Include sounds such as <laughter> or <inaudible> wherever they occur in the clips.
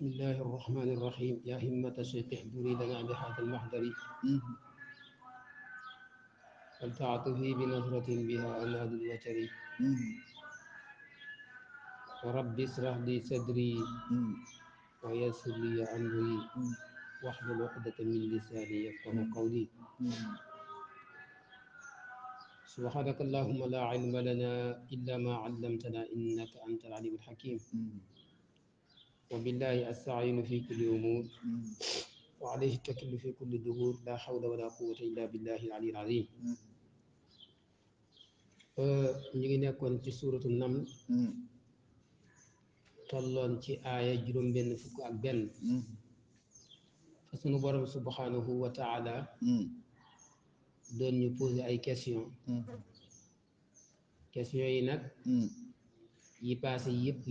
بسم الله الرحمن الرحيم يا همة الشيخ احضري لنا بهذا المحضر فلتعطفي بنظرة بها عناد البشر ورب اشرح لي صدري ويسر لي أمري واحلل عقدة من لساني يفقه قولي سبحانك اللهم لا علم لنا إلا ما علمتنا إنك أنت العليم الحكيم وبالله أستعين في كل أمور وعليه التكل في كل الدهور لا حول ولا قوة إلا بالله العلي العظيم ñu ngi nekkoon ci suuratu Naml tolloon ci aaya juróom benn fukk ak benn fa sunu borom wa taala doon ñu poser ay question question yi nag yi passé yëpp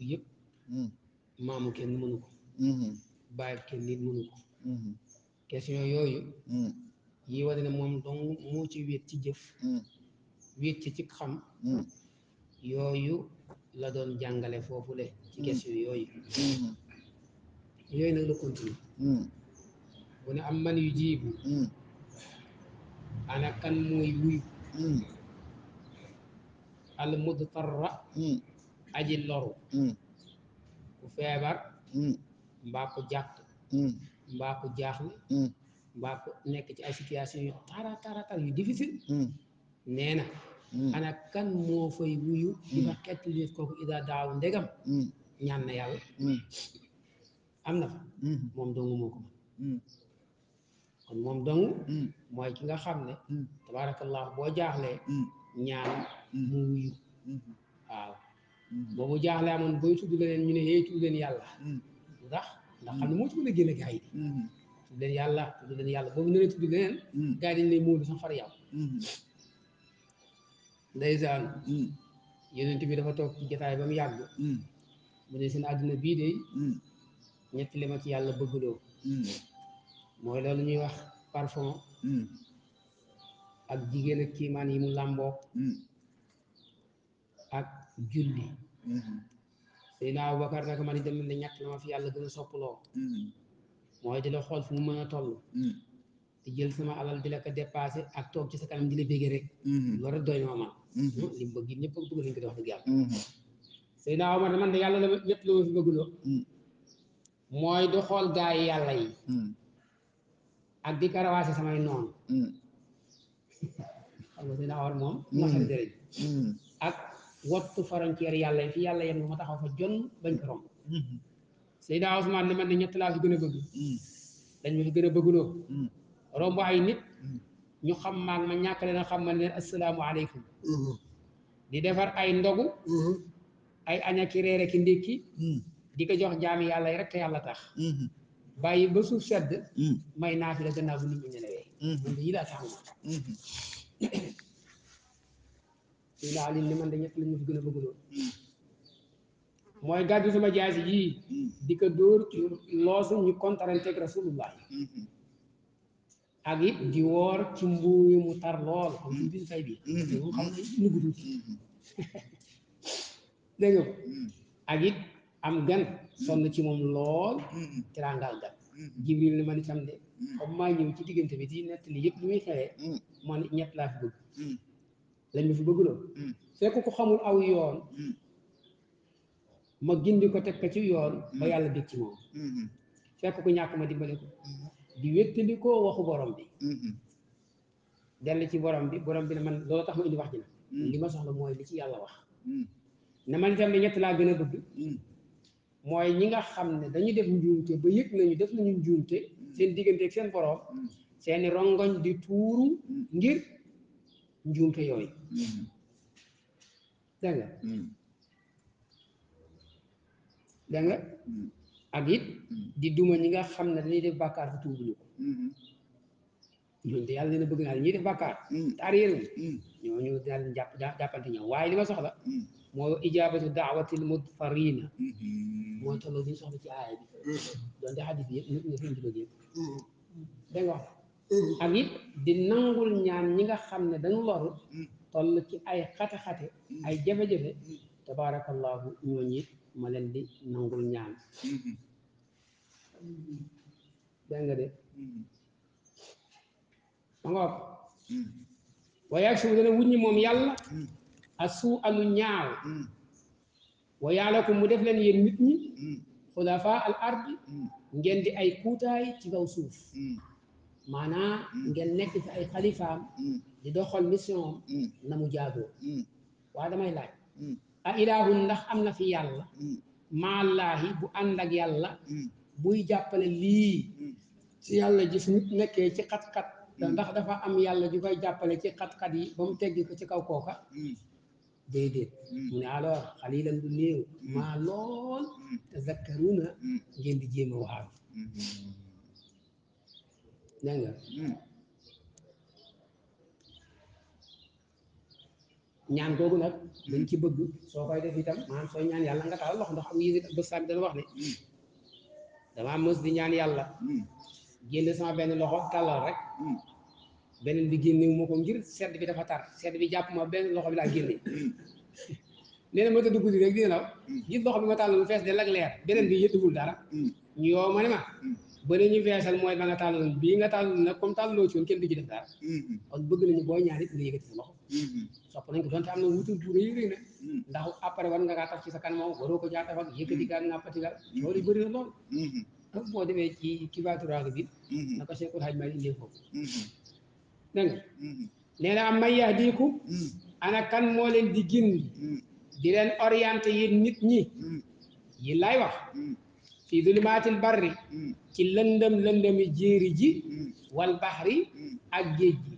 yëpp maamu kenn mënu ko mm-hmm. kenn nit mënu ko mm-hmm. yooyu mm-hmm. yi war ne moom dong moo ci wéet ci jëf wéet ci ci xam yooyu la doon jàngale foofu le ci question yooyu yooyu nag la continue bu ne am man yu jiibu ana kan mooy wuyu al mudtarra aji loru ku feebar mm. mbaa ku jàq mm. mbaa ku jaaxle mm. nekk ci ay situation yu tara tara tar yu difficile nee na ana kan moo fay wuyu di fa xetti nit kooku ida daaw ndegam ñaan na yàlla am na fa moom dong moo ko kon moom dong mooy ki nga xam ne tabaarakallaahu boo jaaxlee ñaan mu wuyu boobu jaaxle amoon booy tudd leneen ñu ne yee tudd leen yàlla mm. ndax ndax ne moo ci mën a génne gars yi mm-hmm. tudd leen yàlla tudd leen yàlla boobu mm. mm-hmm. mm. bi dafa toog ci jotaay ba mu yàgg mu ne seen àdduna bii de ñetti li ma yàlla bëggloo mooy loolu ñuy wax parfum ak jigéen ak kiimaan yi mu làmboo julli mm-hmm. Seydina Aboubacar nag man itam ne ñàkk na ma fi yàlla gën a mm-hmm. mooy di la xool fu mu mën a toll mm-hmm. di jël sama alal di la ko ak toog ci sa kanam di la bégee rek loolu rek doy na ma man hm, li mu bëgg ñëpp bëgg nañ ko di ak di karawaase samay noonu <laughs> xam nga Seydina Omar moom naxal ak wattu frontière yàlla yi fi yàlla yem nga taxaw fa jon bañ ko romb mhm. Seydina Ousmane ne man ne ñett laa fi gën a bëgg mhm. dañ ma fi gën a bëgguloo mhm. romb ay nit ñu xam maag ma ñàkk leen a xam ma leen asalaamualeykum di defar ay ndogu ay añaki reere ki ndékki di ko jox jaami yàlla yi rek yàlla tax bàyyi ba suuf sedd may naa fi la gannaaw bu nit ñi nelawee man da suñu naa li man de ñett lañ ma fi gën a bëgg loolu mooy gàddu sama jaasi jii di ko dóor ci loosu ñu lu rasulullah ak it di woor ci mbuuyu mu tar lool xam suñu mm-hmm. mm-hmm. mm-hmm. ak it am gan sonn ci moom lool tiraangal gan jibril ni man itam de comme maa ñëw ci diggante bi di nett li yëpp lu muy xewee man ñett laa fi bëgg lañ la fi bëgg lool hmm. fekk ko xamul aw yoon hmm. ma gindi ko teg ko ci yoon ba hmm. yàlla dég ci moom fekk ko ñàkk ma dimbale ko di wéttali waxu borom bi dellu ci borom bi borom bi ne man loolu tax ma indi wax ji nag li ma soxla mooy li ci yàlla wax ne man itam ne ñett laa gën a bëgg mooy ñi nga xam ne dañu def njuumte ba yëg nañu def nañu njuumte seen diggante ak seen borom seeni rongoñ di tuuru ngir njuumte yooyu mm-hmm. danga nga mm-hmm. dégg mm-hmm. ak it di duma ñi nga xam ne dañuy def bàkkaar te tuubuñu ko ñooñu de yàlla leen a bëgg naa ñuy def bàkkaar te arrière ñooñu daal jàpp jàppante ñoom waaye li ma soxla moo ijaabatu daawatil mudfarina mooy tolloo bi ñu soxla ci aaya bi doon de xadis bi ñu fi indi loolu yëpp dégg nga wax Mm. ak it di nangul ñaan ñi nga xam ne dañu loru mm. toll ci ay xate-xate mm. ay jafe-jafe tabaarakallaahu ñooñu it mm-hmm. mm-hmm. moom yàlla a suu alu ñaaw wa yàlla ko mu def leen yéen nit ñi xulafa al ngeen di ay kuutaay ci kaw suuf maanaa mm. ngeen nekk fi ay xalifaam mm. di doxal mission mm. na mu jaadoo waa damay laaj a ilaahun ndax am na fi yàlla maallaahi bu ànd yàlla buy jàppale lii si yàlla ji su nekkee ci xat-xat ndax dafa am yàlla ju koy jàppale ci xat-xat yi ba mu tegg ci kaw kooka déedéet mu ne alors xalilan du néew maa lool te zakkaruna ngeen di jéem a dégg nga ñaan googu nag dañ ci bëgg soo koy def itam maanaam sooy ñaan yàlla nga taal loxo ndax am yési bés sànni dana wax ne damaa mës di ñaan yàlla génn sama benn loxo tàllal rek beneen bi génnewu ma ko ngir sedd bi dafa tar sedd bi jàpp benn loxo bi laa génne <laughs> nee na ma tëdd guddi rek dina law gis loxo bi ma tàllal mu fees de lag beneen bi yëttagul dara ñu yow ma ne ma ba ñu weesal mooy ba nga tàllaloon bii nga tàllaloon nag comme tàllaloo ci woon kenn du ci def dara. Mm-hmm. kon bëgg nañu booy ñaan it nga yëkkati sa loxo. Mm-hmm. sopp nañ ko donte am na wutul na. Mm-hmm. ndax après war nga kaa taf ci sa kanam waroo ko jaataf ak yëkkati gaal nàppati gaal. loolu bëri na lool. donc boo demee ci ci baaturaag bi. na ko Seexul Hajj Maalik indee foofu. dégg nga. nee na am may yahdiku. ana kan moo leen di gindi. di leen orienté yéen nit ñi. yi laay wax. fii zulumaatil barri mm. ci lëndëm lëndëmi jéeri ji mm. wal baxri mm. ak géej gi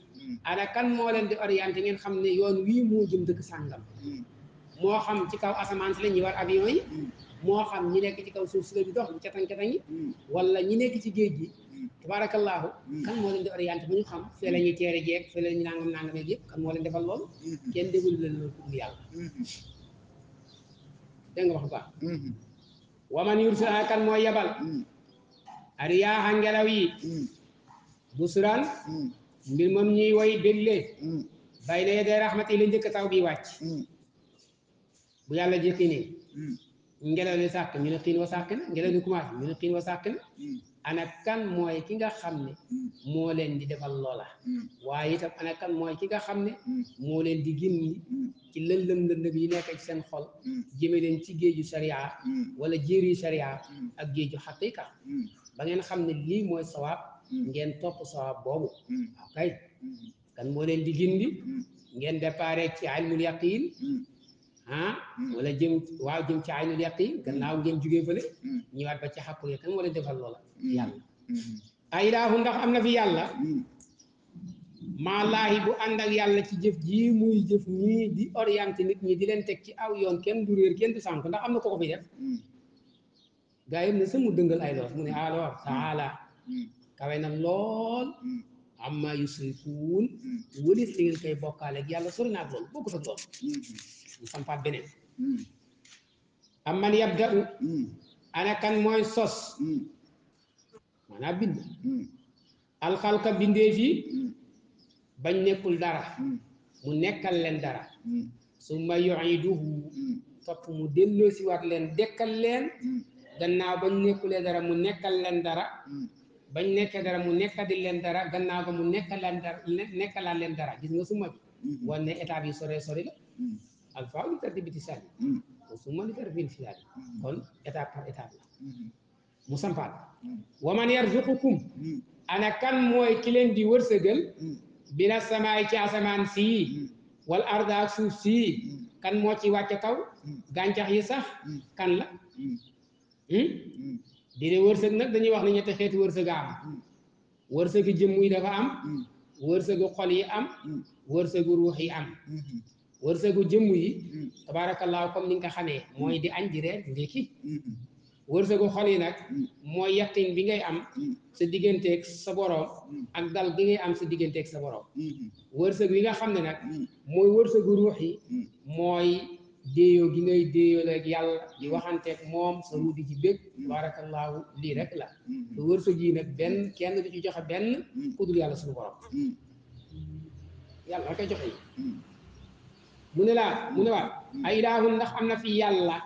ana kan moo leen de orienté ngeen xam ne yoon wii moo jëm dëkk sàngam moo xam ci kaw asamaan si la war avion yi moo xam ñi nekk ci kaw suuf si la ñu dox ñu catan-catan yi wala ñi nekk ci géej gi tabaarakallaahu kan moo leen di orienté ba ñu xam fee la ñuy teere jeeg fee la ñuy nangam nangam yëpp kan moo leen defal loolu mm-hmm. kenn dégul leen loolu pour yàlla mm-hmm. dégg nga wax baax mm-hmm. waman yursilha kan mooy yabal hmm. ariyaaxa ngelaw yi hmm. busran mbir hmm. moom ñuy woy dégle bay na yeday rahmat yi la njëkk taw bi wàcc bu yàlla jëkki nii ngelaw li sàkk ñu ne wa sàkk na ngelaw li commencé ñu ne wa sàkk ana kan mooy ki nga xam ne moo leen di defal loola waaye itam ana kan mooy ki nga xam ne moo leen di gindi ci lëndëm lëndëm yi nekk ci seen xol jëme leen ci géeju sariya wala jéeri sariya ak géeju xaqiqa ba ngeen xam ne lii mooy sawaab ngeen topp sawaab boobu waaw kay kan moo leen di gindi ngeen déparé ci ilmul yaqin ah wala jëm waaw jëm ci aynul kan gannaaw ngeen jugee fële ñëwaat ba ci xàqul kan moo leen defal loola yàlla mm-hmm. a ilaahu ndax am na fi yàlla mm-hmm. maalaahi bu ànd yàlla ci jëf ji muy jëf ñii di orienté nit ñi di leen teg ci aw yoon kenn du réer kenn du sànk ndax am na ko ko fi def gaa yëpp ne sëmu dëngal ay loos mu ne alors taala mm-hmm. kawe na lool amma yusrikuun wëlis li ngeen koy bokkaale ak yàlla sori naak loolu bokku sa lool mu sampaat beneen amman yabda'u ana kan mooy sos maanaam bind hmm. alxalka bindeef yi hmm. bañ nekkul dara hmm. mu nekkal leen dara summa yuiduhu topp mu delloo si leen dekkal leen gannaaw bañ nekkulee dara mu nekkal leen dara bañ nekkee dara mu nekkadi leen dara gannaaw ba mu nekkalaan leen dara gis nga suma bi wan ne étape yi sore sori la alfaa li tarti biti sàlli summa li tarti biti sàlli kon étape par la mu sampaat waman yarzuqukum hmm. ana kan mooy ki leen di wërsëgal hmm. bina samaay ci asamaan sii hmm. wal arda suuf sii kan moo ci wàcce kaw gàncax yi sax kan la dine wërsëg nag dañuy wax ne ñetti xeeti wërsëg a am wërsëgu jëmm yi dafa am wërsëgu xol yi am wërsëgu ruux yi am wërsëgu jëmm yi tabaarakallaahu comme ni nga ko xamee mooy di añ di reer ndékki wërsëgu xol yi nag mm. mooy yattin bi mm. mm. ngay am sa digganteeg sa boroom ak dal gi ngay am sa digganteek sa boroom wërsëg wi nga xam ne nag mooy wërsëgu ruux yi mooy déeyoo gi ngay déeyoo la ak yàlla di waxanteeg moom sa ruudi ci bég baarakallaahu lii rek la mm-hmm. te wërsëg nag benn kenn du ci joxe benn kudul yàlla suñu boroom yàlla rek a joxe yi mu ne laa mu ne waat ay daahun ndax am na fi yàlla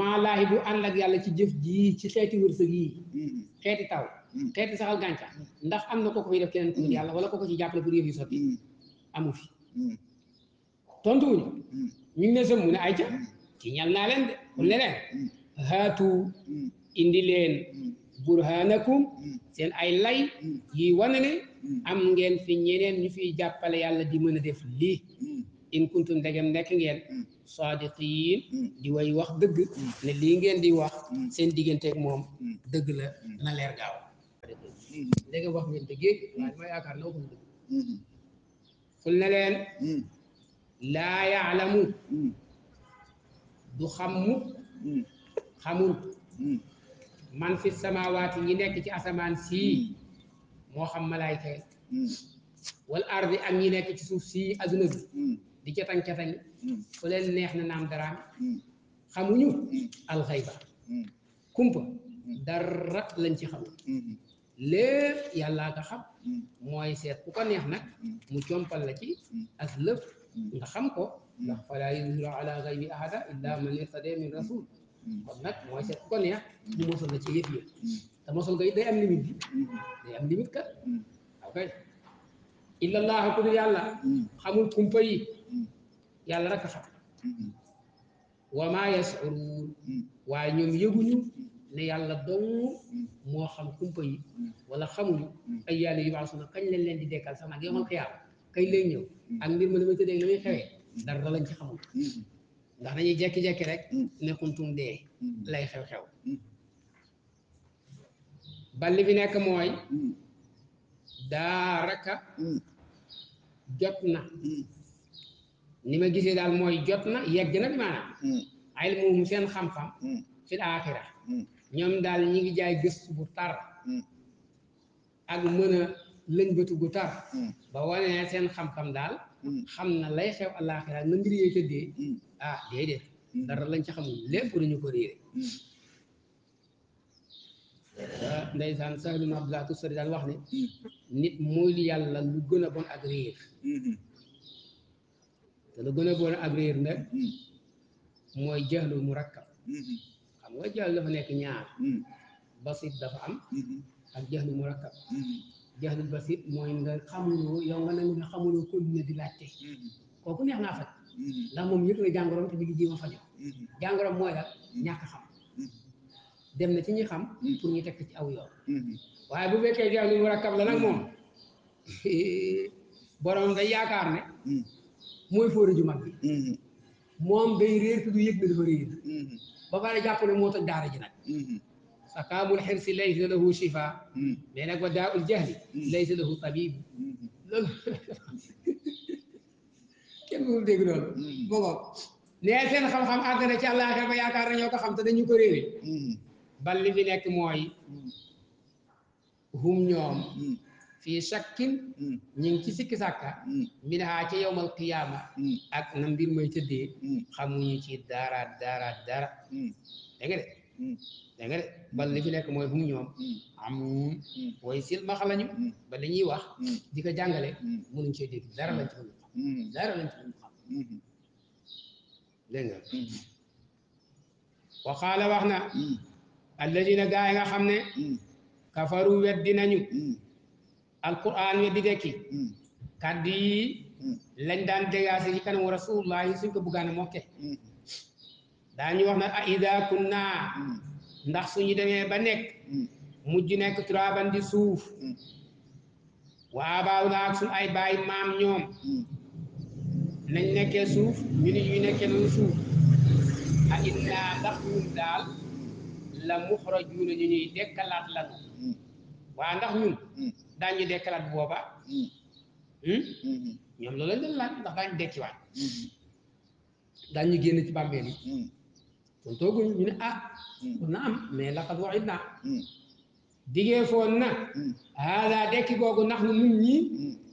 maalaahi bu ànd ak yàlla ci jëf jii ci xeeti wërsëg yii mm-hmm. xeeti taw mm-hmm. xeeti saxal gàncax mm-hmm. ndax am na ko ko fi def keneen ku dul yàlla wala ko ko ci jàppale pour yëf yu sotti amu fi tontu wuñu ñu ngi ne sëm mu ne ayca ci ñal naa leen de pour leneen haatu indi leen burhanakum seen ay lay yi wane ne am ngeen fi ñeneen ñu fiy jàppale yàlla di mën a def lii in kuntum ndegem nekk ngeen saadiqiin hmm. di way wax dëgg hmm. ne lii ngeen di wax hmm. seen digganteeg moom dëgg la na leer gaaw léegi wax ngeen dëgg waaye ma yaakaar na waxuñ dëgg xul ne leen laa yaalamu du xam mu xamul man fi samaawaati ñi nekk ci asamaan sii moo xam malaayka yi wal ardi ak ñi nekk ci suuf sii aduna bi di catañ catañ fu leen neex na naam daraam hmm. xamuñu hmm. alxayba hmm. kumpa dara lañ ci xamul lépp yàllaa ko xam mooy seet ku ko neex nag mu compal la ci as lëf nga xam ko ndax falaa yuzhiru ala xaybi ci yëf yi te mosal nga day day am limite kat ok illa ku dul yàlla xamul kumpa yi yàlla rek a xam mm-hmm. wa maa yas'uruun mm-hmm. waaye ñoom yëguñu mm-hmm. ne yàlla dong moo xam kumpa yi wala xamuñu ay yàlla yu baax suna kañ leen leen di dekkal sax nag yomal xiyaam kañ lay ñëw ak mbir ma li ma tëddee la muy xewee dara lañ ci xamul ndax dañuy jekki-jekki rek ne xuntum dee lay xew-xew balli bi nekk mooy daaraka jot na ni ma gisee daal mooy jot na yegg na bi maanaam ay moom seen xam-xam hmm. fil aaxira hmm. ñoom daal ñi ngi jaay gëstu bu tar hmm. ak mën a lëñbëtu gu tar ba wane ne seen xam-xam daal xam na lay xew alaaxira na mbir yee tëddee ah, dara lañ ci xamu lépp dañu ko réere ah, ndeysaan sahlum abdoulah tusari daan wax ne nit mooy lu yàlla lu gën a bon ak réer te lu gën a bon ak nag mooy jaxlu mu rakkab xam nga jaxlu dafa nekk ñaar basit dafa am ak jaxlu mu rakkab jaxlu basit mooy nga xamuloo yow nga nag nga xamuloo continué di neex naa faj ndax moom yëg na jàngoroom te mi ngi jéem a faj mooy la ñàkk xam dem na ci ñi xam pour ñu teg ci aw yoon waaye bu fekkee jaxlu mu rakkab la nag moom <laughs> borom day yaakaar ne mooy fóori ju mag mm-hmm. moom day réer te du yëg ne dafa réer mm-hmm. ba pare jàpp ne moo tax daara ji nag saqaamul mm-hmm. xirsi laysa lahu shifa mais nag wa daaul jahli laysa lahu tabib loolu <laughs> kenn mënul dégg loolu booboo nee seen xam-xam àgg na ci àllaaxira ba yaakaar na ñoo ko xam te dañu ko réere bal li nekk mooy hum ñoom fii shakkin mm. ñu ngi ci sikki sàkka mm. min haa ca yowmal mm. ak na mbir may tëddee xamuñu ci dara dara dara dégg nga de dégg nga de mooy hum ñoom am way silmax lañu ba li wax di ko jàngale mënuñ cee dégg dara lañ ci dara lañ ci mënuñ xam mm-hmm. dégg nga wa qaala na alladina gaa nga xam ne kafaru weddi nañu alquran we di dekki kàddu yi hmm. lañ daan dégaase ci kanamu rasulullahi suñ ko buggaane mokke hmm. daañu wax na a ida kunna hmm. ndax suñu demee ba nekk mujj nekk turaban di suuf waa baaw naa suñ ay baay maam ñoom nañ nekkee suuf ñu ni ñuy nekkee noonu suuf a inna ndax ñun daal la muxrajuuna ñu ñuy dekkalaat lanu waa ndax ñun daañu dekkalaat bu boobaa hmm? ñoom loolu lañ doon laaj ndax daañu dekkiwaat daañu génn ci bàmmeel yi kon ñu ne ah pour na am mais laqad waxit naa digee foon na haada dekki googu nax nu mu ñi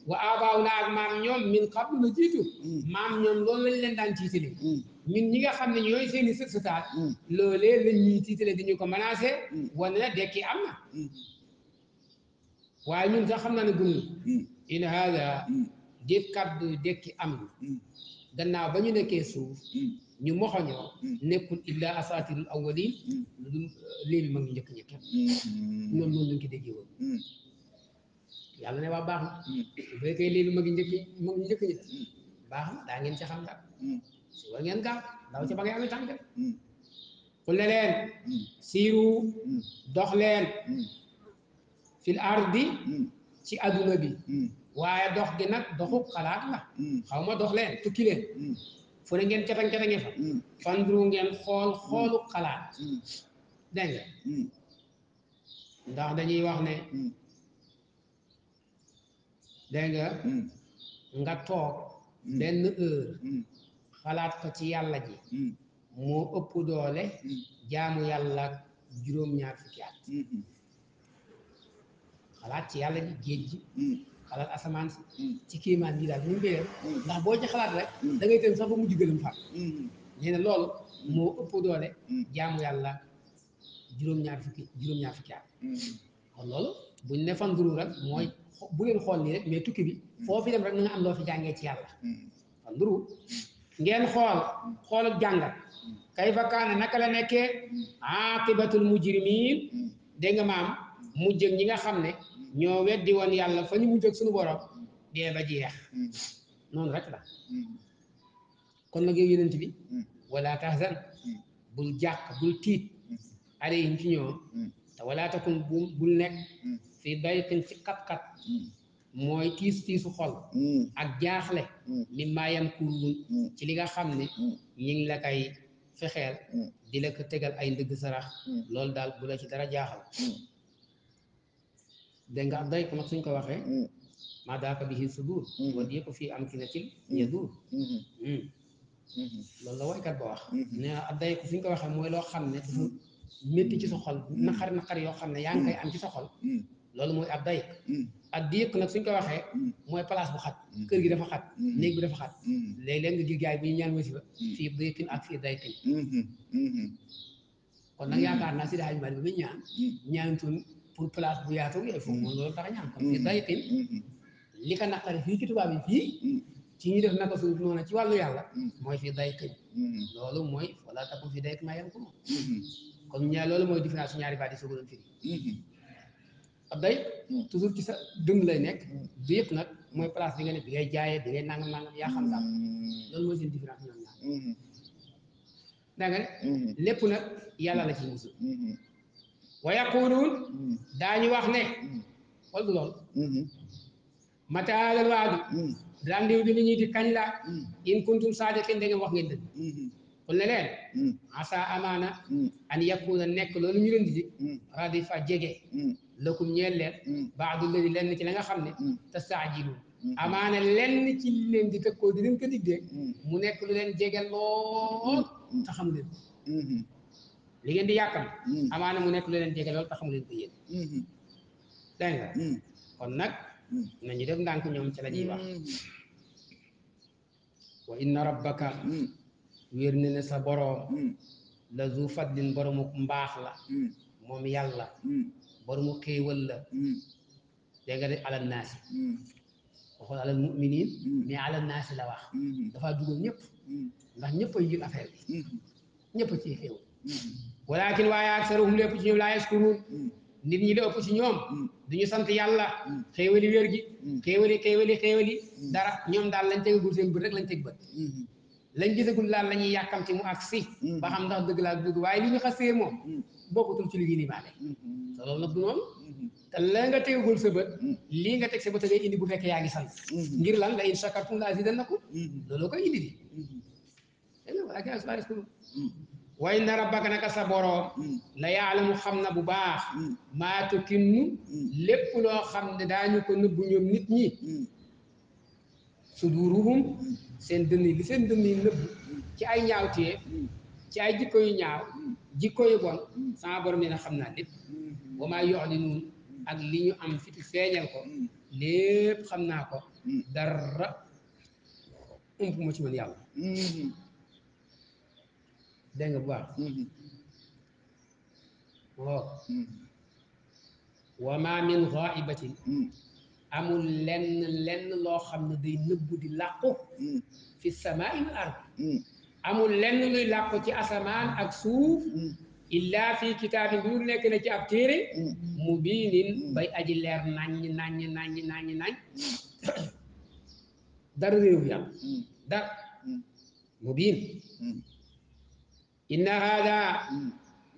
wa abaaw naa ak maam ñoom min qablu la jiitu maam ñoom loolu lañ leen daan tiitale ñun ñi nga xam ne ñooy seen i sët sëtaat loolee lañ ñuy tiitale di ñu ko menacé wane na dekki am waaye ñun sax xam naa ne gunnu hmm. in haada hmm. déet kàddu dekki am hmm. gannaaw ba ñu nekkee suuf ñu moxoñoo nekkul illaa asaatirul awwalin lu euh, léebi mag ñu njëkk ñëkk noonu noonu lañ baax na njëkk mag ñu njëkk baax na daa ngeen ci xam dara si war ngeen gaaw ndaw ci ba ngay amee tànk xul siiru dox fil hmm. bi ci adduna bi waaye dox gi nag doxu xalaat la hmm. xaw ma dox leen tukki leen hmm. fu ngeen ketang ketange fa fanduru ngeen xool xoolu xalaat dégg ndax dañuy wax ne dégg nga nga toog benn heure xalaat ko ci yàlla ji moo ëpp doole jaamu yàlla juróom-ñaar fukki at xalaat ci yàlla ji géej hmm. xalaat asamaan si hmm. ci kéemaan yi daal bu hmm. ndax boo ci xalaat rek dangay ngay tëm sax ba mujj gëlëm faat nee na loolu moo ëpp doole jaamu yàlla juróom-ñaar fukki juróom-ñaar fukki at buñ ne fan duru rek bu leen xool nii rek mais tukki bi foo fi dem rek na nga am loo fi jàngee ci yàlla fan duru ngeen xool xool ak jàngat kayfa kaana naka la nekkee aqibatul mujrimiin dégg nga maam mujj ñi nga xam ne ñoo weddi wan yàlla fa ñu mujj ak suñu borom dee ba jeex hmm. noonu rek la hmm. kon nag yow yonent bi hmm. wala tahzan bul jàq bul tiit alayhim ci ñoom te wala takun bu bul nekk fii dayqin ci xat-xat mooy tiis tiisu xol ak jaaxle mi maayam kuruun ci li nga xam ni ñu ngi la kay fexeel di lekk tegal ay ndëgg sarax loolu daal bu la ci dara jaaxal dégg nga ak doy ko nag suñ ko waxee hmm. maa daaka bi xiir sudur hmm. wala yëpp fii am kinatil hmm. yadur loolu la woykat ba wax ne ak doy ko suñ ko waxee mooy loo xam ne dafa ci sa xol naqar naqar yoo xam ne yaa ngi ci sa loolu mooy ab day ak di yëkk suñ ko waxee mooy place bu xat kër gi dafa xat néeg bi dafa xat léeg-léeg nga gis gaay bi ñu ñaan wasifa fii baytin ak fii daytin kon nag yaakaar naa si daaj mari bi ñaan ñaantoon pour place bu yaatu il faut que loolu tax a ñaan comme ni day tin mm. li ka naqari fii ci tubaab yi fii mm. ci ñu def naka suuf noonu ci wàllu yàlla mm. mooy fii day tin loolu mooy wala takun fii day maa ko moom comme loolu mooy différence ñaari baat yi soo ko ci sa dëng lay nekk du yëpp nag mooy place bi nga ne bi ngay jaayee bi ngay nangam nangam yaa xam daal loolu mooy seen différence ñoom ñaar daa nga lépp nag yàlla la ci musul wa yaquluun mm. daañu wax ne mm. xool bu lool mm-hmm. mata haagal waadu mm. rendez-vous bi kañ la in kuntum saadiqin da ngeen wax ngeen dëgg mm-hmm. kon ne leen asa amaana an yakuna nekk loolu ñu leen di dig radifa jege lakum ñeel leen baadu ladi lenn ci la nga xam ne tastaajiluun mm-hmm. amaana lenn ci li leen di tëkkoo di leen ko dig mu nekk lu leen jege lool te xam leen li ngeen di yàkkam hmm. amaana mu nekk lu leen jege loolu te xamu leen ko yéen hmm. dégg hmm. kon nag nañu def ndànk ñoom ci la ñuy wax wa inna rabbaka wér ne ne sa boroom la zu fadlin boromu mbaax la moom yàlla boromu xéewal la dégg nga de alal naasi waxul alal muminin mais alal naasi la wax dafa dugal ñëpp ndax ñëpp a yëg affaire bi ñëpp a ciy xéewal walakin waaye aksaruhum lépp ci ñoom laa yaskuruun mm. nit ñi la ci ñoom mm. duñu sant yàlla mm. xéewali wér gi xéewali xéewali xéewali dara ñoom daal lañ tegagul seen bët rek lañ teg bët mm-hmm. lañ gisagul daal la ñuy yàkkamti mu ak si mm-hmm. ba xam ndax dëgg laa dëgg waaye li ñu xasee moom bokkutul ci li ñuy libaale mm-hmm. te loolu du noonu te la nga tegagul sa bët lii nga teg sa bët indi bu fekkee yaa ngi lan la in shakartum la azidannakum loolu koy indi di dégg way nara rabbaka naka sa boroom hmm. la yaalamu xam na bu baax hmm. maa tukinnu hmm. lépp loo xam ne daañu ko nëbbu ñoom nit ñi suduruhum seen dënn yi li seen dënn yi nëbbu ci ay ñaawtee ci ay jikko yu ñaaw jikko yu bon sama borom dina xam naa lépp wa maa yu'linuun ak li ñu am fitu feeñal ko lépp xam naa ko dara ump ma ci man yàlla dégg nga bu baax mm-hmm. waaw mm-hmm. wa ma min xaibatin mm-hmm. amul lenn lenn loo xam ne day nëbbu di làqu fi samaa'i wal ard amul lenn luy làqu ci asamaan ak suuf illa fi kitaabi bi lu na ci ab téere mu biinin bay aji leer naññ naññ naññ dara réew yàlla dara mu biin inna haadaa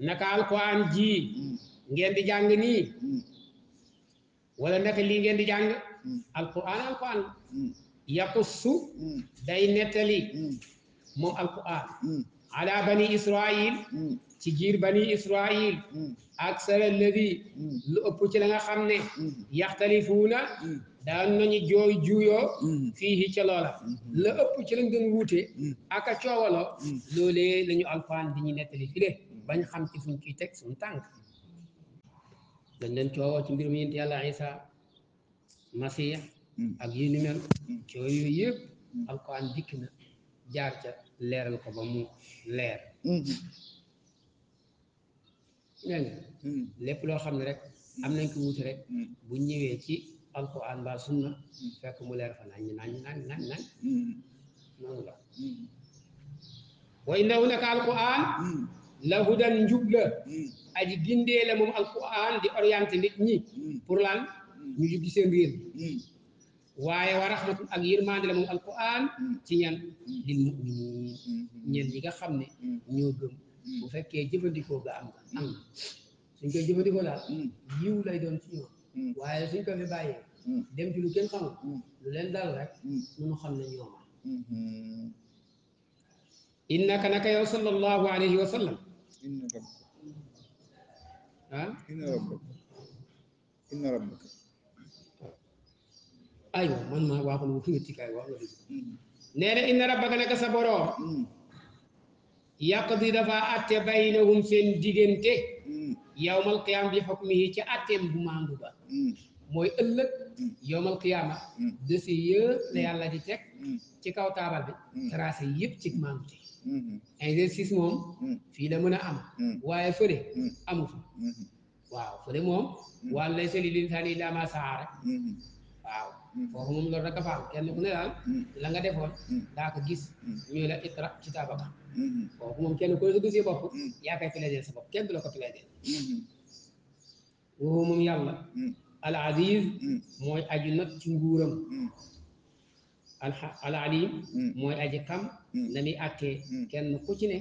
naka alquran ji ngeen di jàng ni wala naka li ngeen di jàng alquran alquran yaqussu day nettali moom alquran ala bani israil ci bani israil aksara alladi lu ëpp ci la nga xam ne yaxtalifuuna daan nañu jooy juuyoo mm-hmm. fii ca mm-hmm. la ëpp ci lañ doon wuute mm-hmm. ak a coowaloo loolee la ñu alquran di ñu nettali fi bañ xam ci fuñ ciy teg suñ tànk dañ leen coowoo ci mbirum yent yàlla isa masiix ak yu ni mel coow yëpp alquran dikk na jaar ca leeral ko ba mu leer lépp loo xam ne rek am nañ ko wuute rek bu ñëwee ci alquran mbaa sunna fekk mu leer fa nañ nañ nañ nañ nañ noonu la wa innahu naka la hudan njub la gindee la moom alquran di orienté nit ñi pour lan ñu jub ci waaye wa rahmatun ak yërmande la moom alquran ci ñan lil muminin ñen ñi nga xam ne ñoo gëm bu fekkee jëfandikoo ga am nga am na koy jëfandikoo daal yiw lay doon ci ñoom Mm. waaye suñ ko fi bàyyee mm. dem ci lu kenn xamul mm. lu leen dal rek munu xam ne ñooma mm-hmm. innaka naka yow sallallahu alayhi wa sallam ah man maa waxul wu wétti kaay wax la dëgg nee na inna rabbaka naka sa boroom yàq di dafa atte baynahum seen diggante yawmal qiyaam bi xukmihi ci atteem bu maandu ba hmm. mooy ëllëg hmm. yowmal qiyaama hmm. dossier yëpp la yàlla di teg ci kaw taabal bi tracé yëpp ci maandu te moom fii la mën a am waaye fële amu waaw fële moom wàllu lay seli linsaani illaa maa sahaa rek waaw foofu moom loolu rek a faam kenn ku ne daal la nga defoon daa ko gis ñu la ittara ci taabaka foofu moom kenn ku ne sa dossier bopp yaa koy plaidé sa bopp kenn du la ko plaidé woo moom mm-hmm. yàlla mm. al mm. mooy aji not ci nguuram mm. al alim mooy aji xam na muy àttee kenn ku ci ne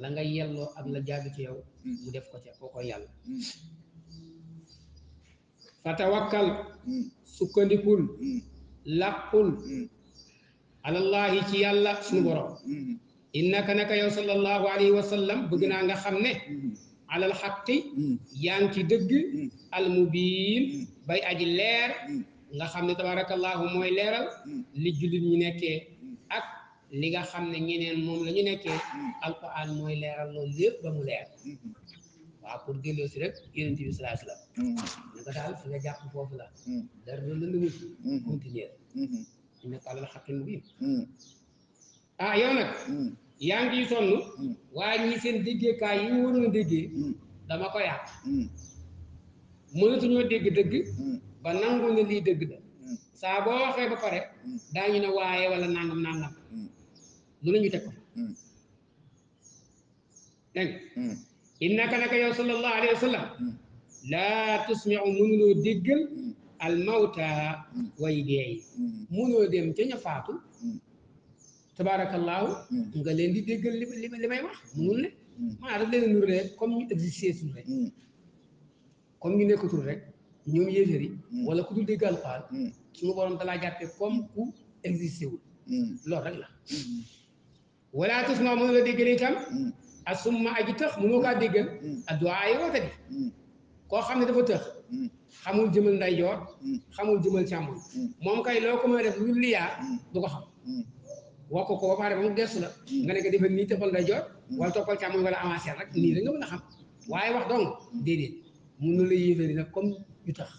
la nga yelloo ak la jaabi ci yow mu def ko ca koo koy yàlla fatawakkal sukkandikul làqul alallahi ci yàlla suñu borom innaka naka yow sallallahu alayhi wa sallam bëgg naa nga xam ne alal xaqi hmm. yaa ci dëgg hmm. almubiin hmm. bay aji leer nga xam ne tabaarakallaahu mooy leeral li jullit ñu nekkee ak li nga xam ne ñeneen moom la nekkee alquran mooy leeral loolu lépp ba mu leer waaw pour delloo rek yonent bi daal fi nga jàpp foofu la dara loolu la ndamut continuer ñu nekk alal xaqi mubiin ah yow nag yaa ngi sonn hmm. waaye ñi seen déggeekaay yi ñu déggee hmm. dama ko yàq hmm. mënatuñoo dégg dëgg ba nangu ne lii dëgg da saa boo ba pare daañu ne waaye wala nangam nangam lu la ñu teg ko dégg innaka naka yow sallallahu alayhi wa sallam laa tusmiu mënuloo déggal al mawta way deey mënoo dem ca ña faatu tabaarakallaahu mm. nga leen di déggal li li may wax munul ne maanaam mm. daf leen nur rek comme ñu existé suñu rek mm. comme ñu nekkatul rek ñoom yéeféer yi wala ku dul dégg alxuraan suñu borom dalaa jàppee comme ku existé wul loolu rek wala tos ma mënu la déggal itam asumma aji tëx mënoo kaa déggal adduwaa yi di koo xam ne dafa tëx xamul jëmal ndeyjoor xamul jëmal càmmoñ moom kay loo ko mën a lu liyaa du ko xam wax ko ko ba pare ba mu gestu la nga ne ko defal nii toppal day joor wala toppal càmmoñ wala avancé rek nii rek nga mën a xam waaye wax dong déedéet mun na la yéeféeri nag comme yu tax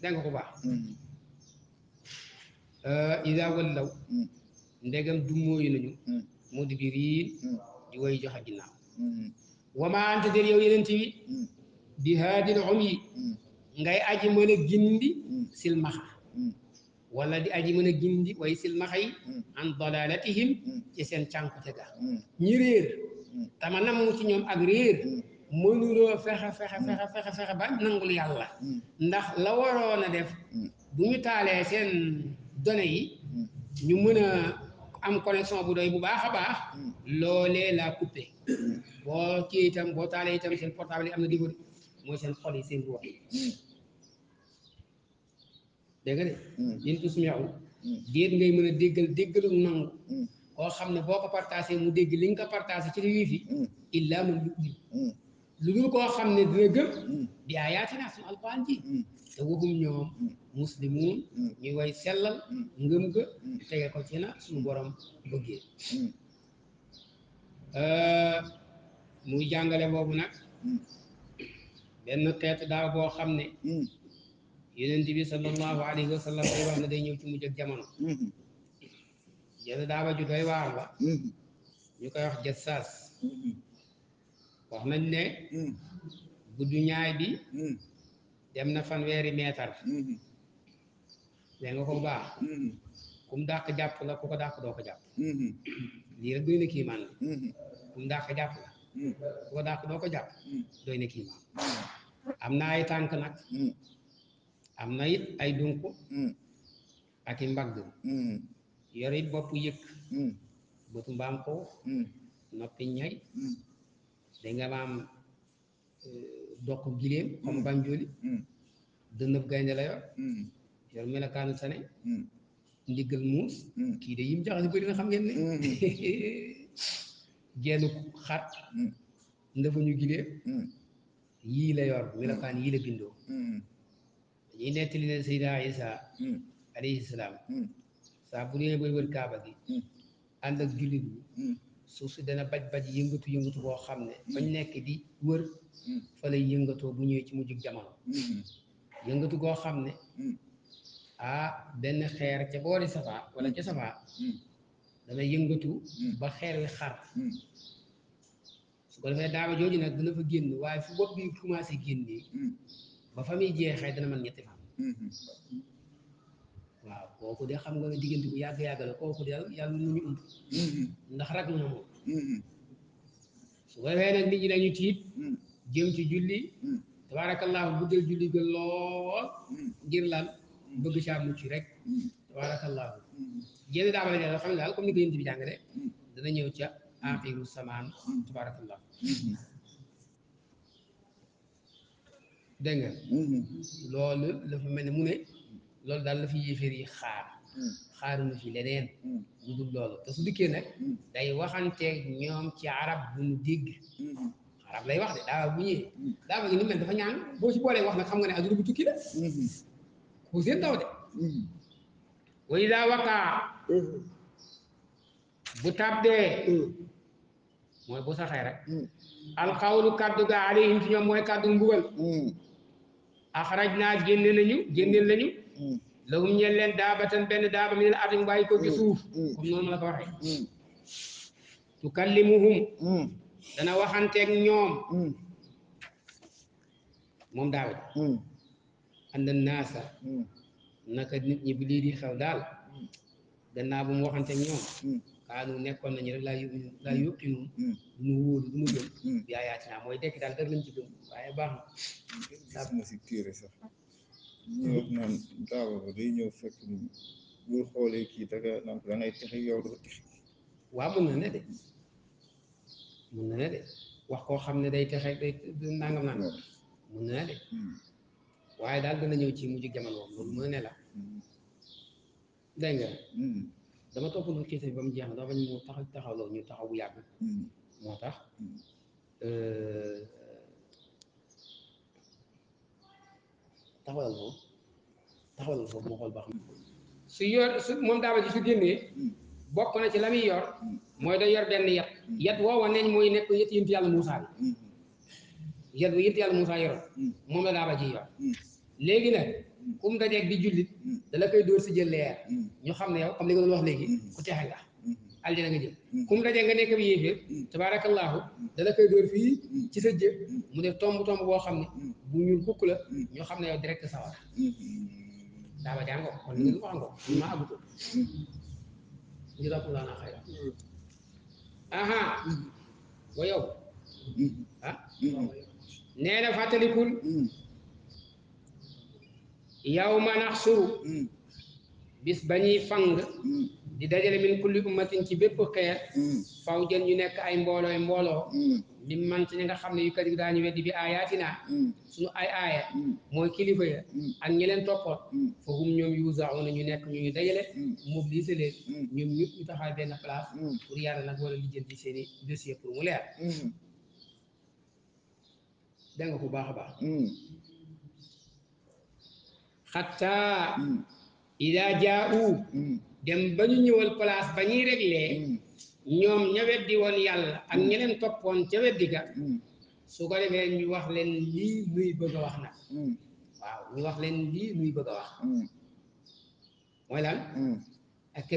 dégg nga ko baax euh, ida wallaw ndegam du mooyu nañu mudbiriin di way joxe ginnaaw wama anta dér yow yeneen bi bi haadil om yi ngay aji mën a gindi mm. silmaxa wala di aji mën a gindi way silmaxa yi hmm. an dalalatihim hmm. ci seen cànkute ga hmm. ñi réer tama namm ci ñoom ak réer mënuloo fexe fexe fexe ba nangul yàlla ndax la waroon a def bu ñu taalee seen données yi ñu mën a am connexion bu doy bu baax a baax loolee laa coupé boo ci itam boo taalee itam seen portable yi am na digo mooy seen xol yi seen ruwa dégg nga de hmm. in tusmiu hmm. déet ngay mën a déggal déggalu nangu hmm. koo xam ne boo ko partagé mu dégg liñ ko partagé ci li fi illa man yu'min lu dul koo xam ne dina gëm bi ayaatina suñu alquran te waxum ñoom muslimuun ñuy way sellal ngëm ga tege ko ci na suñu borom bëggee euh, muy jàngale boobu nag benn xeetu daaw boo xam ne yonent bi sallallahu alayhi wa sallam day wax ne day ñëw ci mujj ak jamono jël daaba ju doy waar la ñu koy wax jassaas wax nañ ne guddu ñaay bi dem na fanweeri meetar dégg nga baax ku mu jàpp la ku ko dàq doo ko jàpp lii doy na kiimaan jàpp la ku ko dàq am na ay tànk nag am na it ay dunk mm. ak i mbagg mm. yor it bopp yëkk mm. bëtu mbaam ko noppi ñay da nga maam euh, doq giléem comme banjoli dënnëb gaynde la yor yor melokaanu sane ndiggal muus kii de yim jaxase bëri xam ngeen ne <laughs> genn xar ndëfuñu giléem yii la yor melokaan yii la bindoo ñuy nettali ne Seydina Isa hmm. alayhi salaam hmm. saa bu ñëwee bay kaaba gi hmm. ànd ak jullit suuf si dana baj baj yëngatu yëngatu boo xam ne bañ nekk di wër fa lay yëngatoo bu ñëwee ci mujjug jamono yëngatu goo xam ne ah benn xeer ca boori safaa wala ca safaa dana yëngatu ba xeer wi xar su ko defee daaba jooju nag dana fa génn waaye fu bopp bi commencé génnee ba fa jeexee dana man ñetti fan mm-hmm. waaw kooku de xam nga diggante bu yàgg-yàgg la kooku de yàlla mu ñu ump mm-hmm. ndax raglu na moom mm-hmm. su ko defee nag nit ñi dañu tiit jëm ci julli tabaarakallaahu guddal julli ga lool ngir lan bëgg caa mucc rek tabaarakallaahu jénn daabala jàll xam ne daal comme ni ko yéen bi jàngale dana ñëw ca axiru samaan tabaarakallaahu dégg nga mm-hmm. loolu dafa mel ni mu ne loolu daal la fi yéeféer yi xaar mm. xaaruñu fi leneen mm. lu dul loolu te su dikkee nag mm. day waxanteeg ñoom ci arab buñu dégg mm-hmm. arab lay wax de daawa bu ñëwee daa gi wax nag xam nga ne adduna bu tukki la mm-hmm. ku seen de wa ida waqaa bu tàbbee mooy bu saxee rek alxawlu kaddu ga alayhim ci ñoom mooy kaddu mbugal axraj naa génne nañu génneel nañu mm. lawum ñeel leen daabatan benn daaba mi ne la ardiñ bàyyi ko ci mm. suuf mm. comme noonu la ko waxee tukallimuhum dana waxanteeg ñoom moom daaba ji ànd naasa naka nit ñi di xew daal gannaaw bu mu waxanteeg ñoom kaanu nekkoon nañu rek laa yóbbu laa hmm. yóbbu ñu. Hmm. du ñu wóolu du ñu gëm. Hmm. yaayaati naa mooy dekk daal dara lañ waaye baax na. koo xam ne day texe day nangam daal dana ñëw ci mujj jamono loolu mun na ne la dégg dama toppaloon kii bi ba mu jeex dama bañ mu taxaw taxaw loolu ñu taxaw bu yàgg. Hmm. moo tax. Hmm. Euh, taxawal foofu taxawal foofu moo xool ba xam. Hmm. su yor su moom daaba ji su génnee. bokk na ci la muy yor. mooy day yor benn yat. yat woowa neñ mooy nekk yat yënt yàlla Moussa bi. yat bu yënt yàlla Moussa yoroon. moom la daaba ji yor. léegi nag. ku mu dajeeg di jullit da la koy dóor si jël leer ñu xam ne yow comme li nga doon wax léegi mm-hmm. ku texe nga mm-hmm. aljana nga jëm mm-hmm. ku mu nga nekk bi yéeféer tabaarakallaahu dala la koy dóor fii ci sa jë mu def tomb tomb boo xam ne bu ñuul kukk la ñu xam ne yow direct sawara daaba jàngoo kon nga wax ngoo ma aguto jazaakumu laahu xayran aha wa yow ah? nee na fàttalikul yaw ma naxsuru hmm. bis ba ñuy fang hmm. di dajale min ma ummatin ci bépp xeet hmm. faw jën ñu nekk ay mboolooy mbooloo li man ci nga xam ne yu kadi daañu weddi bi aayaatinaa suñu ay aaya mooy kilifa ya ak ñi leen toppoon foofu ñoom yuusaawuna ñu nekk ñu ñu dajale mobiliser leen ñoom ñëpp ñu taxaw benn place pour yàlla nag wala lijjanti seen i dossier pour mu leer dégg ku baax baax xatta hmm. ida jaau hmm. dem ba ñu ñëwal palaas ba ñuy réglé hmm. ñoom ña weddi woon yàlla ak ñeneen toppoon ca weddi ga su ko defee ñu wax leen lii nuy bëgg a wax nag waaw ñu wax leen lii nuy bëgg a wax mooy lan ak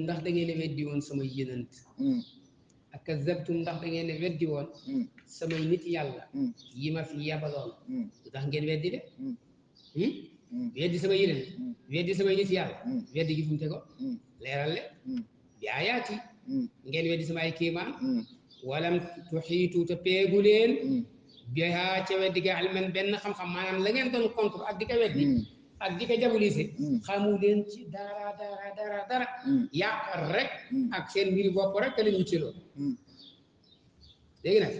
ndax da ngeen a weddi woon samay yënant ak ndax da ngeen a weddi woon sama nit yàlla yi ma fi yabaloon lu tax ngeen weddi de Mm. weddi sama yeneen mm. weddi sama nit yàlla mm. weddi gi fu mu te ko leeral le bi ayaati ngeen weddi sama ay kéemaan walam tuxiitu te peegu leen bihaa ca weddi ga alman benn xam-xam maanaam la ngeen doon contre ak di ko weddi ak di ko jabulise leen ci dara dara dara dara rek ak seen mbiri bopp rek la ñu téloo léegi nag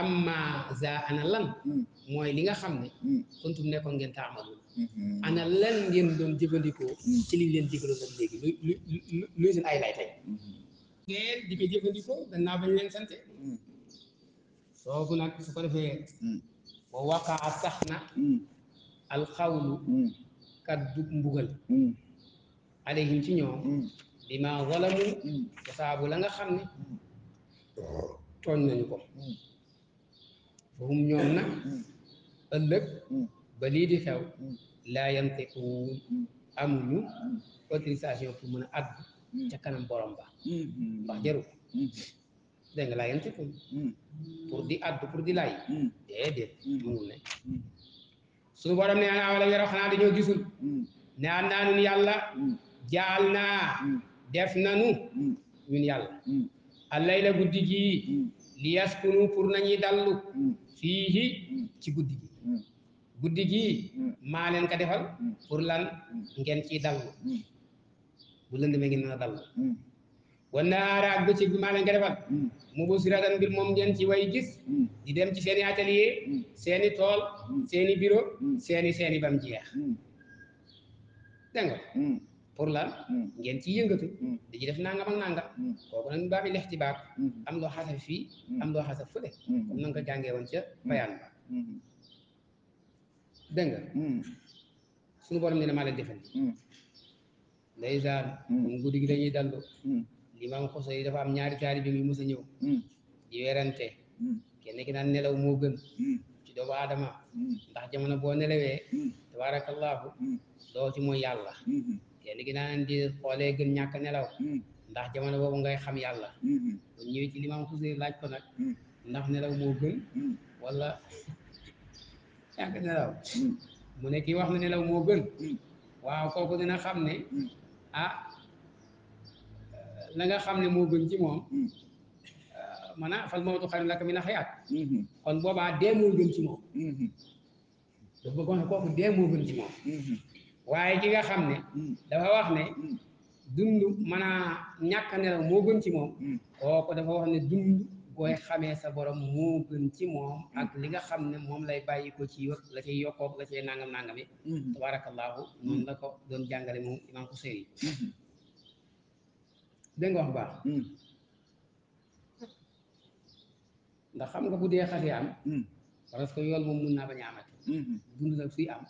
amma za lan mooy li nga xam ne kuntum nekkoon ngeen taamalul Mm-hmm. ana lan doon jëfandikoo ci liñ leen digaloon nag léegi lu lu lu ay lay tey mm-hmm. ngeen di ko jëfandikoo gannaaw bañ leen sante mm-hmm. soobu nag su ko defee mm. ba waqaa sax na mm. alxawlu mm. kaddu mbugal alayhim ci ñoom bi ma walamu saabu la nga xam ne tooñ nañu ko fahum ñoom nag ëllëg ba lii di xew mm. laa yantiquun amuñu autorisation pour mën a àgg mm. ca kanam borom ba mm. wax jarul dégg di àddu pour di laay déedéet mënul ne suñu ne ana awalam yaraw xanaa dañoo gisul ne an nun yàlla jaal na def nanu ñun yàlla allay la guddi gii li yaskunu pour nañuy dallu fiihi ci guddi gi guddi gii mm. maa ko defal mm. pour lan mm. ngeen ciy dallu bu lëndëmee ngeen mën a dallu wan nahaara ak bëccëg bi maa leen ko defal mu bu siratan mbir moom ngeen ci way gis di dem ci seeni atelier seeni tool seeni biro seeni seeni bam jeex dégg nga pour lan ngeen ciy yëngatu dañuy def nangam ak nangam kooku nag baabi lex ci baat am loo xasaf fii am loo xasaf fële comme na nga ko jàngee bayaan ba dégg nga hmm. suñu borom ne maa leen defandi hmm. ndeysaan moom guddi gi dañuy dallu hmm. limaam xoso yi dafa am ñaari taari bi yu mos a ñëw di werante kenn ki naan nelaw moo gën ci doomu aadama ndax jamono boo nelawee tabaarakallaahu doo ci mooy yàlla kenn ki naan di xoolee gën ñàkk nelaw ndax jamono boobu ngay xam yàlla bu ñëwee ci limaam xoso yi laaj ko nag ndax nelaw moo gën wala ñàkk nelaw mu ne kii wax na nelaw moo gën waaw kooku dina xam ne ah la nga xam ne moo ci moom ah, man a ah, fal mawtu xayrun laka mina xayaat kon boobaa dee moo gën ci moom dafa bëggoon ne kooku dee moo ci moom waaye ki nga xam ne dafa wax ne dund man ah, a ñàkk nelaw moo ci moom kooku dafa wax ne dund booy xamee sa borom moo gën ci moom ak li nga xam ne moom lay bàyyi ko ci wëkk la ci yokkoog la cay nangam nangami mm-hmm. tabaarakallaahu noonu la ko doon jàngale moom imaam Xuseyri mm-hmm. dégg nga wax baax mm-hmm. ndax xam nga bu dee xasee am parce que yool moom mun naa bañ a amati am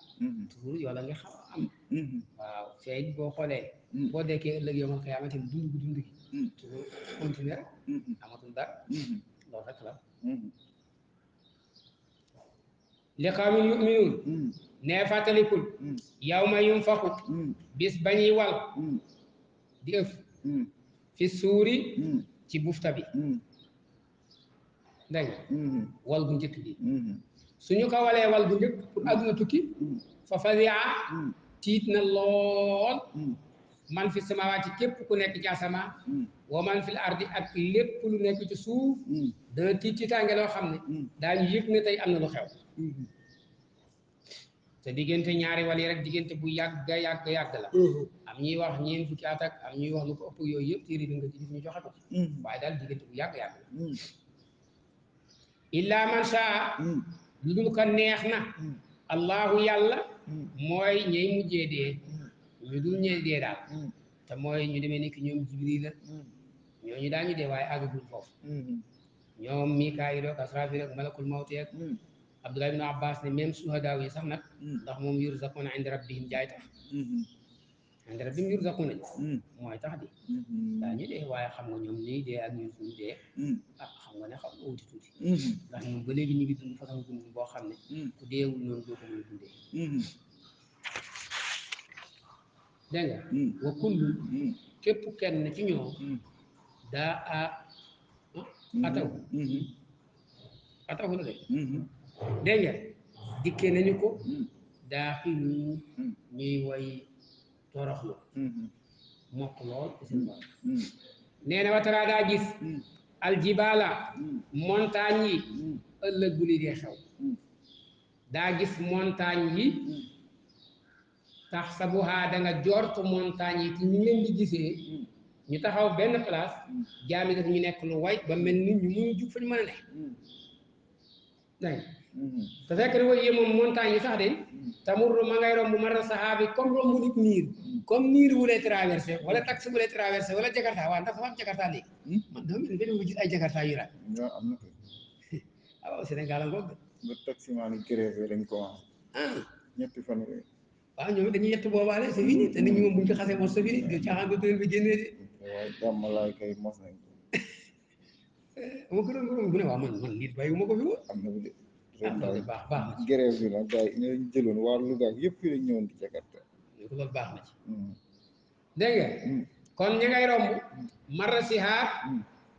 toujours yool a xam am waaw boo xoolee boo dekkee ëllëg yow man xëy amatim dund gi toujours continuer amatul dara loolu li qawmin yu'minuun nee fàttalikul mm-hmm. yow ma yunfaqu mm-hmm. bis bañuy wal mm-hmm. di ëf fi suuri ci bufta bi dégg wal bu njëkk bi suñu ko walee wal bu njëkk pour àdduna tukki fa fazi'a tiit na lool man fi samawaati képp ku nekk ci asamaan mm. wa man fi ardi ak lépp lu nekk ci suuf mm. dana tiit tiitaange loo xam ne mm. daañu yëg ne tey am na lu xew mm-hmm. diggante ñaari wali diggante bu yàgga yàgga yàgg la mm-hmm. am ñuy wax ñeent fukki at ak am wax lu ko yooyu yëpp téere bi nga ci gis ñu mm-hmm. illaa man saa lu dul ko neex na allahu yàlla mooy ñey mujjee dee ñu dul ñee dee daal mm. te mooy ñu demee ni ki ñoom jibril la mm. ñooñu daañu dee waaye àggagul foofu mm. ñoom mikaayil ak asraafil ak malakul mawti ak abdullah ibn abbas ne même suhadaa yi sax nag ndax moom yurzaquna inda rabbihim jaay tax mm-hmm. inda rabbihim yurzaquna mooy tax di mm-hmm. daañu dee waaye xam nga ñoom nii dee ak ñun suñu dee ah xam nga ne xam nga wuti tuuti mm-hmm. ndax ñoom ba léegi ñu ngi dund façon boo xam ne ku deewul noonu doo ko mën a dundee dégg hmm. wa kullu hmm. képp kenn ci ñoom hmm. daa a ah, ataw ataw la de dégg nga nañu ko daa xi way toroxlu mokk lool seen borom nee na daa gis aljibaala montagne yi ëllëg bu li dee xew daa gis montagne yi tax sa buhaa da nga joortu montagne yi te leen di gisee ñu taxaw benn place jaami daf ñu nekk lu way ba mel ni ñu mun jug fañ mën a ne dégg te moom montagne yi sax de tamurru ma ngay romb mar a saxaabi comme romb nit niir comme niir wu lay wala taxi bu lay wala jakarta waa ndax dafa am jakarta léegi man dama mel benn gis ay jakarta yu ra <laughs> ah, Sénégal a ngoog de ba taxi maa ngi créé ko ah ñetti fan yooyu waaw ñoom dañuy yett boobaale c'est fini te nit ñu ko xasee mos c'est fini du caaxaan dootu leen fi génnee de. waaw jàmm laay kay mos ma <laughs> gërëm bu ne waaw man man ko fi woon. am na lu de. loolu ah, baax baax na ci grève bi nag yëpp fii lañ ñëwoon di Jakarta. loolu baax na ci. Mm. dégg nga. Mm. kon ña ngay romb. Mm. marasiha.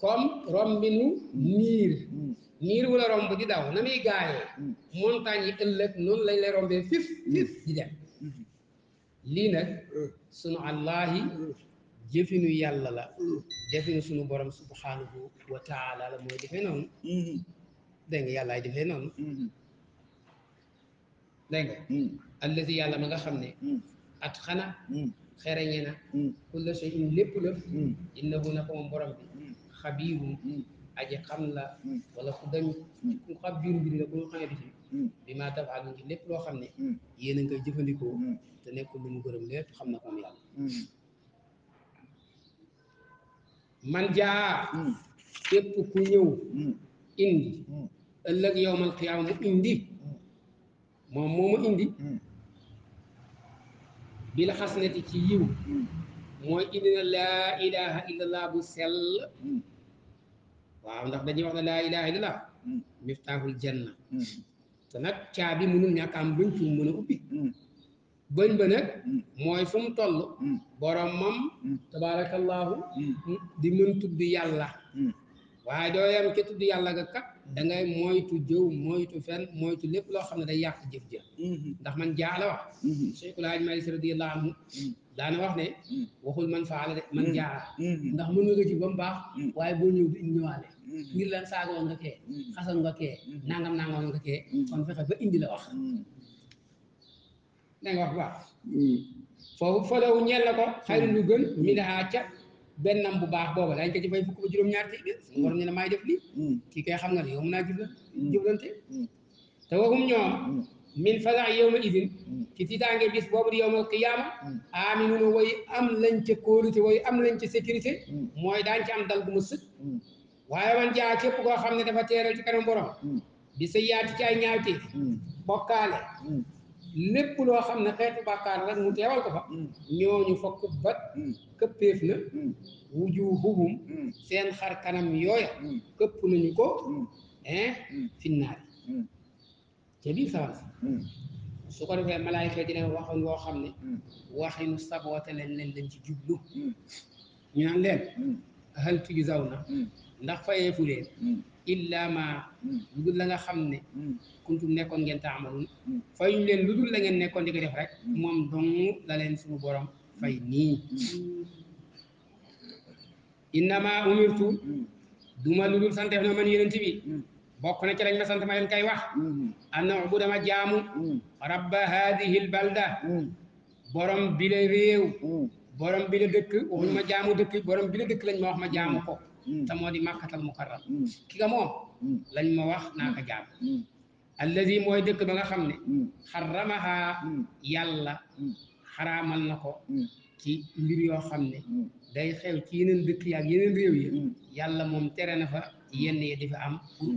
comme rombinu niir. niir wala romb di daw na muy gaayee. montagne yi ëllëg noonu lañ lay rombee fif fif di lii nag sunu àllaahi jëfinu yàlla la definu sunu borom subhanahu wa taala la mooy defee noonu dégg nga yàllaay defee noonu dégg yàlla ma nga xam ne at xana xereñe na kulla shay'in lépp la innahu na ko moom borom bi xabiirum aji xam la wala ku dañ ku xam biir la ku ñu xamee bi ci Mm. bi maa tafaalu ci lépp loo xam ne mm. yéen a ngi jëfandikoo mm. te nekkul lu mu gërëm lépp xam na ko moom man jaa képp ku ñëw indi ëllëg yowmal qiyaama mu moom moo ma indi bil xasnati ci yiw mooy indi na laa ilaha illallah bu sell waaw ndax dañuy wax ne laa ilaha illallah miftaaxul janna te nag caabi mënul ñàkk am bëñ fu mu a ubbi mm. bëñ ba mm. mooy fu mu toll mm. borom moom tabaarakallaahu di mën tudd yàlla waaye doo yam ca tudd yàlla ga kat da ngay moytu jëw moytu fen moytu lépp loo xam ne day yàq jëf jëf mm-hmm. ndax man jaa la wax mm-hmm. Cheikhul Hadj Malick radiyallahu daana wax ne waxul man faala de man jaa mm-hmm. ndax mën nga ci ba mu baax waaye boo ñëw du ñëwaale ngir mm-hmm. la saagoo nga kee mm-hmm. xasoon nga kee mm-hmm. nangam nangam nga kee kon fexe ba indi la wax danga wax baax foofu folowu ñeel la ko xayru lu gën mi daa ca bennam bu baax booba dañ ko ci fay fukk ba ne maay def lii kii kay xam nga ne yow mun naa jubla jublante te waxum ñoom min fasax yow ma idin ci tiitaange bis boobu di yow ma qiyaama aminuna way am lañ ca kóolute way am lañ ca sécurité mooy daañ ci dal gu sëkk waaye wan jaa képp koo xam ne dafa teeral ci kanam borom bi hmm. sa yaati ci ay ñaawte hmm. bokkaale hmm. lépp loo xam ne xeetu bàkkaar rek mu teewal ko fa ñooñu fa kubbat këppeef na wujuhuhum seen xar kanam yooya këpp nañu ko eh finnaar ca biir su ko defee malaayika dina waxoon woo xam ne waxinu saboote leen leen lañ ci jublu ñu naan leen hal tujzawna ndax fayeefu leen mm. illa ma mm. lu dul la nga xam ne mm. kuntum nekkoon ngeen taamaloon fayuñ leen lu dul la ngeen nekkoon di ko def rek moom dong la leen suñu borom fay nii innama umirtu duma lu dul santeef na man yonent bi bokk na ci lañ ma sant ma leen kay wax ana ubuda ma jaamu rabba hadihi l balda borom bi la réew borom bi la dëkk waxuñu ma jaamu dëkk borom bi la dëkk lañ ma wax ma jaamu ko Mm. te moo di màkkatal mukarram mm. ki nga moom mm. lañ ma wax naa ko jaam alladi mooy dëkk ba nga xam ne xaramahaa yàlla xaraamal na ko ci mbir yoo xam ne day xew ci yeneen dëkk yaak yeneen réew yi yàlla moom tere na fa ci yenn yi di fa am pour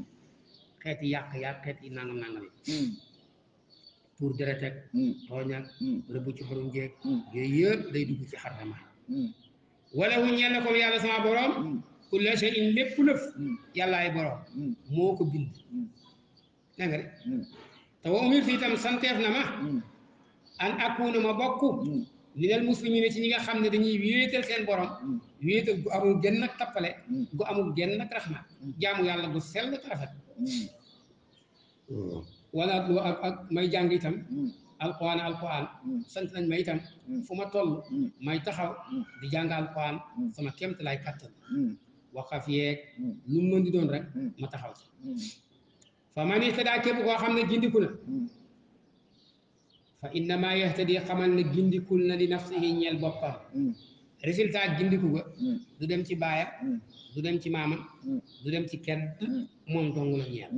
xeeti yàq yàq xeeti nangam nangam yi pour deret ak tooñ ak rëbb ci xorum yooyu yëpp day dugg ci xarama wala wu ñeel na ko yàlla sama borom kulla shay'in lépp lëf yàllaay borom moo ko bind da rek te wa umir fii tam santeef na ma an akuna ma bokk minal muslimiina ci ñi nga xam ne dañuy wéetal seen borom wéetal gu amul genn ak tappale gu amul genn ak raxma jaamu yàlla gu sell te rafet wala lu ak may jàng itam alquran alquran sant nañ ma itam fu ma toll may taxaw di jàng alquran sama kéemtalaay kàttan waqaf yeeg lu mu mën di doon rek mm. ma taxaw ci mm. fa man ihtadaa képp koo xam ne gindiku na mm. fa te di xamal ne gindikul na li nafsihi ñeel boppam résultat gindiku ga du dem ci baayam du dem ci maamam du dem ci kenn moom dong la ñeel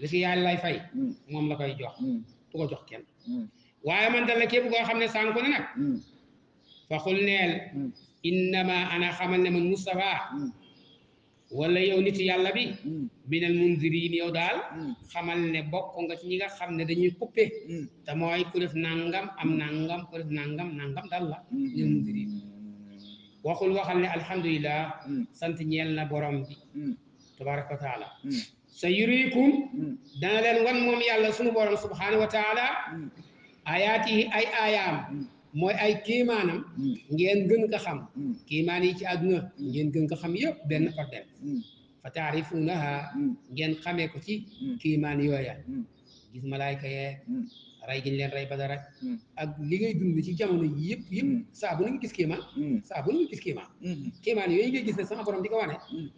li ci yàlla lay fay moom la koy jox du ko jox kenn waaye man dal la képp koo xam ne sànku na nag fa xul neel innama ana xamal ne man Moustapha hmm. wala yow nit yàlla bi hmm. minal munzirin yow daal hmm. xamal ne bokk nga ci ñi nga xam ne dañuy coupé te mooy ku def nangam am nangam ku def nangam dal la minal munzirin waxul waxal ne alhamdulilah sant ñel na borom bi tabaraka wa sa yurikum dana leen wan moom yàlla sunu borom subhanahu wa ay ayaam mooy ay kiimaanam mm. ngeen gën ko xam mm. kiimaan yi ci àdduna mm. ngeen gën ko xam yëpp benn ordel fa taarifunaha ngeen xamee ko ci kiimaan yooya gis malaayka yee ray gi ñu leen ray ba ak ak li ngay dund ci jamono yi yëpp yëpp na nga gis kiimaan saa bu na nga gis kiimaan kiimaan yooyu ngay gis ne sama borom di ko wane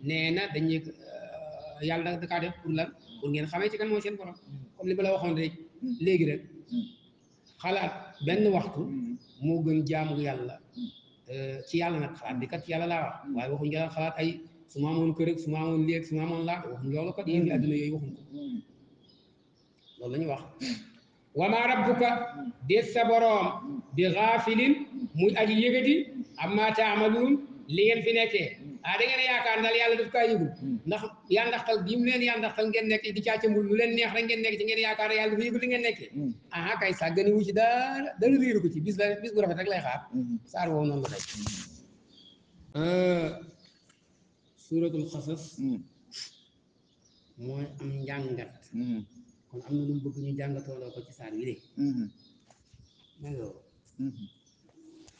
nee na dañuy euh, yàlla da kaa def pour lan pour ngeen xamee ci kan mooy seen borom comme li ma la waxoon rek léegi rek xalaat benn waxtu moo gën jaamu yàlla euh, ci yàlla nag xalaat bi kat yàlla laa wax waaye waxuñ yàlla xalaat ay su ma amoon su ma léeg su ma laa waxuñ loolu kat yéen yooyu waxuñ ko loolu la ñu wax wama rabbuka des sa boroom bi xaafilin muy aji yëgati amma taamaluun li ngeen fi nekkee ah da ngeen yaakaar daal yàlla daf kaa yëgul hmm. ndax yàndaxtal bii mu leen yàndaxtal ngeen nekk di caacambul lu leen neex rek ngeen nekk ci ngeen yaakaar yaàlla dafa yëgul li ngeen nekkee hmm. aha ci dara dara réeru ko ci bis la bis bu rafet rek lay xaar hmm. saar woowu noonu la day euh, suuratul xasas mooy am njàngat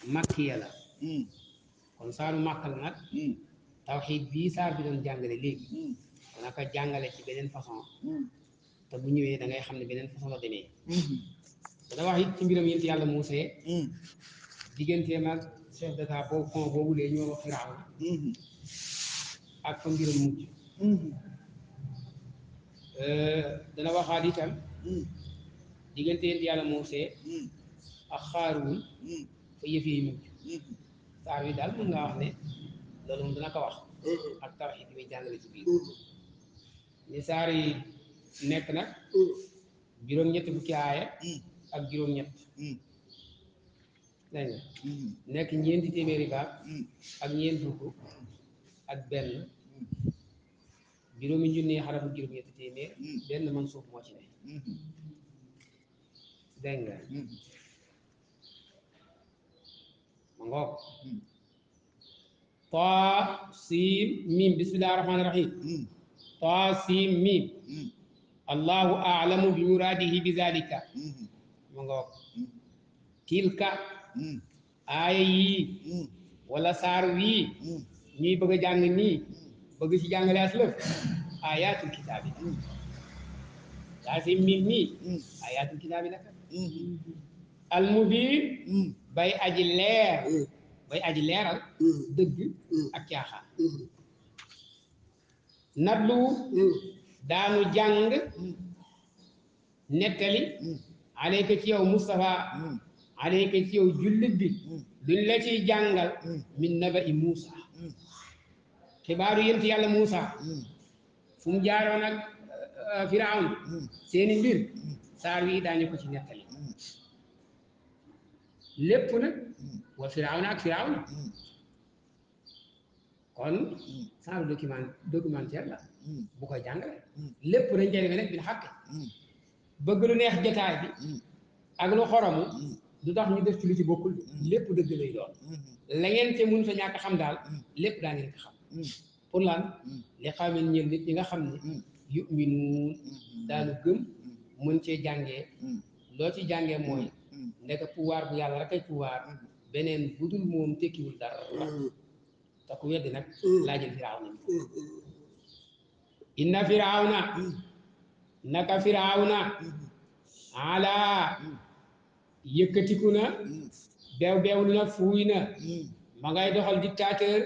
kon ci saar saaru màkk nag tawxiid bii saar bi doon jàngale hmm. dana ko jàngale ci beneen façon hmm. te bu ñëwee da ngay xam ne beneen façon la demee hmm. dana yàlla muusee digganteem ak chef fa mbiram euh, yàlla muusee ak yi mujj saar bi daal mën nga wax ne loolu moom dina ko wax mm-hmm. ak tawxiid yi muy jàngale ci biir mm-hmm. ni saar nekk nag mm-hmm. juróom-ñetti fukki aaya ak juróom-ñett dégg nekk ñeenti téeméeri baat ak ñeent fukk ak benn juróomi junni xarafu juróom-ñetti téeméer benn man suuf moo ci ne dégg nga ta siin miim bismillahi rahmaani rahim hmm. ta siin miim hmm. allahu bi muraadihi bi zalika hmm. ma nga wax tilka aaya wala saar wii ñii bëgg a nii bëgg ci jàngale aslëf ayatul kitaabi la taa siin miim mii ayatul bay aji way aji leeral mm-hmm. dëgg mm-hmm. ak caaxaan mm-hmm. natlu daanu jàng nettali aleyka ci yow Moustapha aleyka ci yow jullit bi luñ jàngal min naba i Moussa xibaaru yént yàlla Moussa fu mu jaaroon ak euh, euh, seeni mbir saar wi daañu ko ci nettali lépp nag wa firawna ak firawna kon sans document documentaire la bu koy jàngale lépp dañ cay rek bil xàq bëgg lu neex jotaay bi ak lu xoromu du tax ñu def ci lu ci bokkul lépp dëgg lay doon la ngeen mun sa ñàkk xam daal lépp daa ngeen ko xam pour lan li xamen ñeen nit ñi nga xam ne yu minuun daanu gëm mën cee jàngee loo ci jàngee mooy ndeka pouvoir bu yàlla rek ay pouvoir beneen budul moom tekkiwul dara mm-hmm. te ku weddi nag mm-hmm. laajal firawna mm-hmm. inna firawna naka firawna ala yëkkatiku na beew beew lu fuuy na ma doxal dictateur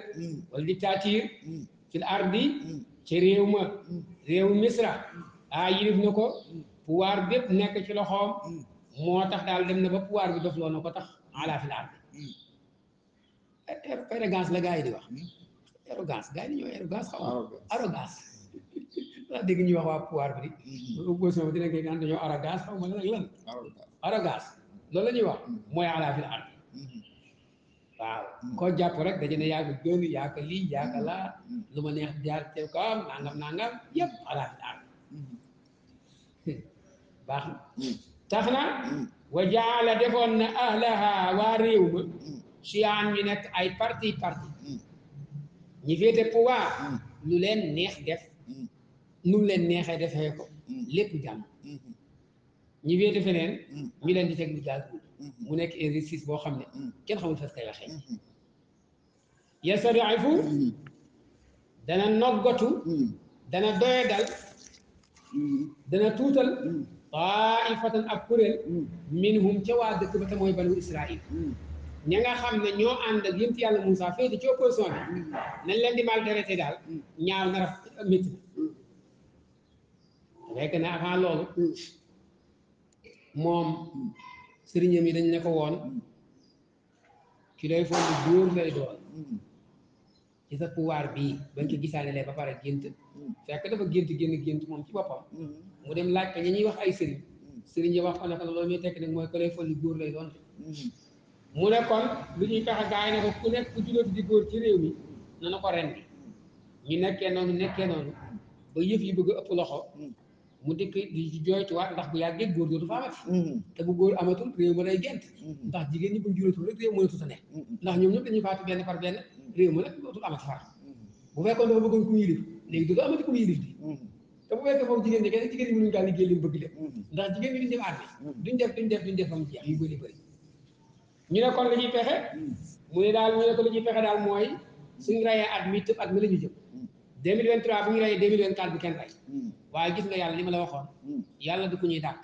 wala dictature fil ardi ci réew ma réew misra a yilif na ko pouvoir bépp nekk ci loxoom moo tax daal dem na ba pouvoir bi dof loo na tax ala fil arrogance la gaa yi di wax hmm? arrogance gars yi di ñëw arrogance xaw arrogance la <laughs> ñuy wax waa pouvoir bi di hmm. opposition bi dina koy naan dañoo arrogance xaw ma nag lan arrogance loolu la ñuy wax hmm. mooy alaa fil ard waaw koo jàpp rek dañu ne yaa ko lii yaa ko laa lu ma neex jaar teew ko am ah, nangam nangam yëpp alaa fil ard <laughs> baax tax na wa jaala defoon na ahlaha waa réew ma siyaan ñu nekk ay parti parti mm. ñi féete pouvoir lu mm. leen neex def mm. nu leen neexee defee ko lépp jàmm mm-hmm. ñi féete feneen ñu leen di teg di daal mm-hmm. mu nekk injustice boo xam ne kenn xamul fas kay waxee mm-hmm. yasarifu dana noggatu dana doye dana tuutal taifatan ab kuréel mm. minhum ca waa dëkk ba te mooy banu israil mm. ña nga xam ne ñoo ànd ak yënti yàlla Moussa fee di ci opposition bi mm. leen di maltraité daal ñaaw na raf métti fekk ne avant loolu moom sëriñam yi dañ ne ko woon ki doy foog ni góor lay doon ci sa pouvoir bii bañ ko gisaane lee ba pare gént fekk dafa gént génn gént moom ci boppam mu dem laaj ko ñi ñuy wax ay sëriñ mm. sëriñ yi wax ko ne ko loolu ñuy tekk nag mooy ko lay folli góor lay doon mm. mu ne kon lu ñuy tax di góor ci réew mi nana ko ren ñu nekkee noonu nekkee ba yëf yi bëgg ëpp loxo mm. mu dikk di jooytuwaat ndax bu yàggee góor dootu fa amati te bu góor amatul réew ma day gent ndax jigéen ñi buñ juróotul rek réew mënatu ta ne ndax ñoom ñëpp dañuy faatu benn par benn réew ma nag dootul amati far bu fekkoon dafa bëggoon ku mu yilif léegi dootu amati ku mu di te bu fekkee foofu jigéen ñi kenn jigéen ñi mënuñu kaa liggéey li mu bëgg lépp mm-hmm. ndax jigéen ñi duñ def aat bi mm-hmm. duñ def duñ def duñ def am jeex yu bëri ñu ne kon li ñuy pexe mm-hmm. mu ne daal ñu ne ko li ñuy pexe daal mooy suñu rayee at mi tëb at mi la ñu jëm 2023 bu ñu rayee 2024 bi kenn ray waaye gis nga yàlla li ma la waxoon yàlla du ku ñuy dàq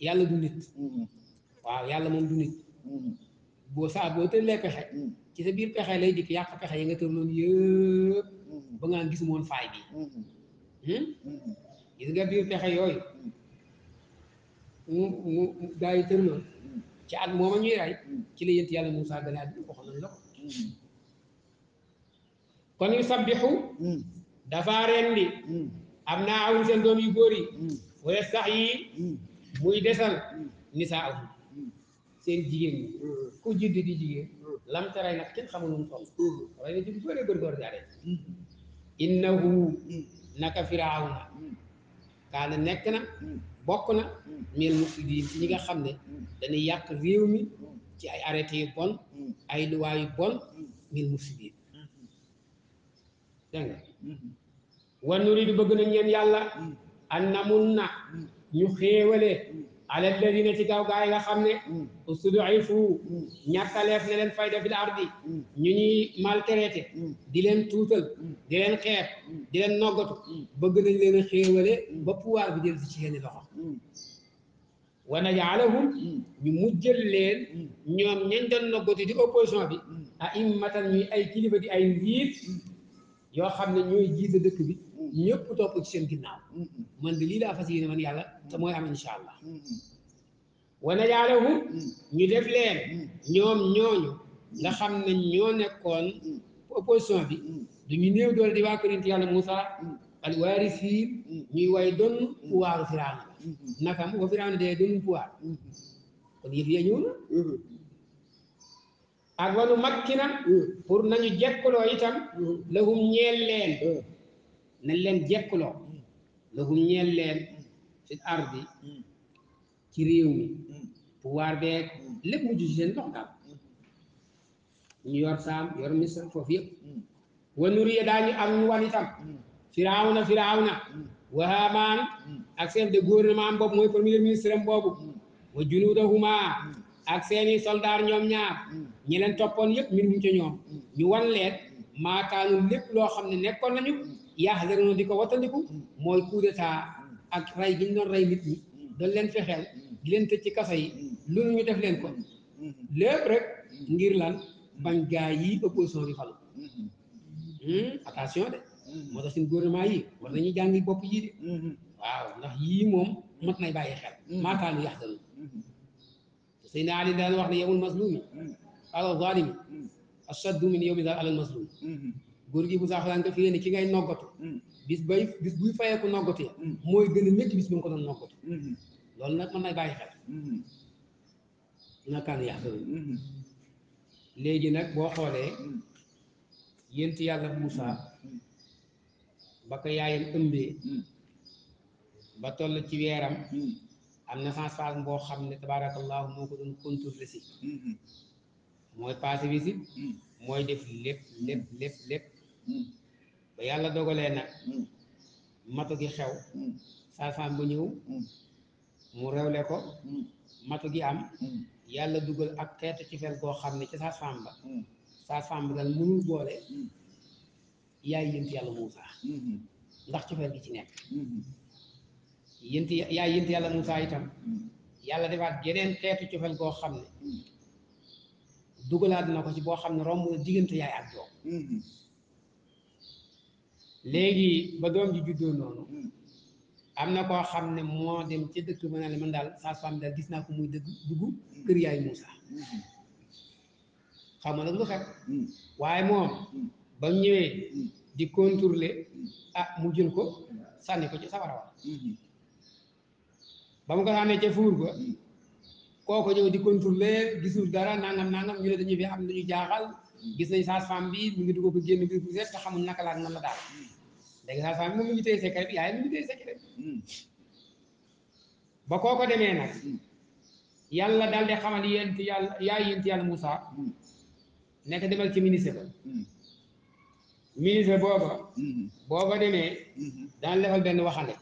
yàlla du nit waaw yàlla moom du nit boo saa boo tëllee pexe ci sa biir pexe lay dikk yàq pexe yi nga tër loolu yëpp ba ngaa gis moon faay Hmm? gis nga biir pexe yooyu mu mu gaa yi tërloon ci at mooma ñuy ray ci la yent yàlla Moussa gane àdduna waxoon nañ la ko kon yu sabbixu dafa rendi am naa awun seen doom yu góor yi wala sax yi muy desal nisaa aw seen jigéen ñi ku judd di jigéen lam nag kenn xamul nu mu toll ray na ci bu bëree bëri góor gaa innahu naka firawna kaana nekk na bokk na mil mufsidiin ci ñi nga xam ne dañuy yàq réew mi ci ay arrêté yu bon ay luwaa bon mil mufsidiin dégg nga wan bëgg nañ ñeen yàlla an na ñu xéewalee alal ladina ci kaw gaa yi nga xam ne fu mm. ustudifu mm. ñàkkaleef ne leen fayda fil ardi mm. ñu ñuy maltraité di leen tuutal di leen xeeb di leen noggatu bëgg nañ leen a xéewale ba pouvoir bi jël si ci seeni loxo wa najaalahum ñu mujjël leen ñoom ñañ doon noggatu di opposition bi a immatan ñuy ay kilifa di ay njiit yoo xam ne ñooy jiite dëkk bi ñëpp topp ci seen man de lii laa fas yéene man yàlla te mooy am insha allah wana jaalahum ñu def leen ñoom ñooñu nga xam ne ñoo nekkoon opposition bi duñu néew doole di waa ñuy way doon pouvoiru Firawna ko Firawna dee doon pouvoir kon yëf ya ñëw na ak wanu makkina pour nañu ñeel leen nañ leen jekkuloo lahum ñeel leen fi ardi ci réew mi pouvoir beeg lépp mujj ci seen loxo daal yor saam yor misra foofu yëpp wa nuriya daañu am ñu wan firawna firawna wa hamaan ak seen de gouvernement am boobu mooy premier ministre am boobu wa junudahuma ak seeni soldaar ñoom ñaar ñi leen toppoon yëpp mbir mu ci ñoom ñu wan leen maakaanu lépp loo xam ne nekkoon nañu yaaxdaroona di ko wattandiku mooy coup d'état ak rey gi ñu doon rey nit doon leen fexeel di leen tëj ci kaso yi lu ñu def leen ko lépp rek ngir lan bañ gaay yi opposition bi falu hmm? attention de moo tax suñu gouvernement yi war nañuy jàngi bopp yii de waaw ndax yii moom mat nay bàyyi xel maakaanu yaaxdaroona wax ne yemul maslumi ala zalimi ashaddu min yawmi zar alal maslum mm-hmm. góor gi bu saaxalaan nga fi yéene ki ngay noggatu mm-hmm. bis bay bis buy fayeeku noggatu ya mm-hmm. mooy gën a métti bis bi nga ko doon noggatu loolu nag mën na bàyyi xel nakaan yax dal léegi nag boo xoolee yént yàlla Muusaa ba ko yaayam ëmbee ba toll ci weeram am na sens boo xam ne tabaarakallahu moo ko doon contrôler si mooy passé visite hmm. mooy def lépp hmm. lépp lépp lépp hmm. ba yàlla dogalee nag matu gi xew saa saam bu ñëw mu rewle ko matu gi am yàlla dugal ak xeetu ci fel koo xam ne ci saa saam ba saa saam ba daal mënul boole yaay yënt yàlla Muusa ndax cofeel gi ci nekk yënt yaay yënt yàlla Muusa itam yàlla defaat geneen xeetu cofeel koo xam ne dugalaat na ko ci boo xam ne romb na diggante yaay ak doom mm-hmm. léegi ba doom ji juddoo noonu mm-hmm. am na koo xam ne moo dem ca dëkk ba naa ne man daal sa faam daal gis naa ko muy dëgg dugg mm-hmm. kër yaay Moussa xam nga nag lu xet waaye moom ba ñëwee di contrôler ah mu jël ko sànni ko ci sawara wa ba mu ko sànnee ca fuur ba kooko ñëw di contrôler gisul dara nangam nangam ñu ne dañuy fi am lu ñu jaaxal gis nañ sage-femme bi mu ngi dugg la la daal léegi sage-femme bi moom mu ngi téye secret bi yaay mu ngi hmm. demee nag yàlla daal di xamal yaay yéen ci yàlla hmm. nekk demal ci ministre hmm. booba booba demee daan defal benn waxande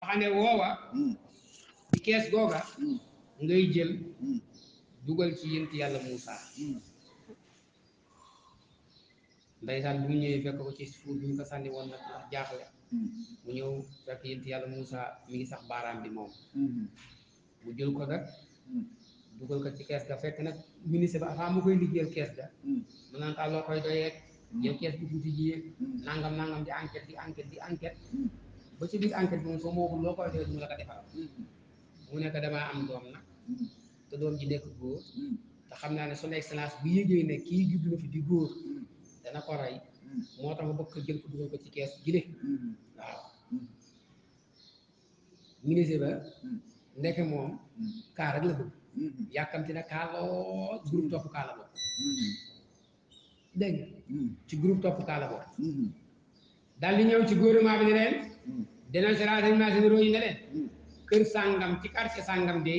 waxande woowa kees googa hmm. ngay jël hmm. dugal ci yént yàlla Muusa hmm. ndaysaan bu ñëwee fekk ko ci suuf bi ñu ko sànni woon nag ndax mu ñëw fekk yént yàlla Muusa mi ngi sax baaraam bi moom mu jël ko nag dugal ko ci kees ga fekk nag ministre ba avant mu koy liggéeyal kees ga mu naan kaa loo koy doyeeg kees bu guddi ji nangam nangam di enquête di enquête di enquête ba ci biir enquête bi moom soo ma waxul loo koy doyeeg mu la ko defal mu ne damaa am doom nag te doom ji nekk góor te xam naa ne son excellence bu yëgee ne kii juddu na fi di góor dana ko moo tax ma bëgg ko jël ko dugal ko ci kees gi de waaw ministre ba ndeke moom kaa rek la bëgg yàkkamti na kaa lool groupe topp kaa la bokk dégg ci groupe topp kaa la bokk daal di ñëw ci gouvernement bi ne leen dinañ si renseignement généraux yi ne leen kër sàngam ci quartier sàngam de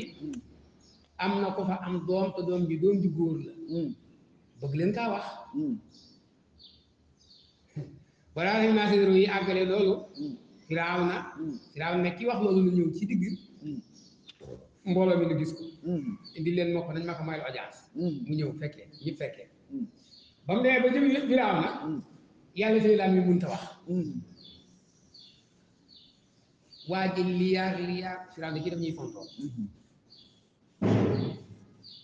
am na ko fa am doom te doom ji doom ji góor la mm. bëgg leen kaa wax mm. <laughs> balaa nañ naa seen yi àggale loolu firaaw na firaaw na ki wax loolu lu ñëw ci digg mm. mbooloo mi lu gis ko indi leen moo ko nañ ma ko mayal audience mu ñëw fekkee ba mu demee ba jëm firaaw na yàlla sëy laa mi munta wax waa ji liyaar liyaar firaw na kii daf ñuy fontoo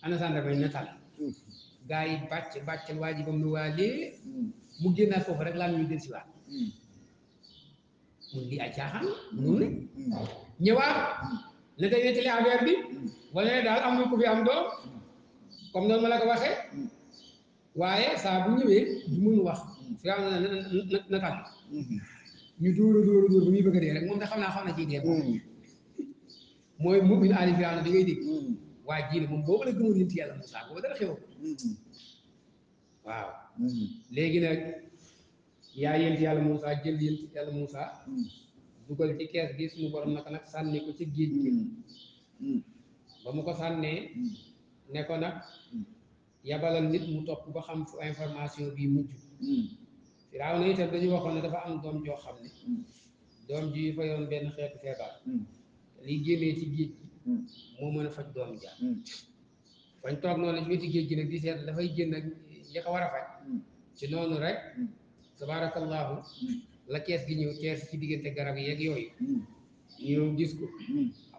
ana saan dafay nataal gaa yi bàcc bàccal waa ba mu waajee mu génnaat foofu rek laal ñuy del siwaat mun di ay caaxaan mun rek ñëwaat na tey nettali am na ku fi am doom comme noonu ma la ko waxee waaye saa bu ñëwee du mun wax firaw na nataal ñu dóor dóor dóor ba muy bëgg a dee rek moom da xam naa xam na ciy dee moom mm. mooy mu'min aali Firawna bi ngay dégg mm. waa jii ne moom boobu la gëmoon yonent yàlla Moussa boobu dara xew mm. waaw léegi nag yaa yonent yàlla Moussa jël yonent yàlla Moussa dugal ci kees gi suñu borom naka nag sànni ko ci géej gi ba mu ko sànnee ne ko nag yabalal nit mu topp ba xam fu information bii mujj na Firawna itam dañu waxoon ne dafa am doom joo xam ne doom ji fa yoon benn xeetu feebar hmm. li génnee ci géej gi hmm. moo mën a faj doom jaar hmm. fañ toog noonu ci géej gi nag di seet dafay génn ak ñi ko war a faj ci noonu rek tabaarakallaahu la kees gi ñëw teer ci diggante garab yeeg yooyu ñëw gis ko xam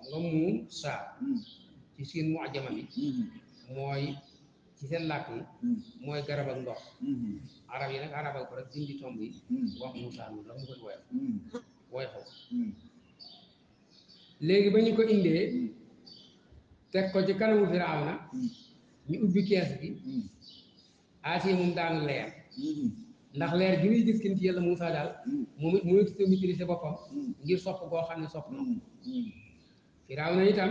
nga mu saa ci seen mu ajama mooy ci seen làkk yi hmm. mooy garab ak ndox hmm. arab yi nag arabal ko rek dindi tomb yi hmm. wax Moussa noonu la mu ko woyof woyofal léegi ba ñu ko indee teg ko ci kanamu Firawna ñu ubbi kees bi aasiya moom daan leer ndax leer gi muy jëkkanti yàlla Moussa daal moom it mooy gis maîtriser boppam ngir sopp koo xam ne sopp na Firawna itam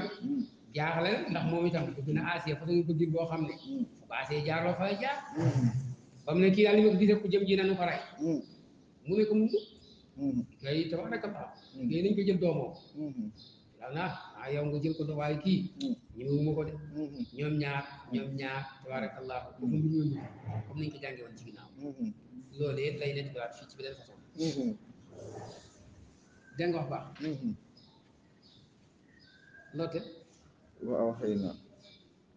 jaaxle ndax moom itam bëgg na aasiya fa suñu bëggin boo xam ne baasee jaarloo fa jaar hmm. ba mu ne kii daal li ma ko gisee ku jëm ji nanu ko rey hmm. mu ne ko mu kay tabax naka baax léegi nañ ko jël doomoo hmm. daal naa ah yow nga jël ko dowaaye kii ñëwuma ko de ñoom ñaar ñoom ñaar ko mu mbir ko jàngee woon ci ginnaaw loolee lay nekk daal fii loote waaw xëy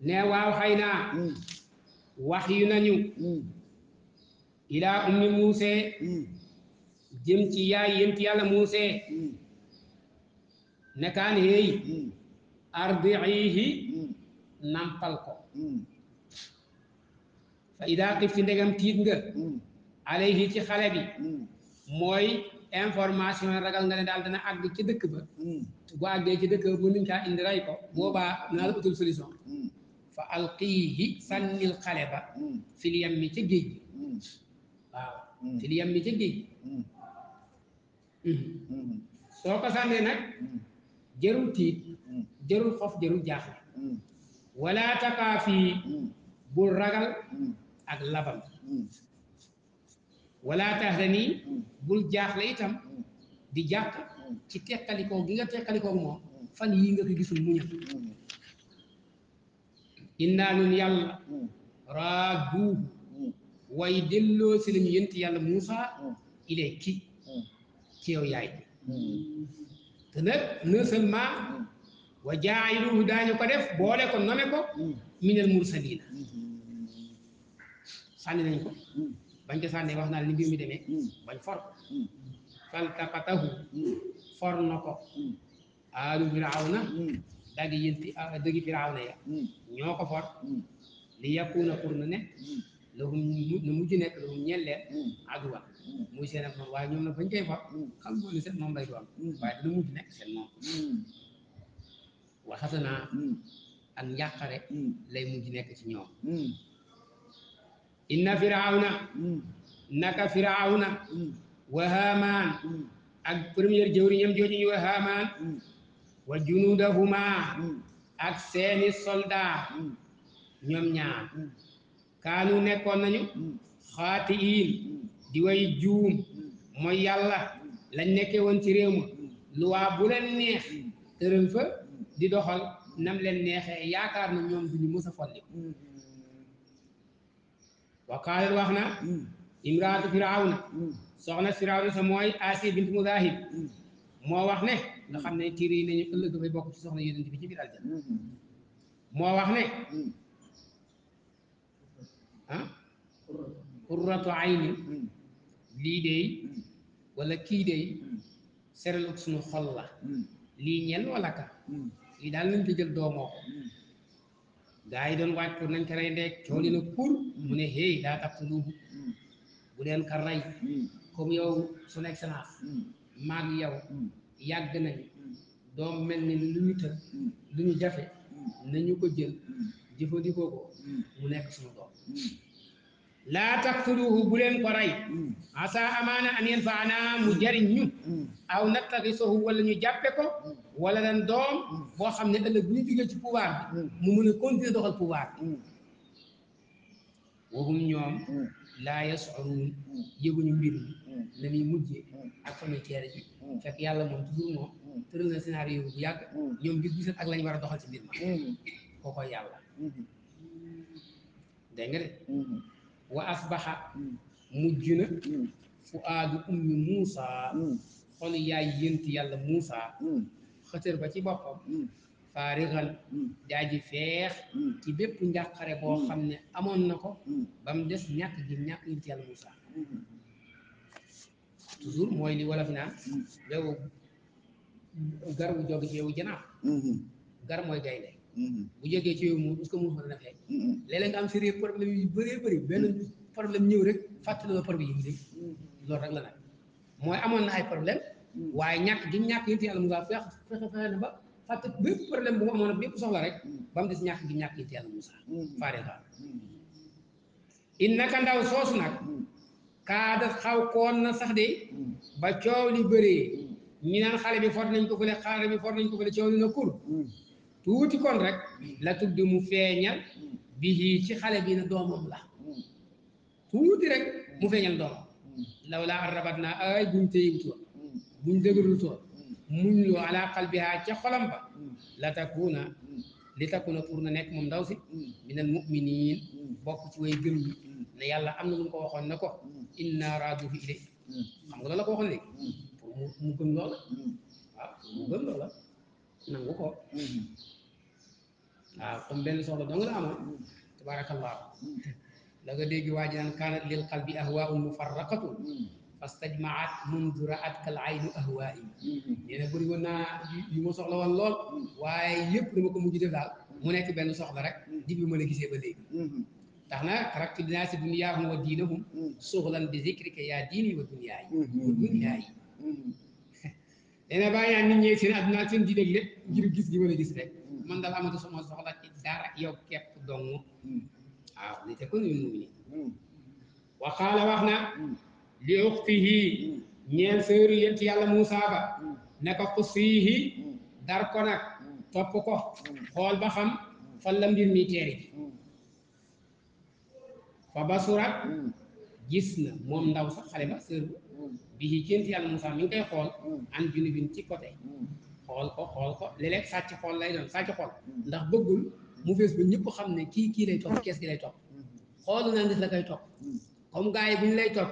ne waaw xëy wax yu nañu hmm. ilaa ummi muuse hmm. jëm ci yaay yent yàlla muuse hmm. nekaan héey ardiihi nampal ko daa idaa xifti ndegam tiit nga alayhi ci xale bi mooy information ragal nga ne daal dana àgg ci dëkk ba bu àggee ci dëkk ba bu niñ kaa indi ray ko booba naa la utul solution fa alqiihi sànnil xale ba mm. fil yammi ca géej gi mm. waaw mm. fil yammi ca géej gi mm-hmm. soo ko sànnee nag jarul tiit jarul xof jarul jaaxle wala takaa fii bul ragal ak labam wala tahzanii bul jaaxle itam di jàq ci teqalikoo gi nga teqalikoo moom fan yii nga ko gisul muñal innaa ñun yàlla mm. raadduuhu mm. way delloo lañu yent yàlla Moussa mm. ilayki ci yow yaay te nag non seulement wa jaayiluhu daañu ko def boole ko nome ko minal mursalina sànni nañ ko bañ ko sànnee wax naa li mbir mi demee bañ for faltaqatahu for na ko aalu firawna daa gi yénti ah, dëggi firawna ya hmm. ñoo ko for hmm. li yàkkuuna pour na ne lahum na mujj nekk lahum ñeel leen hmm. aduwa muy seen ak moom waaye ñoom nag bañ koy for xam nga ne moom lay doon waaye dana mujj nekk seen moom waxasanaa ak njàqare lay mujj nekk ci ñoom inna firawna naka firawna wa haamaan ak première jëwriñam jooju ñu wa wa junudahuma hmm. ak seeni soldat hmm. ñoom ñaar hmm. kaanu nekkoon nañu xaati iin di way juum mooy yàlla lañ nekkee woon ci réew ma waa bu leen neex tëral fa di doxal nam leen neexee yaakaar na ñoom duñu mës a folli wa wax na imraatu firawna soxna firawna sa mooy asi bint muzahib moo wax ne mm-hmm. nga xam ne tiir yi nañu ëllëg dafay bokk ci soxna yonent bi ci biir aljana mm-hmm. moo wax ne mm-hmm. ah qurratu ayni lii déy wala kii déy seral ak suñu xol la lii ñel wala ka lii daal nañ ko jël doomoo ko yi doon waaj pour nañ ko rey ndeeg cooli pour mu ne hey daa tax luubu bu leen ko rey comme yow son excellence maag yow hmm. yàgg nañu hmm. doom mel ni lu ñu tël hmm. lu ñu jafe nañu ko jël jëfandikoo ko mu nekk suñu doom laa taqtuluhu bu leen ko rey asa amaana an yanfaana mu jariñ ñu aw nattaxisahu wala ñu jàppe ko wala dan doom boo xam ne ëllëg bu ñu jógee ci pouvoir bi mu mën a continuer doxal pouvoir bi ñoom laa yasuruun yëguñu mbir na mm. muy mujjee mm. ak fa muy teere ji fekk yàlla moom toujours moom mm. tëral na scénario bu yàgg ñoom gis gisat ak la war a doxal ci mbir ma kooko yàlla dégg nga de wa asbaxa mujj na fu aadu ummi Muusa xolu yaay yént yàlla Muusa xëtër ba ci boppam faarigan daaji feex ci bépp njàqare boo xam ne amoon na ko bam mu des ñàkk gi ñàkk yént yàlla Muusa toujours mooy li wolof naa yow gar bu jóge ci yow janaaw mm-hmm. gar mooy gaynde mm-hmm. bu jógee ci yow muur parce que muur mën mm-hmm. am si réer problème yu bëree bëri benn problème ñëw rek fàttali la loolu rek la mooy amoon na ay problème waaye ñàkk gi ñàkk yénti yàlla mu ngaa feex fexe fexe na ba fàtte bépp problème bu mu bépp soxla rek ba mu des ñàkk gi ñàkk yénti yàlla Moussa faade faade soosu nag kaada xaw koon na sax de mm. ba coow li bëree mm. ñi naan xale bi foot nañ ko fële xale bi for nañ ko fële coow li na kur mm. tuuti kon rek la tudd mu feeñal bi ci xale bi na doomam la tuuti rek mu feeñal doomam law laa arrabat naa ay buñ téyiwutoon buñ dëgërlutoon muñ loo ala qalbiha ca xolam ba la takuna li takuna pour na nekk moom ndaw si minal mu'minin bokk ci way gëm ne yàlla am na lu mu ko waxoon na ko inna raaduhu ilay hmm. xam nga loolu la ko waxoon hmm. pour mu gëm loola hmm. mu gëm loola nangu ko waaw comme benn soxla dong la amoon tabaarakallaahu la dégg waa ji naan kaanat lil qalbi ahwaa'un mufarraqatun fastajmaat mundu raat kal aynu ahwaa'i nee na bëri naa yu ma soxla woon lool waaye yëpp dama ko mujj def daal mu nekk benn soxla rek di bi ma la gisee ba léegi tax na taraktu linaasi wa diinahum suxlan bi zikrika yaa diini wa dunyaayi wa mm-hmm. dunyaayi nee mm-hmm. <laughs> na bàyyi naa nit ñi seen adduna seen diine lépp ngir gis gi mën a gis rek mm-hmm. man daal amatu sama soxla ci dara yow képp dong waaw li te ko ñu mu'minin wa wax na li uxtihi ñeel sëru yent yàlla Muusa ba ne ko xusiihi dar ko nag topp ko xool ba xam fan la mbir fa basuraat hmm. gis na moom ndaw sax xale ba sër bu hmm. bi ci gént yàlla Moussa mi ngi koy xool hmm. an junubin ci côté xool ko xool ko léeg-léeg sàcc xool lay doon sàcc xool ndax bëggul mu fees ba ñëpp xam ne kii kii lay topp kees gi lay topp xoolu naa nit la koy topp comme gars yi bu ñu lay topp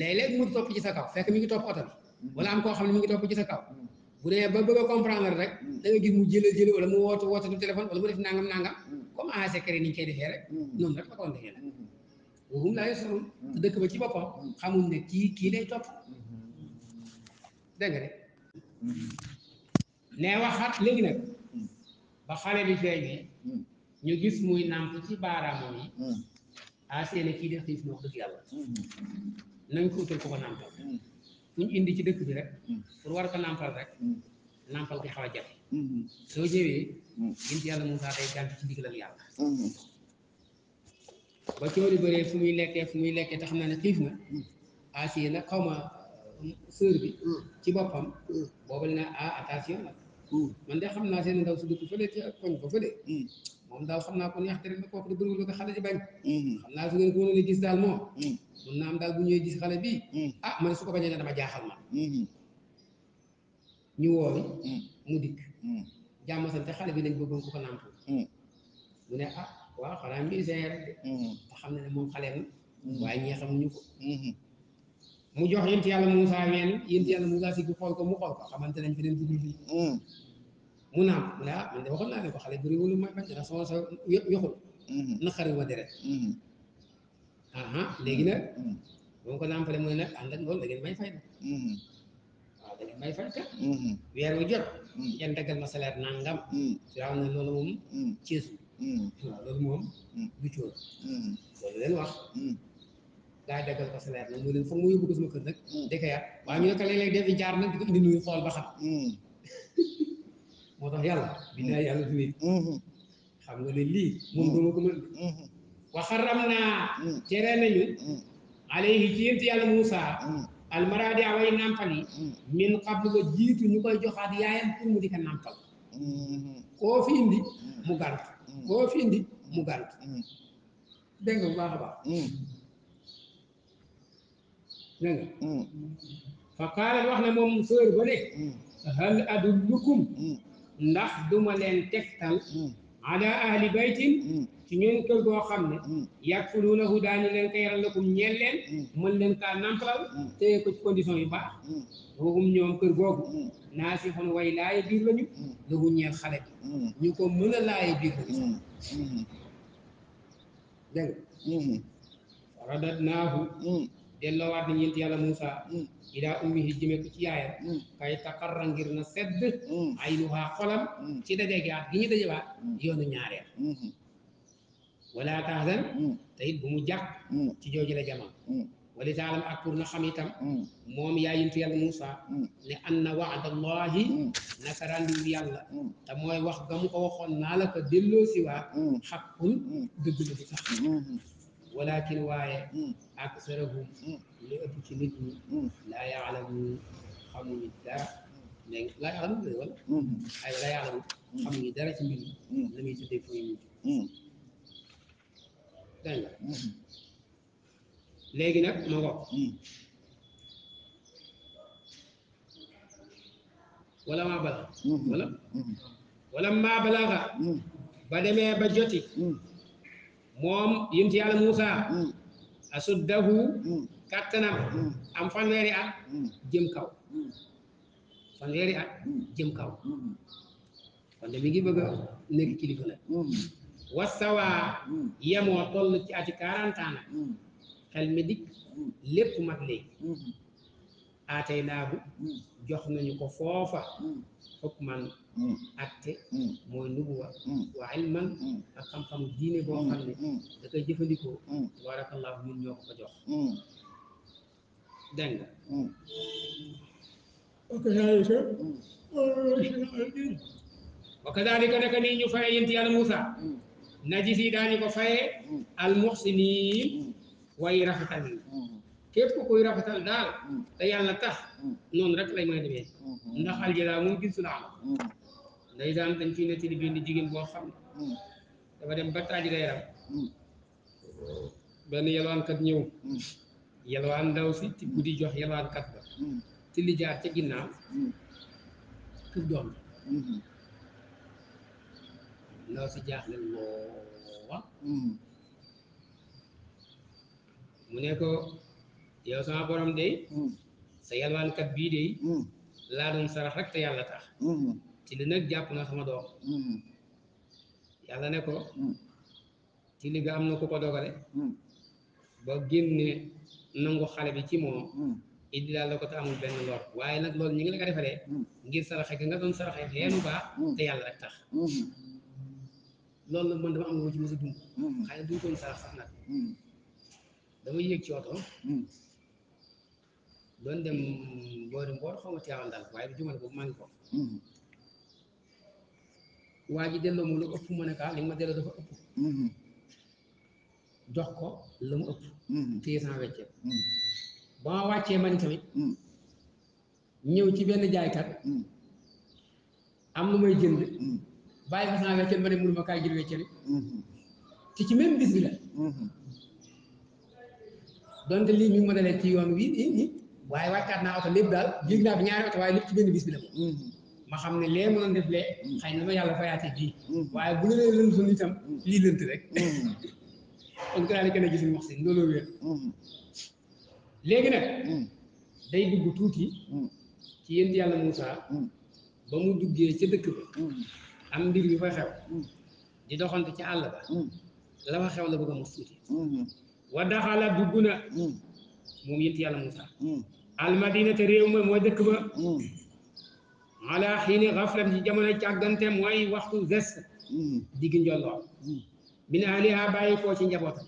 léeg-léeg mu topp ci sa kaw fekk mi ngi topp oto bi wala am koo xam ne mi ngi topp ci sa kaw bu dee ba bëgg a comprendre rek da nga gis mu jëlee jëlee wala mu woote woote du téléphone wala mu def nangam nangam comme ASC ni ñu koy defee rek noonu rek waxum laa yësoroon mm-hmm. te dëkk ba ci boppam xamuñ ne kii kii lay topp mm-hmm. dégg nga de mm-hmm. ne waxaat léegi nag ba xale bi feeñee ñu gis muy nàmp ci baaraamoo yi a ah, seene kii de xiif na wax dëgg yàlla nañ ko utal ko ko nàmpal fu ñu indi ci dëkk bi rek pour war ko nàmpal rek nàmpal gi xaw a jafe soo ñëwee gint yàlla Moussa day gànt ci ndigalal yàlla ba coow li bëree fu muy lekkee fu muy lekkee te xam naa ne xiif na Asiya na xaw ma euh, bi ci boppam boobu la naa ah man de xam naa seen ndaw su dëkk fële ci naa ko neex te rek na kooku de bëriwul ko su ngeen ko gis daal moom mun naa am daal bu ñëwee gis xale bi ah man su ko bañee ne dama jaaxal ma ñu woori mu dikk mm. jàmm sante xale bi lañ bëggoon ku ko nàmpul mm. mu ne ah waaw xanaa mi seer de mm-hmm. te xam ne ne moom xale na mm-hmm. waaye ñee xamuñu ko mm-hmm. mu jox yent yàlla Moussa ween yent yàlla Moussa si bi xool ko mu xool ko xamante nañ fii mu naam ah, mu ah, naa ne ko xale bëri wala ma bañ ndax sama sa yoxul naqari ma deret aha nag nag ànd ak may fay waaw da may fay kat weer jot yan daggal ma salaire nangam su daaw na loolu moom ceesu waaw hmm. loolu moom hmm. du cóor hmm. loolu leen wax daa daggal ko salaire nag leen foog mu yóbbu ko sama kër nag dëkk yar waaye ñu ne ko léeg-léeg jaar nag di ko indi nuyu xool ba xam <laughs> moo tax yàlla bindaa yàlla du naa tere nañu alayhi ci yénti yàlla Moussa almaradi away nàmpal yi min qablu ko jiitu ñu koy joxaat yaayam pour mu di ko nàmpal koo fi indi mu gànt boo fi indi mu gànt mm. dégg nga bu baax a baax mm. dégg nga mm. fa qaalat wax na moom sër ba ne hal adullukum ndax duma leen tegtal ala ahli baytin ci ngeen kër goo xam ne mm. yakfuluunahu daañu leen ko yaral lakum ñeel leen mm. mën leen kaa nampal mm. téye ko ci condition yu baax boogum ñoom kër googu naa si xon way laaye biir lañu lagu ñeel xale bi ñu ko mën a laaye biir lañu dégg nga radat naahu delloowaat nañu yent yàlla Moussa ilaa ummihi jëme ko ci yaayam kay taqarra ngir na sedd aynuhaa xolam ci dajegaat gi ñu dajewaat yoonu ñaareel mm-hmm. wala tahzan hmm. te bu mu jàq hmm. ci jooju la jamono hmm. wali taalam ak pour na xam itam moom yaayintu yàlla Moussa ne an na waadallahi naka rendiw yàlla te mooy wax ga waxoon naa la ko delloo si waat xaqul dëgg la bu sax walakin waaye aksarahum li ëpp ci nit ñi laa yaalamuun xamuñu dara mais laa yaalamuun wala ay laa yaalamuun xamuñu mi la muy léegi nag ma ko wala maa bala wala wala maa balaaxa ba demee ba joti moom yim ci yàlla Muusa asuddahu kattanam am fanweeri at jëm kaw fanweeri at jëm kaw kon mi ngi bëgg nekk kilifa nag wasawa hmm. yemoo toll ci ati quarante ans hmm. xel mi dikk hmm. lépp mat léegi aatay naahu jox nañu ko foofa xukman atte mooy nubuwa wa ilman ak xam-xam diine boo xam ne da jëfandikoo tabarakallahu ñun ñoo ko ko jox dégg nga wa kadalika naka nii ñu faye yent yàlla Moussa najis yi daañu ko fayee almuxsiniin way rafetal yi képp kuy rafetal daal te yàlla tax noonu rek lay mooy a demee ndax aljala moom gin am dañ ciy nettali jigéen boo xam dafa dem ba taaji day ram benn ndaw si ci guddi jox yelwaankat ba ci li jaar ca ginnaaw këf doom loo si jaaxle lool hmm. mu ne ko yow sama borom de hmm. sa yalwaankat bii de hmm. laa doon sarax rek te yàlla tax ci li nag jàpp na sama doo yàlla ne ko ci li am na ku ko dogale ba génne nangu xale bi ci moom indi daal la ko te amul benn lor waaye nag lool ñu ngi la ko defalee ngir saraxe ga nga doon saraxe leenu baax te yàlla rek tax loolu la man dama am lu ma ci mos a dund. Hmm. xëy na duñ ko sarax sax nag. Hmm. dama yéeg ci oto. Hmm. doon dem boori mboor xaw ma teewal daal waaye du jumane boobu maa ko. waa delloo mu lu ëpp mu ne kaa ah, li ma delloo dafa ëpp. jox ko la mu ëpp. téye sama weccet. ba ma wàccee man tamit. ñëw ci benn jaaykat. am lu may jënd. bàyyi mas naa weccel ma ne mënuma kaay jël wecceli mhm. te ci même bis bi mhm. lii ñu ngi ma dalee ci yoon wi i i waaye naa oto lépp daal jéeg naa fi ñaari oto waaye ci benn bis bi la mhm. ma xam ne lee mënoon def na yàlla fayaatee bii waaye bu rek <laughs> kon ko daal di gën a gisuñ wax si léegi nag day dugg tuuti ci yéen yàlla Moussa ba mu duggee ca dëkk ba am mbir yu fa xew mm. di doxante ci àll ba mm. la fa xew la bëgg a mos tuuti mm. wa dugg na moom yënt yàlla Moussa almadina te réew ma mooy dëkk ba ala xiini xaflan ci jamono càggante mooy waxtu ges diggi njollool min ahliha bàyyi koo ci njabootam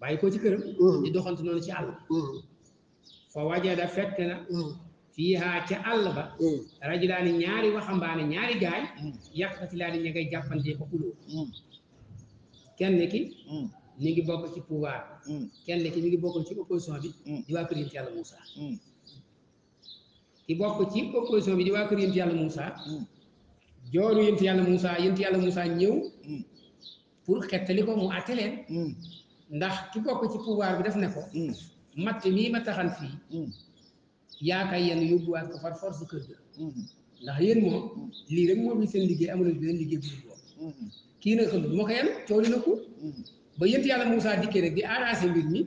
bàyyi koo ci këram di doxante noonu ci àll fa wajada fekk na fiihaa ca àll ba mm. rajulaani ñaari waxambaane ñaari gaay mm. yaqtatilaani ña ngay jàppantee ko xuloo mm. kenn ki ñu ngi bokk ci pouvoir bi kenn ki ñu ngi bokk ci opposition bi di waa kër yonent yàlla Moussa ki bokk ci opposition bi di waa kër yonent yàlla Moussa jooru yonent yàlla Moussa yonent yàlla Moussa ñëw pour xettali ko mu àtte leen ndax ki bokk ci pouvoir bi def ne ko matt mii ma taxan fii yaakaar yenn yóbbuwaat ko par force kër ga mm-hmm. ndax yéen moom lii rek moo fi seen liggéey amul beneen liggéey bu dul moom mm-hmm. kii nag xam moo ko yan na mm-hmm. ba yént yàlla Moussa dikkee nag di mbir mi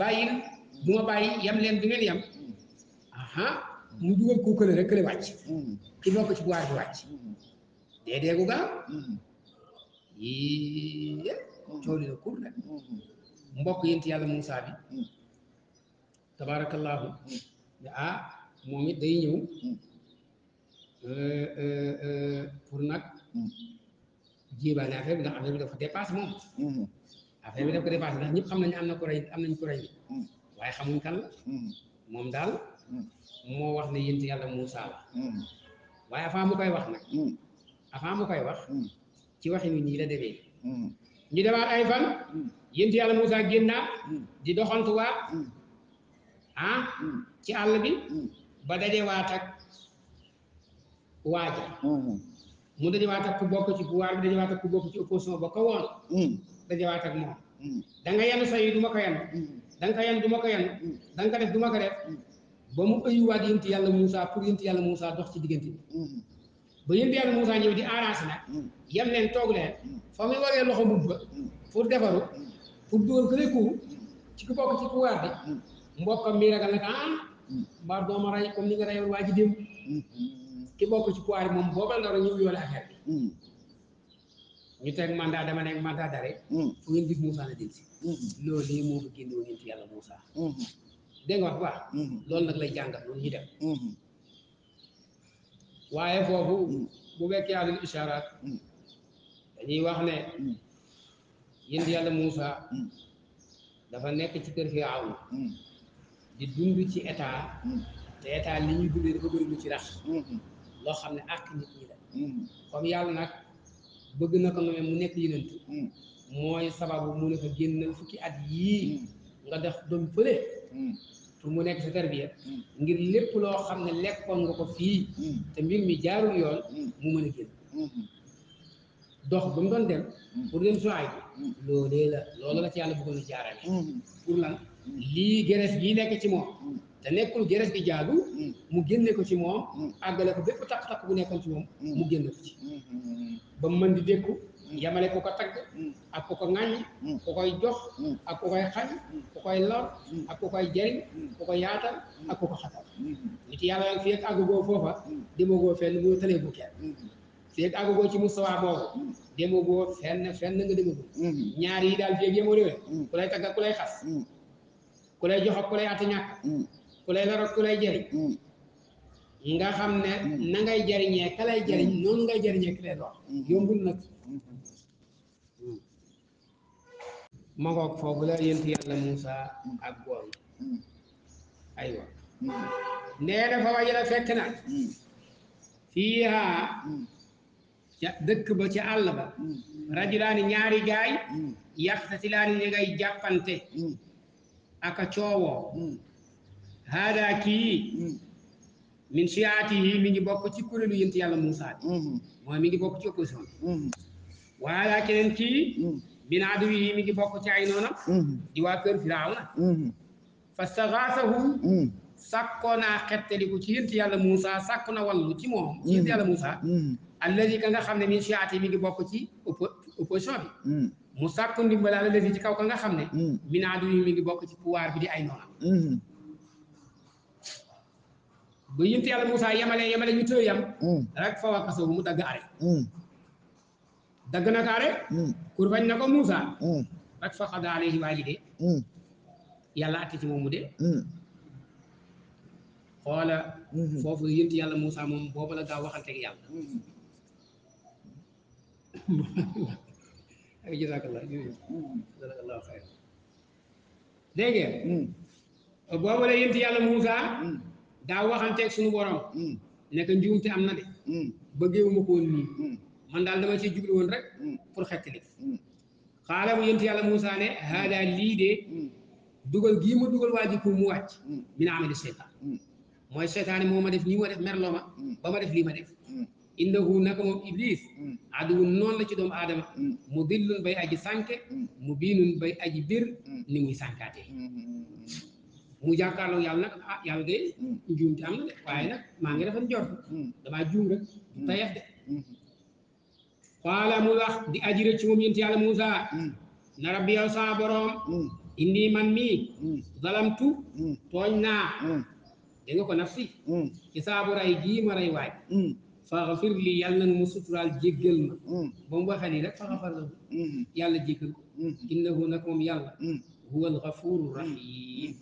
bàyyil du ma bàyyi yam leen bi ku kële rek ci kur rek mbokk yént yàlla Moussa bi tabaarakallaahu ah moom it day ñëw euh, euh, euh, pour nag jiibaale affaire bi ndax affaire moom affaire daf ko dépassé ndax ñëpp xam nañ am na ko am nañ ko waaye xamuñ kan moom daal moo wax ne yént yàlla Muusaa la waaye avant mu koy wax nag avant mu koy wax ci waxi nit ñi la demee ñu demaat ay fan yént yàlla Muusaa génnaat di doxantuwaat ah ci àll bi ba dajewaat ak waaja mm-hmm. mu dajewaat ak ku bokk ci pouvoir bi dajewaat ak ku bokk ci opposition ba ko woon mm-hmm. dajewaat ak moom mm-hmm. da nga yenn say du ma ko yenn da ko yenn du ko yenn da nga def du ma ko def ba mu ëyuwaat yënti yàlla Moussa pour yënti yàlla Moussa dox ci diggante bi ba yënti yàlla Moussa ñëw di arrangé nag yem leen fa muy waree loxo mbubb ba pour defaru pour dugal gën a ci ku bokk ci pouvoir bi mbokkam mi ragal nag ah mbaa dooma ray ni nga rayoon waa ji démb ki bokk ci poir moom booba ndara ñëw yoole affaire bi ñu teg mandat dama nekk mandat dare gis Moussa la génn ci yàlla Moussa dégg nga loolu nag lay jàngal loolu ñuy def waaye foofu bu fekkee alul ishaaraat dañuy wax ne yéen yàlla Moussa dafa nekk ci kër Firawna di dund ci état te état li ñuy dundee lu ci rax loo xam ne ak nit ñi la comme yàlla nag bëgg na ko nomee mu nekk yonent mooy sababu mu ne ko génnal fukki at yii nga def doom fële pour mu nekk sa tarbiya ngir lépp loo xam ne lekkoon nga ko fii te mbir mi jaarul yoon mu mën a génn dox ba mu doon dem pour dem suwaay bi loolee la loolu la ci yàlla bëggoon a jaarale pour lan lii gerees gii nekk ci moom te nekkul gerees gi jaadu mu génne ko ci moom àggale ko bépp takk-takk bu nekkoon ci moom mu génne ko ci ba mën di dékku yamale ku ko tagg ak ku ko ŋàññ ku koy jox ak ku koy xañ ku koy lor ak ku koy jariñ ko yaatal ak ku ko xatal nit yàlla yag fi yeg àggugoo foofa demagoo fenn mu tëlee bu kenn fi yeg àggugoo ci mustawaa boobu demagoo fenn fenn nga demagoo ñaar yi daal fi yeg moo réwé ku lay tagg ku lay xas ku lay jox ak ku lay ati ñàkk mm. ku lay lor ku lay jëriñ mm. nga xam ne mm. na ngay jëriñee ka lay jëriñ noonu ngay jëriñee ki lay lor mm-hmm. yombul nag mm-hmm. ma ngoog foofu la yent yàlla Moussa ak góor aywa fekk na fii ca dëkk ba ci àll ba rajulaani ñaari gaay ci ñi ngay jàppante aka coowoo haada hmm. kii hmm. min siyaatihi mi ngi bokk ci kuréelu yënt yàlla Moussa bi hmm. mooy mi ngi bokk ci opposition bi wa haada keneen kii min aduwihi mi ngi bokk ci ay noonam di waa kër Firawna fa staxaasahu ci yënt yàlla Moussa sàkku na wallu ci moom ci yënt yàlla Moussa alladi ka nga xam ne min siyaatihi mi ngi bokk ci opposition bi mu sàkku ndimbal la desi ci kaw ka nga xam ne hmm. minaadu yi mi ngi bokk ci pouvoir bi di ay noonam hmm. bu yënt yàlla Moussa yemale yemale ñu tëy hmm. dagg are dagg na ko yàlla atti ci moom mu dee xoola foofu yënt yàlla Moussa moom boobu gaa waxante yàlla <laughs> ay jazakallah jërëjëf mm. jazakallahu xayr dégg ngeen mm. boobu la yénti yàlla Moussa mm. daa waxanteeg suñu borom nekk njuumte am na de bëggeewu ma ko nii man daal dama ci jublu woon rek pour xett li xaala mu yàlla Moussa ne haada lii de dugal gii ma dugal waa ji mu wàcc min amali seytaan mooy seytaan yi moo ma def nii ma def merloo ba ma def lii ma def innahu naka moom iblis mm. aduwun noonu la ci doomu aadama mm. mu dillun bay aji sànke mm. mu biinun bay aji bir ni muy sànkaatee mu jàkkaarloo yàlla nag ah yàlla de njuumte am na de waaye nag maa ngi defan jort damaa juum rek tayex de qaala mu wax di aji rëcc moom yénti yàlla Muusa na rabbi yow saa boroom indi man mii tu tooñ naa dégg nga ko nafsi ci saabu gii ma waay faxafir lii yàlla nag mu suturaal jéggal ma mm. ba mu waxee nii rek faxafar la mm-hmm. yàlla jéggal ko mm-hmm. innahu nag moom yàlla mm-hmm. huwa alxafuru rahim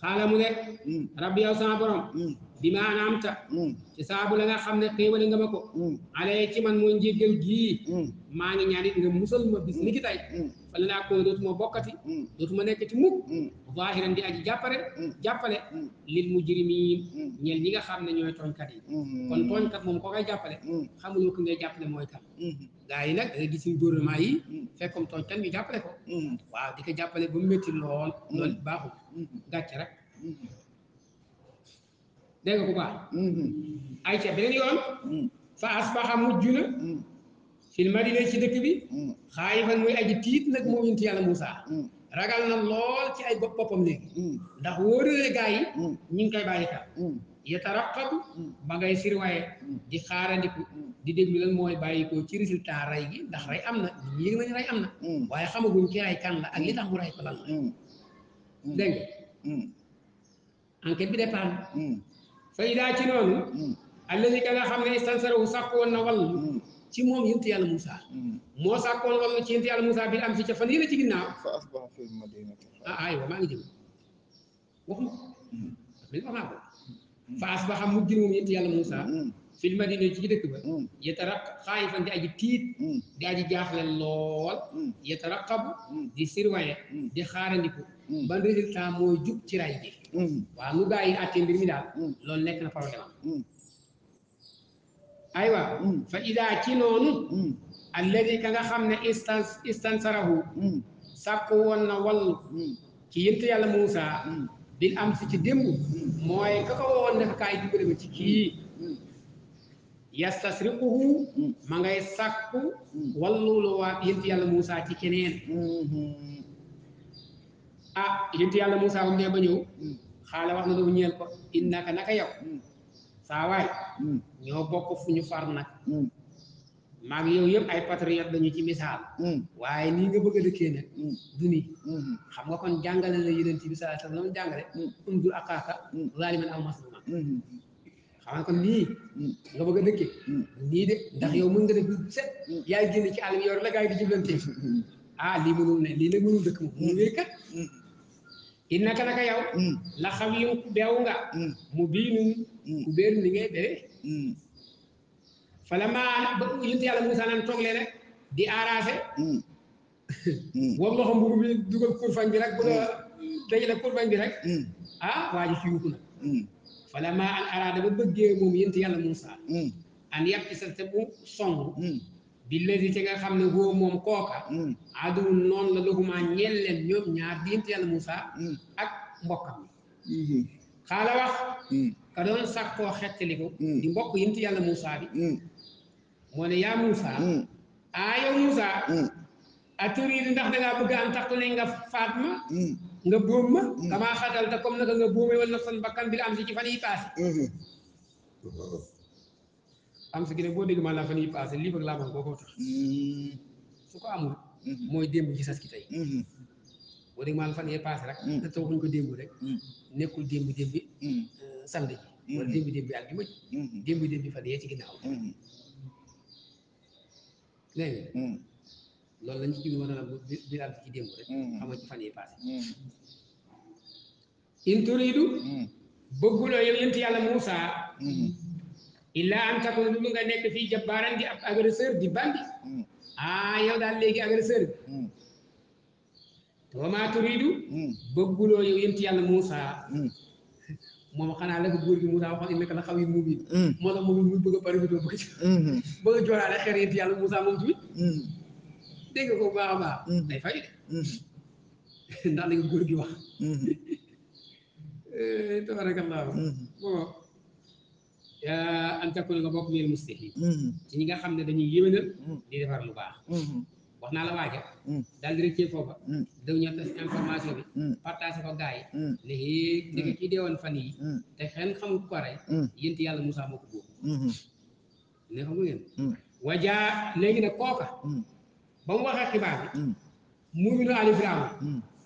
xaala mu ne mm. rabbi yow sama borom mm. bi ma anamta ci hmm. saabu la nga xam ne xéewale nga ma ko hmm. alay ci man mooy njéggal gii hmm. maa ngi ñaanit nga musal ma bis ni ki tay fala naa koon dootuma bokkati dootuma nekk ci mukk zahiran di aji jàppare jàppale lil mujrimiin ñeel ñi nga xam ne ñooy tooñkat yi kon tooñkat moom ko koy jàppale xamuloo ku ngay jàppale mooy kan gaa yi nag da gis suñu gouvernement yi fekkom tooñkat mi jàppale ko waaw di jàppale ba mu métti lool loolu baaxul gàcc rek dégg nga bu baax mm-hmm. ay ca beneen yoon mm-hmm. fa asbaxa mujj na mm-hmm. fil madina ci dëkk bi xaayifan muy aji tiit nag yàlla Moussa ragal na ci ay boppam ndax wóoru ne gaa ngay sirwaye di xaarandiku di déglu lan mooy bàyyikoo ci résultat rey gi ndax rey am na ñu yëg nañu rey am na waaye xamaguñ ki rey kan la ak li tax mu rey ko lan la bi dépend faydaa ci noonu allazi ka nga xam ne istansarahu sàkkoon na wallu ci am si ca fan yële ci ah, ah, fa asbaha mujj moom yonentu yàlla Moussa fil madina ci dëkk ba yataraq xaayifan di aji tiit di aji jaaxle lool yataraqabu di surveiller di xaarandiku ban résultat mooy jub ci ray bi Mm. waaw mu bàyyi àttee daal mm. loolu nekk na problème am mm. aywa fa ida ci noonu alladi ka nga xam ne istan istansarahu sàkku woon na wàllu ci yënt yàlla Muusa bil am ci démb mooy ka ko woon dafa kaay jubale ci kii yastasriquhu ma ngay sàkku wàllu lu waa yënt Muusa ci keneen mm-hmm. ah yéen yàlla mu ba mu dee ba ñëw hmm. xaala wax na lu ñeel ko innaka naka yow hmm. saa waay hmm. ñoo bokk fu ñu far nag maa ngi yow yëpp ay patriote dañu ci misaal waaye nii nga bëgg a nii xam nga kon jàngale la yonent bi sallallahu alayhi wasallam la mu jàngale undur akaaka zaliman de ndax yow mën nga def du set yaay génn ci àll bi la gaa yi di jublante ah lii mënul ne lii la mënul dëkk moom mu wéy kat innaka naka yow mm. la xaw yin ku beew nga mm. mu biinun mm. ku ni ngay béwe fala maa yuntu yàlla Moussa naan toog leen rek di arrangé <laughs> wam loxo mburu bi dugal kurfañ bi rek bu la dajale kurfañ bi rek ah waa ji ci yuuku na fala maa an araada ba bëggee moom yuntu yàlla Moussa an yàpp sa te bu song billadi te nga xam ne woo moom kooka mm. aduwul noonu la laxumaa ñeel ñoom ñaar diint yàlla Moussa mm. ak mbokkam yi mm-hmm. xaala wax mm. ka doon sàkkoo xettaliku di mbokk yint yàlla Moussa bi moo ne yaa Moussa ah yow Moussa aturi yi ndax da ngaa bëgg am tax ne nga faat ma nga bóom ma kamaa xatal te comme naka nga bóome wala am si ci fan yi <laughs> am fi gi ne boo dégg maanaam fan yii passé lii bëgg laa bëgg boo ko hmm. su ko amul hmm. mooy démb ci sas ki tey hmm. boo dégg maanaam fan yee passé rek te taw fuñ ko nekkul démb démb bi euh, samedi ji wala démb démb bi ak juma ji démb démb bi fan yee ci ginnaaw léegi loolu lañ ci jublu woon nag bi am ci démb rek xamoo fan yee passé in bëgguloo yow yent yàlla Moussa illa am takuna lu nga nekk fii jabbaaran di ab agresseur di bandi ah yow daal léegi agresseur bi wama turidu bëgguloo yow yent yàlla Moussa moom xanaa la ko góor gi Moussa bëgg a pare bëgg a jooraale xeer yent yàlla Moussa moom tamit dégg ko baax baax day fay ndax la ko gi wax Euh, an takkoon nga bokk minal muslihiin mm-hmm. ci ñi nga xam ne dañuy yéwénal mm-hmm. di defar lu baax mm-hmm. wax naa la waaja daal di rëccee foofa daw ñoo tas information bi partagé ko gars yi ne hee dëgg kii deewoon fan yi te xen xamul ko rey yàlla Moussa moo ko góob ne nga ngeen waja léegi nag kooka ba waxee xibaar bi muuminu ali firaama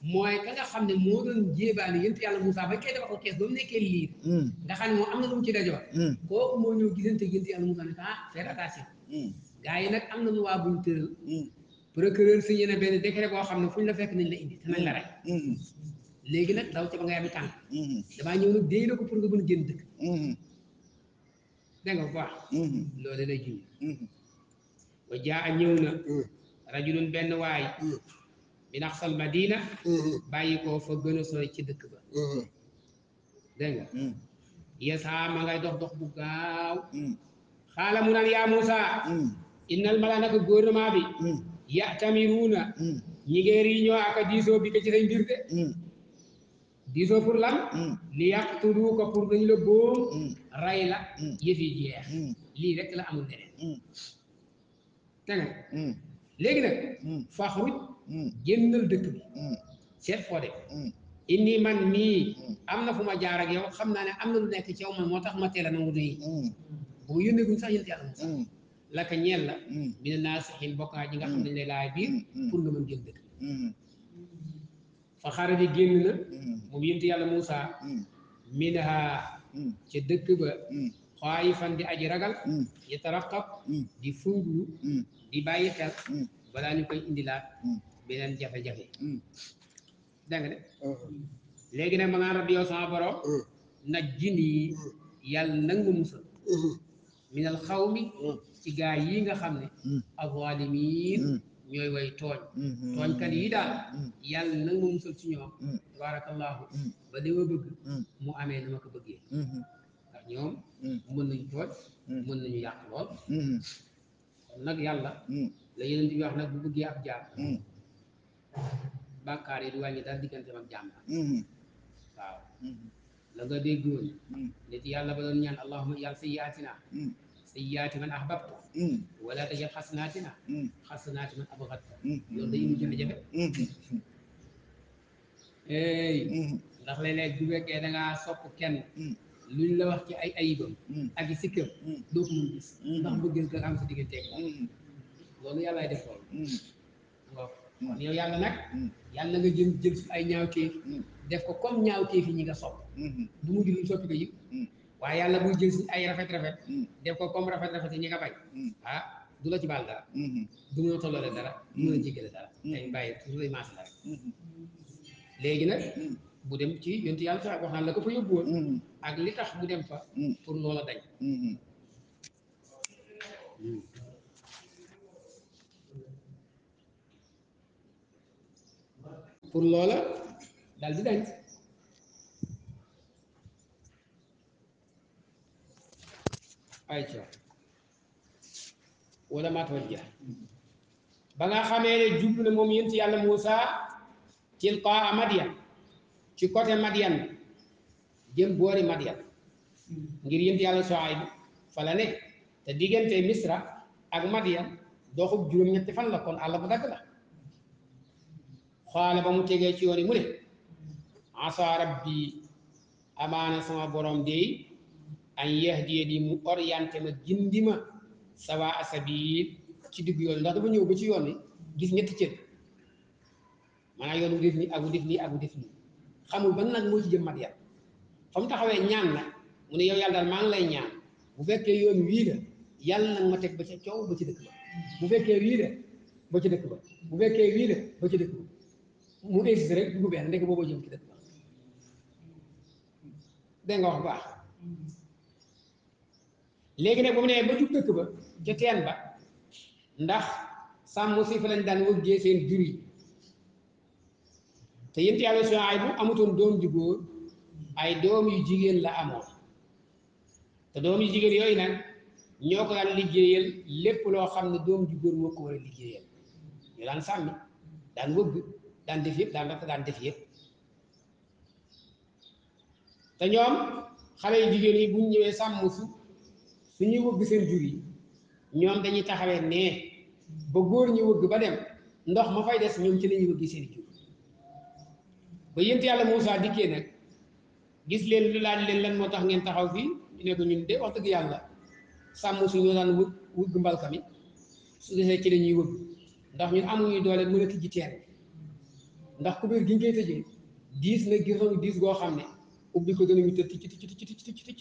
mooy ka nga xam ne moo doon jéebaani yént yàlla Moussa bañ koy defar ko kees ba mu nekkee liir mm. nga xam ne moom am na lu mu ci dajoo mm. kooku moo ñëw gisante yént yàlla Moussa ne ah faire attention mm. gars yi nag am na lu waa buñ tëral procureur signé na benn décret boo xam ne fu ñu la fekk nañ la indi te nañ la rey léegi nag daw ca ba nga yami tànk damaa ñëw nag déy la ko pour nga mën a génn dëkk dégg nga bu baax loolu lay junj ba jaa ñëw na rajulun benn waay min axsal madina mm-hmm. bàyyi koo fa gën ci dëkk ba mm-hmm. dégg mm-hmm. dox dox bu gaaw xaala mu naan yaa Moussa innal mala naka gouvernement bi yatamiruuna ñi ngi réunion ak a diisoo bi ko ci say mbir de diisoo pour lan li yaqtulu ko pour la boom ray la yëf yi jeex lii rek la amul leneen dégg nga léegi nag faxruj Hmm. génnal dëkk bi hmm. seet foo dem hmm. inni man mii am na fu ma jaar ak xam naa ne am na lu nekk ci man moo tax ma teel a nangu doyi bu ma yónnee la mina naasihin bokkaa ji nga xam nañ lay dëkk bi fa xaraji génn na moom yënt yàlla Musaa minha ca dëkk ba xaayifan di aji ragal yetaraqab di funglu di bàyyi xel balaa ñu koy indilaat beneen jafe-jafe mm. dégg de uh. léegi nag ma naan rab yow sama borom uh. nag jinii uh. yàlla nanga musal minal xaw mi ci gaa yi nga xam ne mm. avalimin mm. ñooy way tooñ mm-hmm. Mm-hmm. tooñkat yi daal yàlla nanga ma musal ci ñoom tabaarakallaahu ba li ma bëgg mu amee na ma ko bëggee mm-hmm. ndax ñoom mën nañu tooñ mën nañu yàq lool nag yàlla la yeneen di wax nag bu bëggee ab jaar bàkkaar yi du wàññi dara digganteem ak jàmm mm-hmm. waaw mm-hmm. la nga déggoon mm-hmm. nit yàlla ba doon ñaan allahuma yàlla si sayyiaati man ahbabta wala tajal xasanaatina xasanaati man abgadta loolu day indi jafe-jafe ey ndax léeg-léeg bu fekkee da ngaa sopp kenn luñ la wax ci ay ayibam ak i loolu yàllaay def loolu Mm. kon yàlla nag mm. yàlla nga jël jël ay ñaaw kéef mm. def ko comme ñaaw kéef yi ñi nga sopp mm-hmm. du mujj luñ soppi ko yëpp waaye yàlla bu jël suñu ay rafet rafet def ko comme rafet rafet yi ñi nga bañ ah du la ci baal dara mm-hmm. du mën a tolloole dara du mën a jéggale la rek mm-hmm. léegi nag bu dem ci yontu yàlla sax wax naa la ko fa yóbbuwoon ak li tax bu dem fa pour loola dañ pour loola dal di dañ ay ca wala matawajja ba nga xamee ne jublu na moom yent yàlla Muusa tilqaa Madyan ci côté Madyan jëm boori Madyan ngir yent yàlla Suayb fa la ne te diggante Misra ak Madyan doxub juróom-ñetti fan la kon àll bu dagg la xaala ba mu tegee ci yoon yi mu ne asa rabbi amaana sama borom dey an yahdiya di mu orienté ma gindi ma sawa asabil ci digg yoon ndax dafa ñëw ba ci yoon wi gis ñetti cër maanaam yoon wu def nii ak wu def nii ak wu def nii xamul ban nag moo ci jëm mat yàlla fa mu taxawee ñaan la mu ne yow yàlla daal maa lay ñaan bu fekkee yoon wii la nag ma teg ba ca coow ba ci dëkk ba bu fekkee wii la ba ci dëkk ba bu fekkee wii la ba ci dëkk mu existe rek dugg benn ndekk boobu jëm ci dëkk dégg nga baax léegi nag ba mu nee ba dëkk ba ca ba ndax sàmm si fa lañ daan wëggee seen jur te yént yàlla su ay bu amutoon doom ju ay doom yu jigéen la amoon te doom yu jigéen yooyu nag ñoo ko daan liggéeyal lépp loo xam ne doom ju góor moo ko war a liggéeyal ñu daan sàmmi daan wëgg daan def yëpp daan rafet daan def yëpp te ñoom xale yu jigéen yi bu ñu ñëwee sàmm su su ñuy wëgg seen jur yi ñoom dañuy taxawee nee ba góor ñu wëgg ba dem ndox ma fay des ñoom ci la ñuy wëgg seen jur ba yént yàlla Moussa dikkee nag gis leen lu laaj leen lan moo tax ngeen taxaw fii ñu ne ko ñun de wax dëgg yàlla sàmm su ñoo daan wëgg wëgg mbalka mi su desee ci la ñuy wëgg ndax ñun amuñu doole mën a tijji teen ndax ku biir gi ñu koy tëjee diis na gisanu diis goo xam ne ubbi ko danañu tëj ticc ticc ticc ticc ticc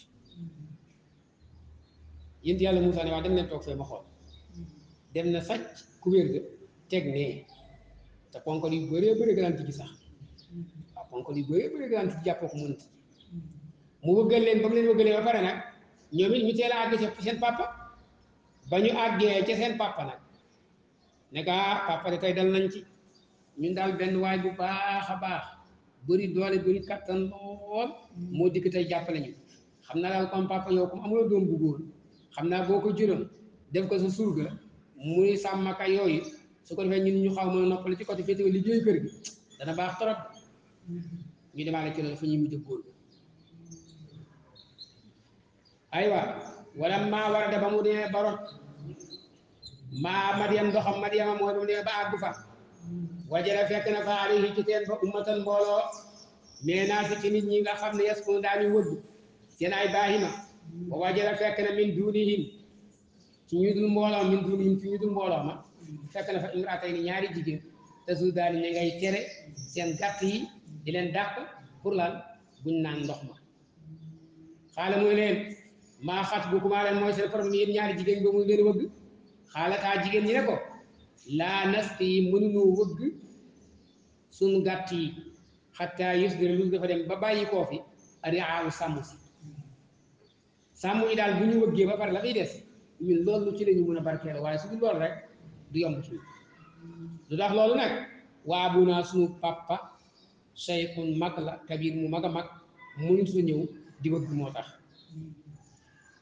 yéen yàlla Moussa ne waa dem leen toog fee ma xool dem na sàcc kubéer ga teg nee te ko yu bëree bëri gën a sax waaw ponkal yu bëree bëri mu wëggal leen ba mu leen wëggalee ba pare nag ñoom it ñu teel a àgg seen papa ba ñu àggee ca seen papa nag ne gaa ah, papa de tey dal nañ ci. ñun daal benn waay bu baax a baax bëri doole bëri kattan lool moo dikk tey jàppale ñu xam naa daal comme papa yow amuloo doom bu góor xam naa boo ko jëloon def ko sa surga muy sàmmaka yooyu su ko defee ñun ñu xaw ma noppale ci côté féetewul liggéey kër gi dana baax trop ñu demaale ci loolu fu ñuy mujj góor gi aywa wala maa war a def mu demee barot maa Madiane ndoxam Madiane mooy ba ba àgg fa. wajara fekk na fa alayhi ci teen fa ummatan mbooloo mais naa si ci nit ñi nga xam ne yas ko daañu wëdd seen ay baahima wa wajara fekk na min duunihim ci ñu dul mbooloo min duunihim ci ñu dul mbooloo ma fekk na fa imraatay ni ñaari jigéen te su daal ña ngay tere seen gàtt yi di leen dàq pour lan buñ naan ndox ma xaala muy leen maa xat bu kumaa leen mooy seen problème yéen ñaari jigéen ba muy leen wëgg xaala taa jigéen ñi ne ko laa nasti yi mënuñoo wëgg suñu gàtt yi xattaa yus lu dafa dem ba bàyyi koo fi riaawu sàmm si sàmm yi daal bu ñu wëggee ba pare la fiy des ñun loolu ci la mën a barkeel waaye su loolu rek du yomb ci lu tax loolu nag waa bu naa suñu papa cheikhun mag la kabir mu mag a mag mënutu sa ñëw di wëgg moo tax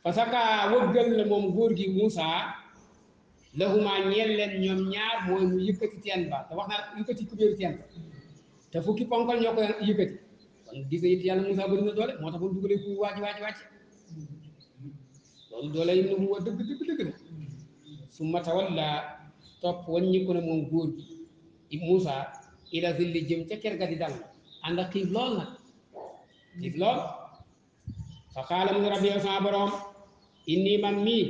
parce que wëggal la moom góor gi Moussa lahuma ñeel ñoom ñaar mooy mu yëkkati teen ba te wax naa yëkkati kubéeru teen ba te fukki ponkal ñoo ko yëkkati kon gis nga it yàlla Moussa bëri na doole moo tax ba mu dugalee ku waaji waaji wàcc loolu doole yi nu mu war dëgg dëgg dëgg la su ma topp wàññi ko moom góor gi ila zilli jëm ca kër ga di dal ànd ak xiif lool nag xiif lool fa xaalam ne rabbi sama borom inni man mii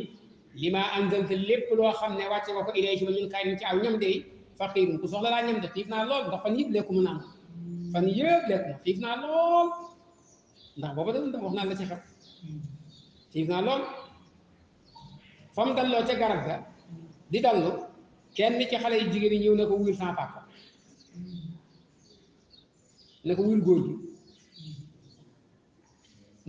li ma anzalta lépp loo xam ne wàcce nga ko ilay ci ba min kaarin ci aw ñam de faqiirun ku soxla laa ñam de xiif naa lool ndax ma xiif naa lool ndax booba da doon wax naa la ci xew xiif naa lool fa mu dalloo garab ga di dallu kenn ci xale yu jigéen yi ñëw na ko wuyul sama papa ne ko wuyul góor gi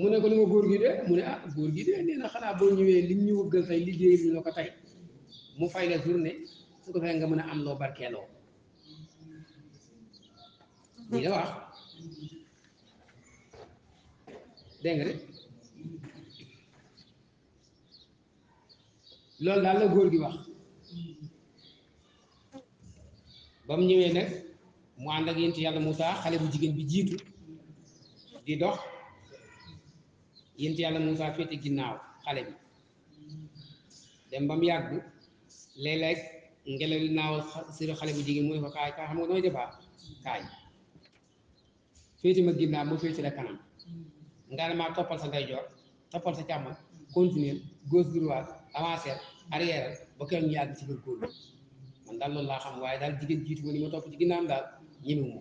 mu ne ko góor gi de mu ne ah góor gi de nee na xanaa boo ñëwee li ñu wëggal tey liggéey bi la ko tey mu fay la mën a am loo barkeeloo lii loolu daal la góor gi wax ba mu ñëwee nag mu ànd ak yéen ci yàlla Moussa xale bu jigéen bi jiitu di dox. yént yàlla Moussa féete ginnaaw xale bi dem ba mu yàgg léeg-léeg naaw siro xale bu jigéen mu ne ko kaay kaay xam nga nooy defaa kaay féete ma ginnaaw moo féete la kanam nga ne maa toppal sa ndeyjoor toppal sa càmmoñ continuer gauche droite avancer arrière ba kër ñu yàgg ci biir góor man daal loolu laa xam waaye daal jigéen jiitu ma ni ma topp ci ginnaam daal ñemewu ma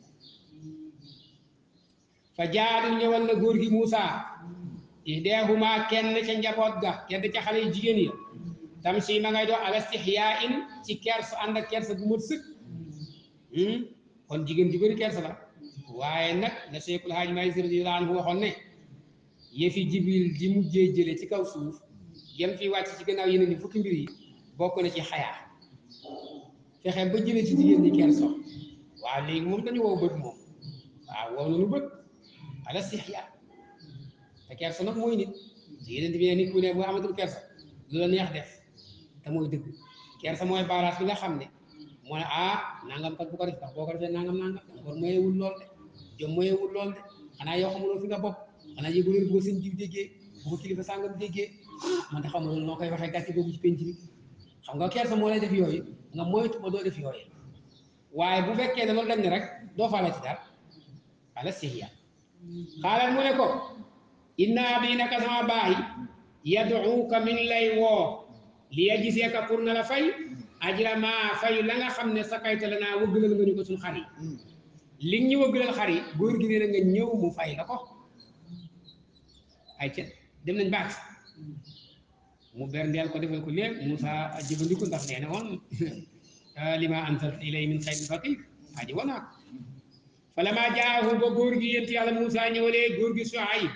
fa jaadu ñëwal na góor gi Moussa ihdaahuma kenn ca njaboot ga kenn ca xale yu jigéen ya tam si ma ngay dox ala stixyaa in ci kersa ànd ak kersa gu mat sëkk hmm? kon jigéen ju bëri kersa la waaye nag la Seexul Haaji Maalik Si radiyallaahu anhu waxoon ne yëfi jibril di mujjee jële ci kaw suuf yem fi wàcc ci gannaaw yeneen ni fukki mbir yi bokk na ci xayaa fexe ba jële ci jigéen ñi kersa waaw léegi moom dañu wow bët moom waaw wow nañu bët ala stixyaa te kersa nag mooy nit yénent bi ne nit ku ne boo amatul kersa lu la neex def te mooy dëgg kersa mooy baaraas bi nga xam ne moo ne ah nangam kat bu ko def ndax boo ko defee nangam nangam kon moyewul lool de jom moyewul lool de xanaa yoo xamuloo fi nga bopp xanaa yëguleen bu ko seen jiw déggee bu ko kilifa sàngam déggee man de xamuloo noo koy waxee gàcce boobu ci penc bi xam nga kersa moo lay def yooyu nga moytu ma doo def yooyu waaye bu fekkee ne loolu dañ rek doo faale ci dara ala sihiya inna na naka sama baax yi yaduuka mi ngi lay woo li yajziika pour na la fay ajra maa fay la nga xam ne sa kayta la naa wëggalal nga ñu li ñu wëggalal xar yi góor gi nga ñëw mu fay la ko ay ca dem nañ baax mu berndeel ko defal ko lépp Moussa jëfandiku ndax nee na woon lima anzalta ilay min xayrin faqir aji wanaa ko fala maa jaahu ba góor gi yent yàlla Moussa ñëwalee góor gi Suayb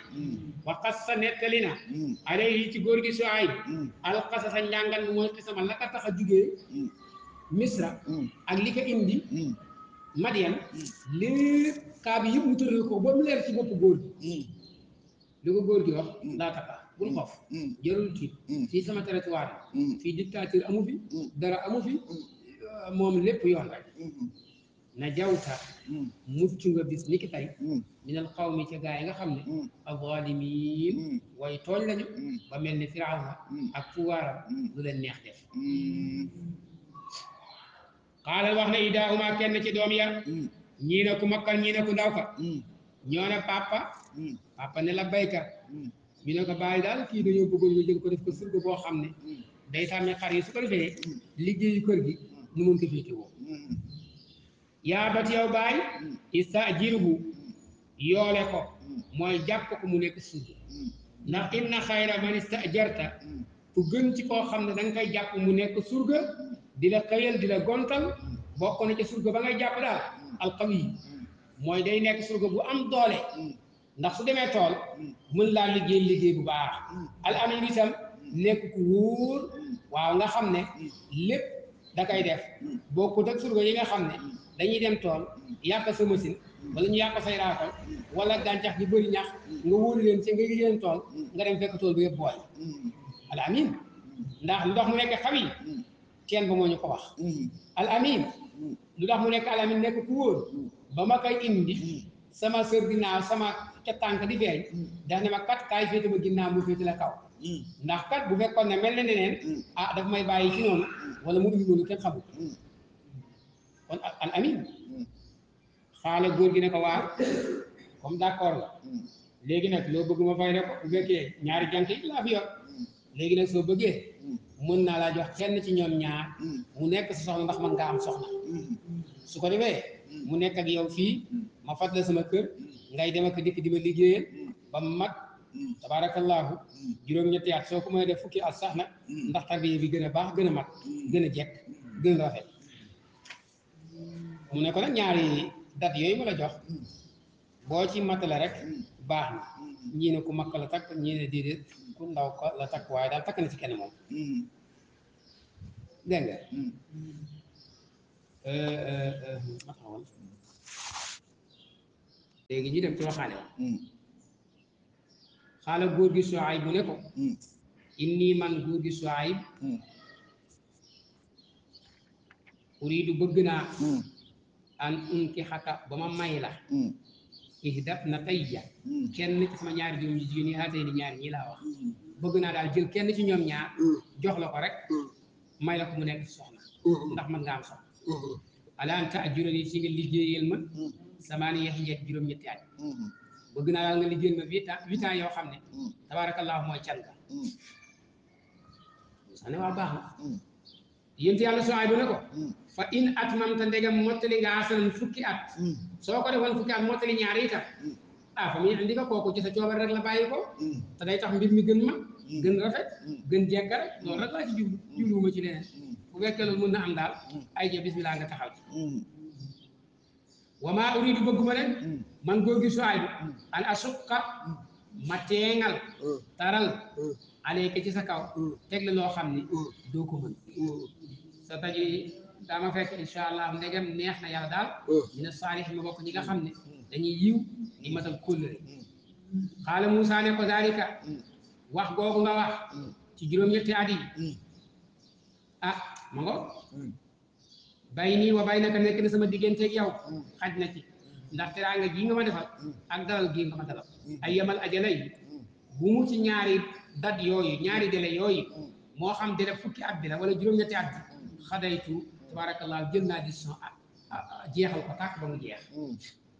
wa qassa nettali na alayhi ci góor gi al alqasasa njàngal mi mooy xisama la ka tax a jugee misra ak li ko indi madian lépp kaa bi yëpp mu tëral ko ba mu góor gi li ko góor gi wax laa taqa bul xof jarul tiit fii sama territoire fii dictature amu fi dara amu fi moom lépp yoon rek na jawta mm. mu nga bis ni ki tey mm. minal qawmi ca gaa yi nga xam ne mm. azalimin way tooñ lañu ba mel ni firawna ak pouvoiram lu neex def wax na idaahuma kenn ci doom ya ñii na ku makkal ñii na ku ndaw ka ñoo ne papa papa ne la bayka ñu ne ko bàyyi daal kii dañoo bëggoon nga jël ko def ko surga boo xam ne day tàmmee xar yi su ko defee liggéeyu kër gi nu mën ko féete woo yaa bat yow baay istajirhu yoole ko mooy jàpp ko mu nekk suudu ndax na xayra man istajarta ku gën ci koo xam ne da nga koy jàpp mu nekk surga di la xëyal di gontal bokk na ca surga ba ngay jàpp daal alqawi mooy day nekk surga bu am doole ndax su demee tool mën laa liggéey liggéey bu baax al amin itam nekk ku wóor waaw nga xam ne lépp da koy def bokkut ak surga yi nga xam ne dañuy dem tool yàq sa machine wala ñu yàq say raafal wala gàncax gi bëri ñax nga wóolu leen si nga yëg leen tool nga dem fekk tool bi yëpp booy al amin ndax lu tax mu nekk xaw yi teen ba moo ñu ko wax al amin lu mu nekk al amin nekk ku wóor ba ma koy indi sama sër ginnaaw sama ca tànk di feeñ daf ne ma kat kaay féete ma ginnaaw mu féete la kaw ndax kat bu fekkoon ne mel na neneen ah daf may bàyyi ci noonu wala mu dugg noonu kenn xamul kon al amin xaala góor gi ne ko waa comme d'accord nga hmm. léegi nag loo bëgguma ma fay rek bu fekkee ñaari jant yi laa fi yor hmm. léegi nag soo bëggee hmm. mën naa laa jox kenn ci ñoom ñaar mu nekk sa ndax man nga am soxna su ko defee mu nekk yow fii ma fat la sama kër ngay dem ak dikk di ma liggéeyal ba mag tabaarakallaahu juróom-ñetti at soo ko mënee def fukki at sax na ndax tarbiya bi gën a baax gën a mat gën a jekk gën a rafet mu ne ko nag ñaari date yooyu ma la jox boo ci matale rek baax na ñii ku makk la takk ñii ne ku ndaw ko la takk waaye daal takk na ci kenn moom dégg euh, euh, euh, léegi ñu dem ci xaala góor gi Suayb bu ne ko inni man góor gi Suayb uriidu bëgg naa an unki xaka ba ma may la mm. ihdat na tayya mm. kenn ci sama ñaari doom yu jigéen yi haatay ni ñaari ñii laa wax mm. bëgg naa daal jël kenn ci ñoom ñaar jox la ko rek may la ko mu nekk soxna ndax man nga am soxna ala an taajurani ci nga liggéeyal ma samaani yaxiyat juróom-ñetti at bëgg naa daal nga liggéeyal ma huit yoo xam ne tabaarakallahu mooy can ga sax ne waa baax na yéen yàlla Suwayb bu ne ko hmm. fa in at mam ta ndegam mottali nga asanan fukki at hmm. soo ko defoon fukki at mottali ñaari itam hmm. ah fa muy andi ko kooku ci sa coobare rek la bàyyi ko te day tax mbir mi gën ma gën rafet gën jekka rek loolu rek laa ci jublu jubluwuma ci leneen bu fekkee loolu mën ay jëf bismillah nga taxaw wa maa uridu bëgguma rek man googi a bi an asuqa ma teengal taral alayka ci sa kaw teg la loo xam ni doo sa taju yi dama fekk incha allah ndegem neex na yàlla daal mina mm. saalix ma bokk ñi nga xam ne mm. dañuy yiw di matal kóllëre mm. xaala Moussa ko zaalika wax googu nga wax ci juróom-ñetti at yi ah bay nii nekk na sama digganteeg yow xaj na ci ndax teraanga ji nga ma defal ak dalal ñaari dat yooyu ñaari dele yooyu moo xam dele fukki at bi wala juróom xadaytu tabaarakallaahu jël naa décision ah, ah, ah jeexal ko tàkk ba mu jeex. bu hmm.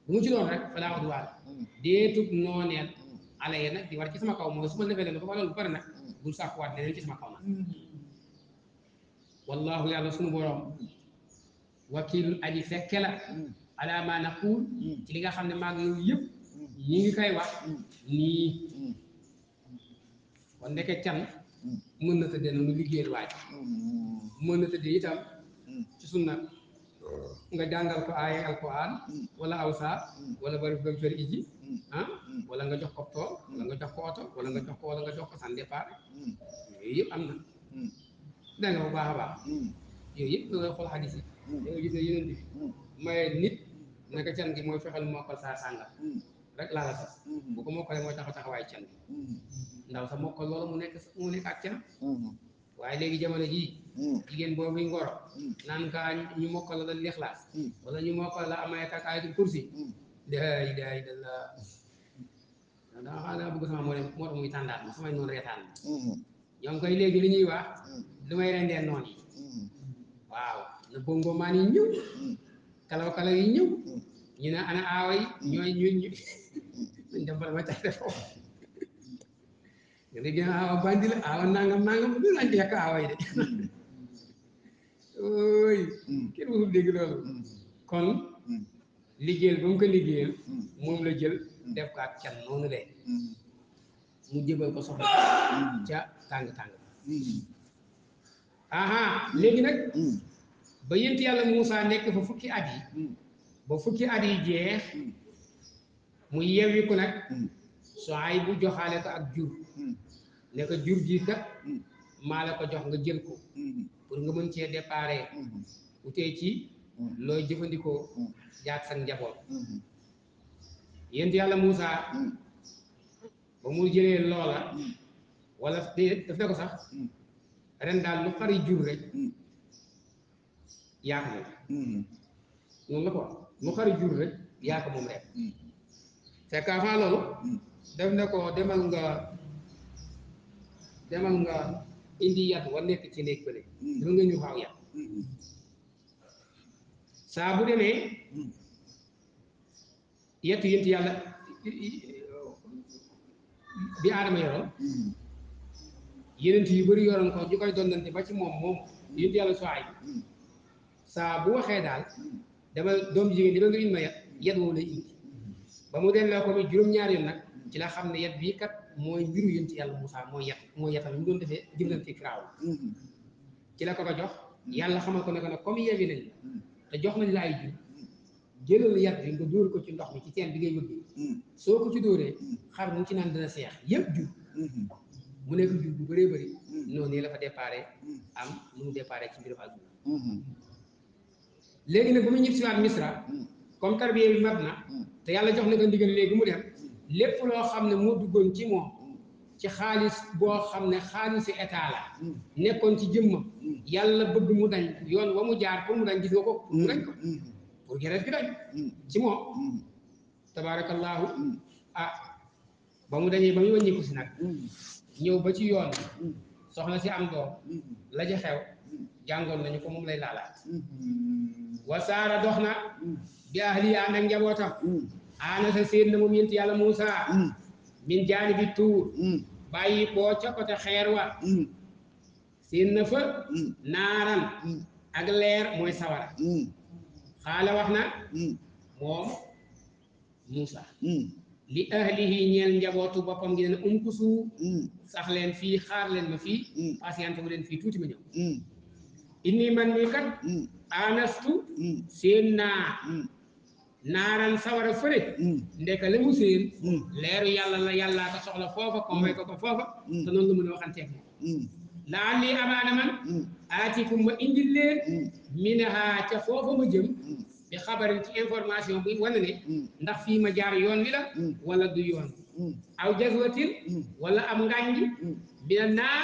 mu ci doon rek fa laa wax waala hmm. deetub nooneel hmm. ala yéen nag war ci sama kaw su ma defee leen ba loolu bu pare nag bul wallahu yàlla sunu borom wakiilul aji fekke la ala ci li nga xam ne maa ngi yow yëpp ñi ngi koy wax nii kon ndeke can mën na tëddee nag mu liggéeyal waaj mm-hmm. mën na tëddee itam mm. ci sunna oh. nga jàngal ko aaya alquran mm. wala aw saa mm. wala bari ba fer iji ah wala nga jox ko tool wala nga jox ko oto wala nga jox ko wala nga jox ko sans départ yooyu yëpp am na da nga bu baax a baax yooyu yëpp da nga xool xadis yi da nga gis nit naka can gi mooy fexeel mokkal saa sànga rek laa sax bu mm-hmm. ko mokkalee mooy taxaw taxawaay can bi mm-hmm. ndaw sa mokkal loolu mu nekk mu nekk ak can mm-hmm. waaye léegi jamono ji jigéen boobu ngoro naan kaa ñu mokkal la lixlaas wala ñu mokkal la amaayat ak ayatul kursi la ilaha illallah dama xam dama bëgg sama moo dem moo tàndaat ma samay noonu reetaan ma ñoom koy léegi li ñuy wax lu may rendeen noon yi waaw na bongo maan yi ñëw kalaw kalaw yi ñëw ñu ne ana aawa yi ñooy ñu <laughs> dañ dem bala may foofu nga ne gën aawa bandi la nangam nangam lu lañ ci yàq aawa de ooy kenn mësul dégg loolu kon liggéeyal ba mu ko liggéeyal moom la jël def ko ak can noonu de mu jëbal ko soxla ca tàng-tàng aha léegi nag hmm. ba yent yàlla Moussa nekk fa hmm. fukki at yi ba fukki at jeex hmm. mu yewwi ku nag hmm. Suhaybu joxaale ko ak jur hmm. ne ko jur ji kat hmm. maa la ko jox nga jël ko pour nga mën cee déparé utee ci looy jëfandikoo yaag sa njaboot yént yàlla Moussa ba mu jëlee loola wala daf ne ko sax ren daal lu xari jur la ko lu xari jur rek yaa ko moom rek fekk avant loolu def ne ko demal nga demal nga indi yat wa nekk ci néeg bële dama nga ñu xaaw yat saa bu demee yettu yént yàlla bi aadama yoroon yenent yu yoroon ko ñu koy donnante ba ci moom moom yént yàlla soaay saa bu waxee daal demal doom jigéen dama nga indi ma yat yat woowu lay indi ba mu delloo ko mi juróom-ñaari yoon nag ci la xam ne yet bii kat mooy mbiru yéen ci yàlla Moussa mooy yet mooy yetam yi mu doon defee jëndal ci mm-hmm. ci la ko ko yàlla xamal ko ne ko nag comme yebi mm-hmm. te jox nañ la ay jur yat bi ko ci ndox mi ci teen bi ngay bëgg mm-hmm. soo ko ci dóoree xar mu ci naan dina seex yëpp jur mu nekk jur bu baree bari noonu la fa déparé am lu mu déparé ci mbirum àdduna léegi nag bu mu ñib siwaat comme tarbiya bi mat na te yàlla jox na ko ndigal léegi mu dem lépp loo xam ne moo duggoon ci moom ci xaalis boo xam ne xaalisi état la nekkoon ci jëmmam yàlla bëgg mu dañ yoon wa mu jaar pour mu dañ gis nga ko pour mu dañ ko pour jërët gi dañ ci moom tabaarakallaahu ah ba mu dañee ba muy wàññi ko si nag ñëw ba ci yoon soxna si am doom la ja jàngoon nañu ko moom lay laalaat wasaara dox na bi ahli ànd ak njabootam mm. anasa séen na moom yent yàlla Moussa mm. min jaani bi tuur mm. bàyyi koo ca côté xeer wa séen na fa naaran ak leer mooy sawara xaala wax na moom Moussa li ahlihi ñeel njabootu boppam gi ne umkusu sax leen fii xaar leen ma fii patiente bu leen fii tuuti ma ñëw inni man mi kat anastu séen naa naaraan sawara fëre mm. ndeka la mu séen mm. leeru yàlla la yàllaa ko soxla foofa convoqué ko foofa mm. te noonu la mën a waxanteeg moom laa lii amaana man aatikum ma indil leen minahaa ca foofa ma jëm bi xabarin ci information bi wane ne ndax fii ma jaar yoon wi la wala du yoon aw jazwatin wala am ngànj bina naar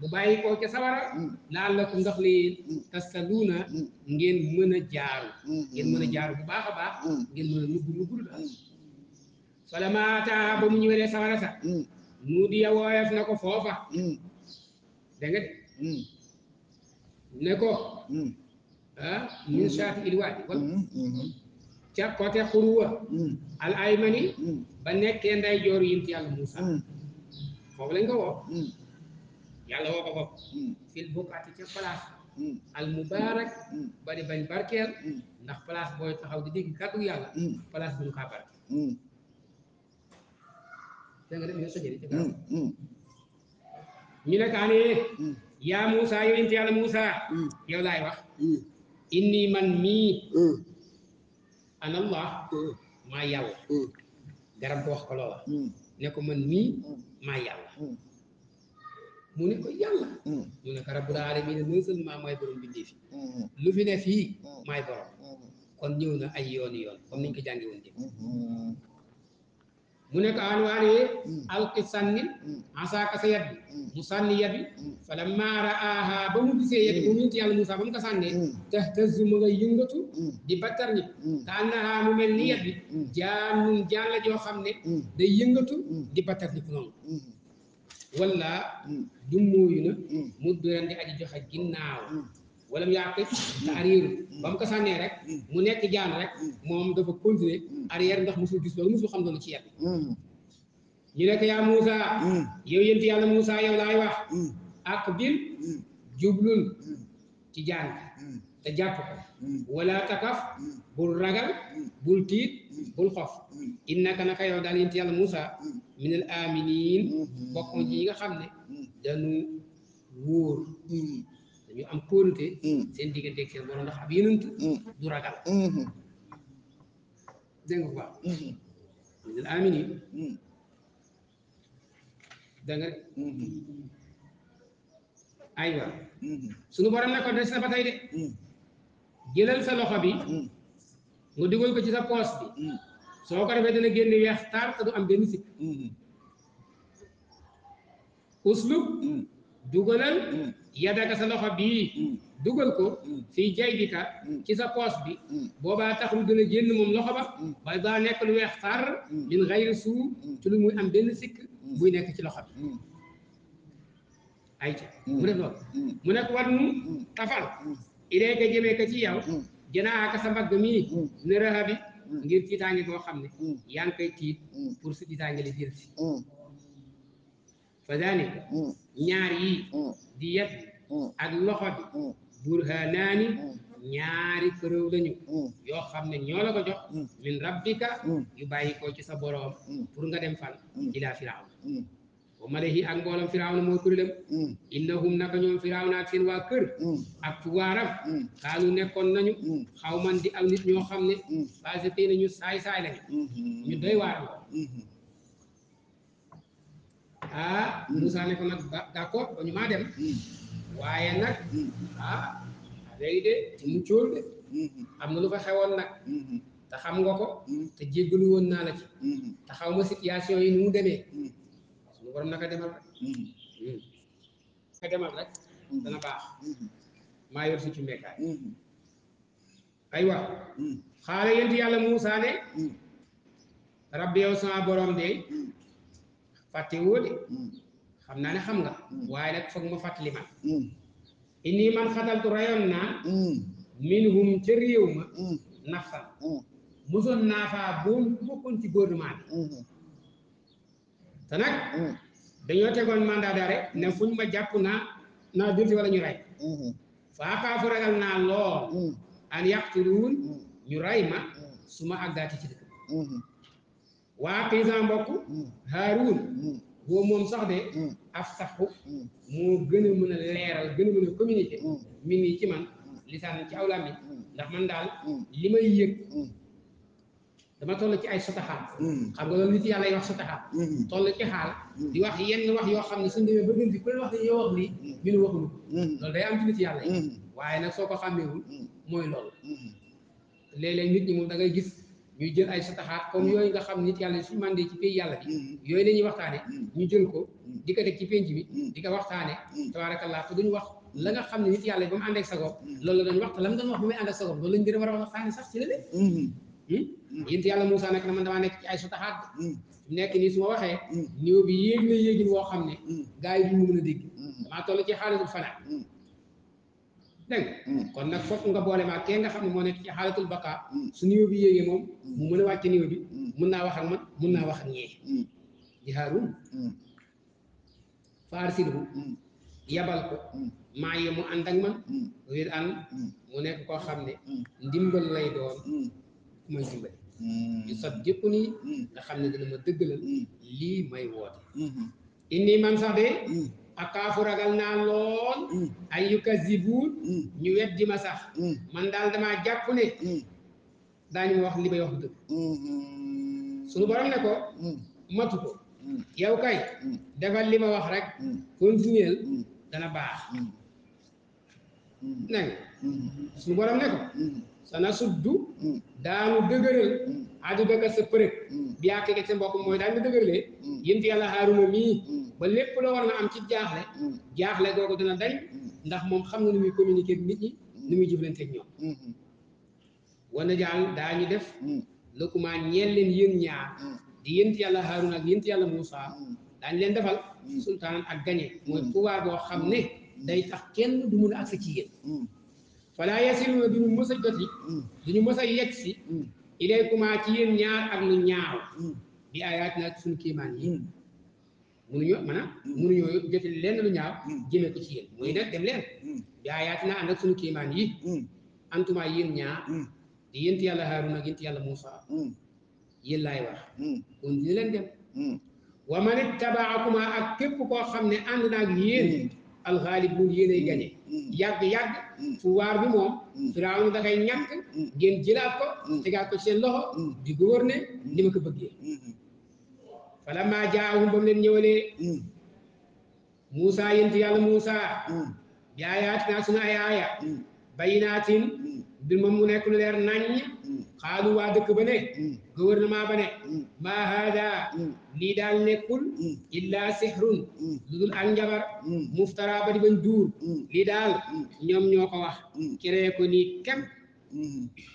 bu mm. bàyyi koo ca sawara mm. laal la ko ndax li mm. tasaluuna ngeen mën a jaaru ngeen mën a jaaru bu baax a baax ngeen mën a nugg nugg daal solamaata ba mu ñëwee ne sawara sa na ko foofa da nga de ne ko ah, ca côté xuruwa al aymani ba nekkee nday jooru yim ci yàlla Muusa foofu lañ ko woo hmm. yàlla woo ko foofu hmm. fil bukaati ca place hmm. al mubarak bari bañ barkeel ndax place booy taxaw di dégg kàddu yàlla place buñu kaa barke dégg nga def ñoo sojëri ci gaaw ñu yàlla Moussa yow laay wax inni man mii anallah maa yàlla garab ko wax ne ko man mii maa yàlla mm. mu ne ko yàlla mm. mu ne ko rabbul alamin non seulement mooy borom bindee fi mm. lu fi ne fii may borom kon ñëw na ay yoon yoon comme niñ ko jàngi woon mu nekk anuwaale mm. alqi sànnil mm. asaaka sa bi mm. mu sànni yat bi fa lamma ba mu gisee yat bi mu yàlla Moussa ba mu ko sànnee tahtazu ma nga yëngatu di battar nit ka annaha mu mel ni yat bi jaanun jaan la joo xam ne day yëngatu di battar nit noonu wala du mooyu na mu biran di joxe ginnaaw wala mu yàqis te hmm. arrière hmm. ba mu ko sànnee rek hmm. mu nekk jaan rek moom dafa continuer arrière ndax musul gis loolu musul xam loolu ci ñu nekk yaa Moussa yow yénti yàlla laay wax ak bil jublul ci jaan te jàpp ko naka yow daal yénti yàlla Moussa yi nga xam ne dañu wóor ñu am kóolute mm. seen diggante ak seen borom ndax ab yenant mm. mm-hmm. du ragal mm-hmm. dégg nga quoi minal amini dégg de mm-hmm. Mm. jëlal sa loxo bi nga dugal ko ci sa poos bi soo ko defee dana génn weex taar te du am benn sikk uslub dugalal yadaka sa loxo bii mm. dugal ko mm. fii jaybika mm. ci sa poos bi boobaa gën a génn moom loxo ba bay daa nekk lu weex far min xayri suu ci lu muy am benn sikk buy nekk ci loxo bi ay ca mu ne loolu mu nekk war nu tafal idée ka jëmee ka ci yow janaaka sa mbagg mii ne raxa bi ngir tiitaange boo xam ne yaa ngi tiit pour si tiitaange li jël si fa daanaka ñaar mm. di yat mm. ak loxo bi mm. burhanaani ñaari preuve lañu yoo xam ne ñoo la jox min rabbika yu bàyyi ko ci sa boroom pour nga dem fan ila firawna wa malahi ak mbooloom firawna mooy kuréelam innahum naka ñoom firawna ak seen waa kër ak tuwaaram kaanu nekkoon nañu xaw man di am nit ñoo xam ne parce que ñu saay saay lañu mm-hmm. ñu doy waar ah hmm. Moussa ne ko nag d'accord ba ñu maa dem hmm. waaye nag hmm. ah léegi de mu cóol de am na lu fa xewoon nag te xam nga ko te jéggalu woon naa la ci te xaw ma situation yi ni mu demee suñu borom naka demal rek naka demal rek maa yor si ci mbekkaay aywa xaala yent yàlla Moussa ne rabbi sa sama borom de fàttewoo de mm. xam naa ne xam nga mm. waaye nag foog ma fàttali man mm. inni man xataltu rayoon naa minhum ca réew ma nafsan mosoon naa faa boom bokkoon ci gouvernement bi te nag dañoo tegoon mandat d'arrêt ne fuñ ma jàpp naa naa jurti wala ñu rey mm-hmm. faa xaafu ragal naa lool an yaqtuluun ñu rey ma su ma àggaati ci dëkk waa xiisa mbokk hmm. Haaruun boo hmm. moom sax de hmm. af saxu moo gën a mën a leeral gën a mën a communiquer min yi ci man lisaan ci aw làmmiñ ndax man daal li may yëg dama toll ci ay sotaxaal xam nga loolu nit yàlla yi wax sotaxaal toll ci di wax yenn wax yoo xam ne suñ demee ba gën di ku leen lii ñu ne waxuñu loolu day am ci nit yàlla yi waaye nag soo ko xàmmeewul mooy lool léeg nit ñi moom da gis ñuy jël ay sataxaat comme mm. yooyu nga xam nit yàlla suñu mandé ci pays yàlla bi mm. yooyu la ñuy waxtaane mm. ñu jël ko di ko ci penc bi di ko waxtaane tabaarakallah te duñu wax la nga xam ne nit yàlla bi ba mu ànd ak sagoom loolu la doon wax te la a war a waxtaane sax ci la de hmm? yént yàlla Moussa nag na man damaa nekk ci ay sataxaat nekk nii su ma waxee niveau bi yéeg na yéegin woo xam ne gaa yi duñ mu mën a dégg damaa toll ci xaalisul fanaan dégg mm. kon nag foofu nga boole maa kee nga xam ne moo nekk ci xaalatul baka mm. su niveau bi yéegee moom mm. mu mën a wàcc niveau bi mun naa wax ak man mun naa wax ak ñee di Haaruun yabal ko maa yi mu ànd man mu nekk koo xam ne ndimbal lay doon ku may dimbali yu sot jëpp nii nga xam ne dina ma dëggalal lii may woote mm-hmm. inni man sax akaafu ragal naa lool mm. ay yukazibuun mm. ñu weddi ma sax mm. man daal damaa jàpp ne daañu wax li may wax dëgg suñu borom ne ko matu ko yow kay defal li ma wax rek continuer dana baax nag suñu borom ne ko sana suddu daanu dëgëral adu dëgg sa përëg bi ak ke sa mbokk mooy daanu dëgëralee yéen fi yàlla ba lépp la war na am ci jaaxle mm. jaaxle googu dina dañ mm. ndax moom xam na nu muy communiquer nit ñi nu muy jëflante ak ñoom mm-hmm. wana jaal daañu def mm. lëkkumaa ñeel leen yéen ñaar di yént yàlla Haaruna ak yént yàlla Muusa daañ leen defal sultaan ak gañe mooy pouvoir goo xam ne day tax kenn du mun a agsi ci yéen falaa yasiluna duñu mës a joti duñu mës a yegg si ilaykumaa ci yéen ñaar ak lu ñaaw bi ayaat na suñu kiimaan yi mënuñoo mm. maanaam mënuñoo jotali lenn lu ñaaw mm. jëmee ko ci yéen muy nag dem leen mm. jaayaati naa ànd ak suñu kiimaan yi antumaa yéen ñaar di yént yàlla Haaruna ak yént yàlla Muusa yéen laay wax kon dina dem wa man ittabaakumaa ak képp koo xam ne ànd naa ak yéen alxaalibuun yéen ay gañe yàgg-yàgg fu waar bi moom Firawna da kay ñàkk jëlaat ko tegaat ko seen loxo di gouverner ni ma ko bëggee wala maa jaahum ba mu leen ñëwalee Moussa hmm. yént yàlla Moussa hmm. bi aayaatinaa sunu ay hmm. bayinaatin mbir mu nekkul leer naññ xaalu waa dëkk ba ne gouvernement ba ne maa haada lii daal nekkul illaa sihrun lu dul ak njabar muftara ba di bañ duur daal ñoom ñoo ko wax crée ko nii kem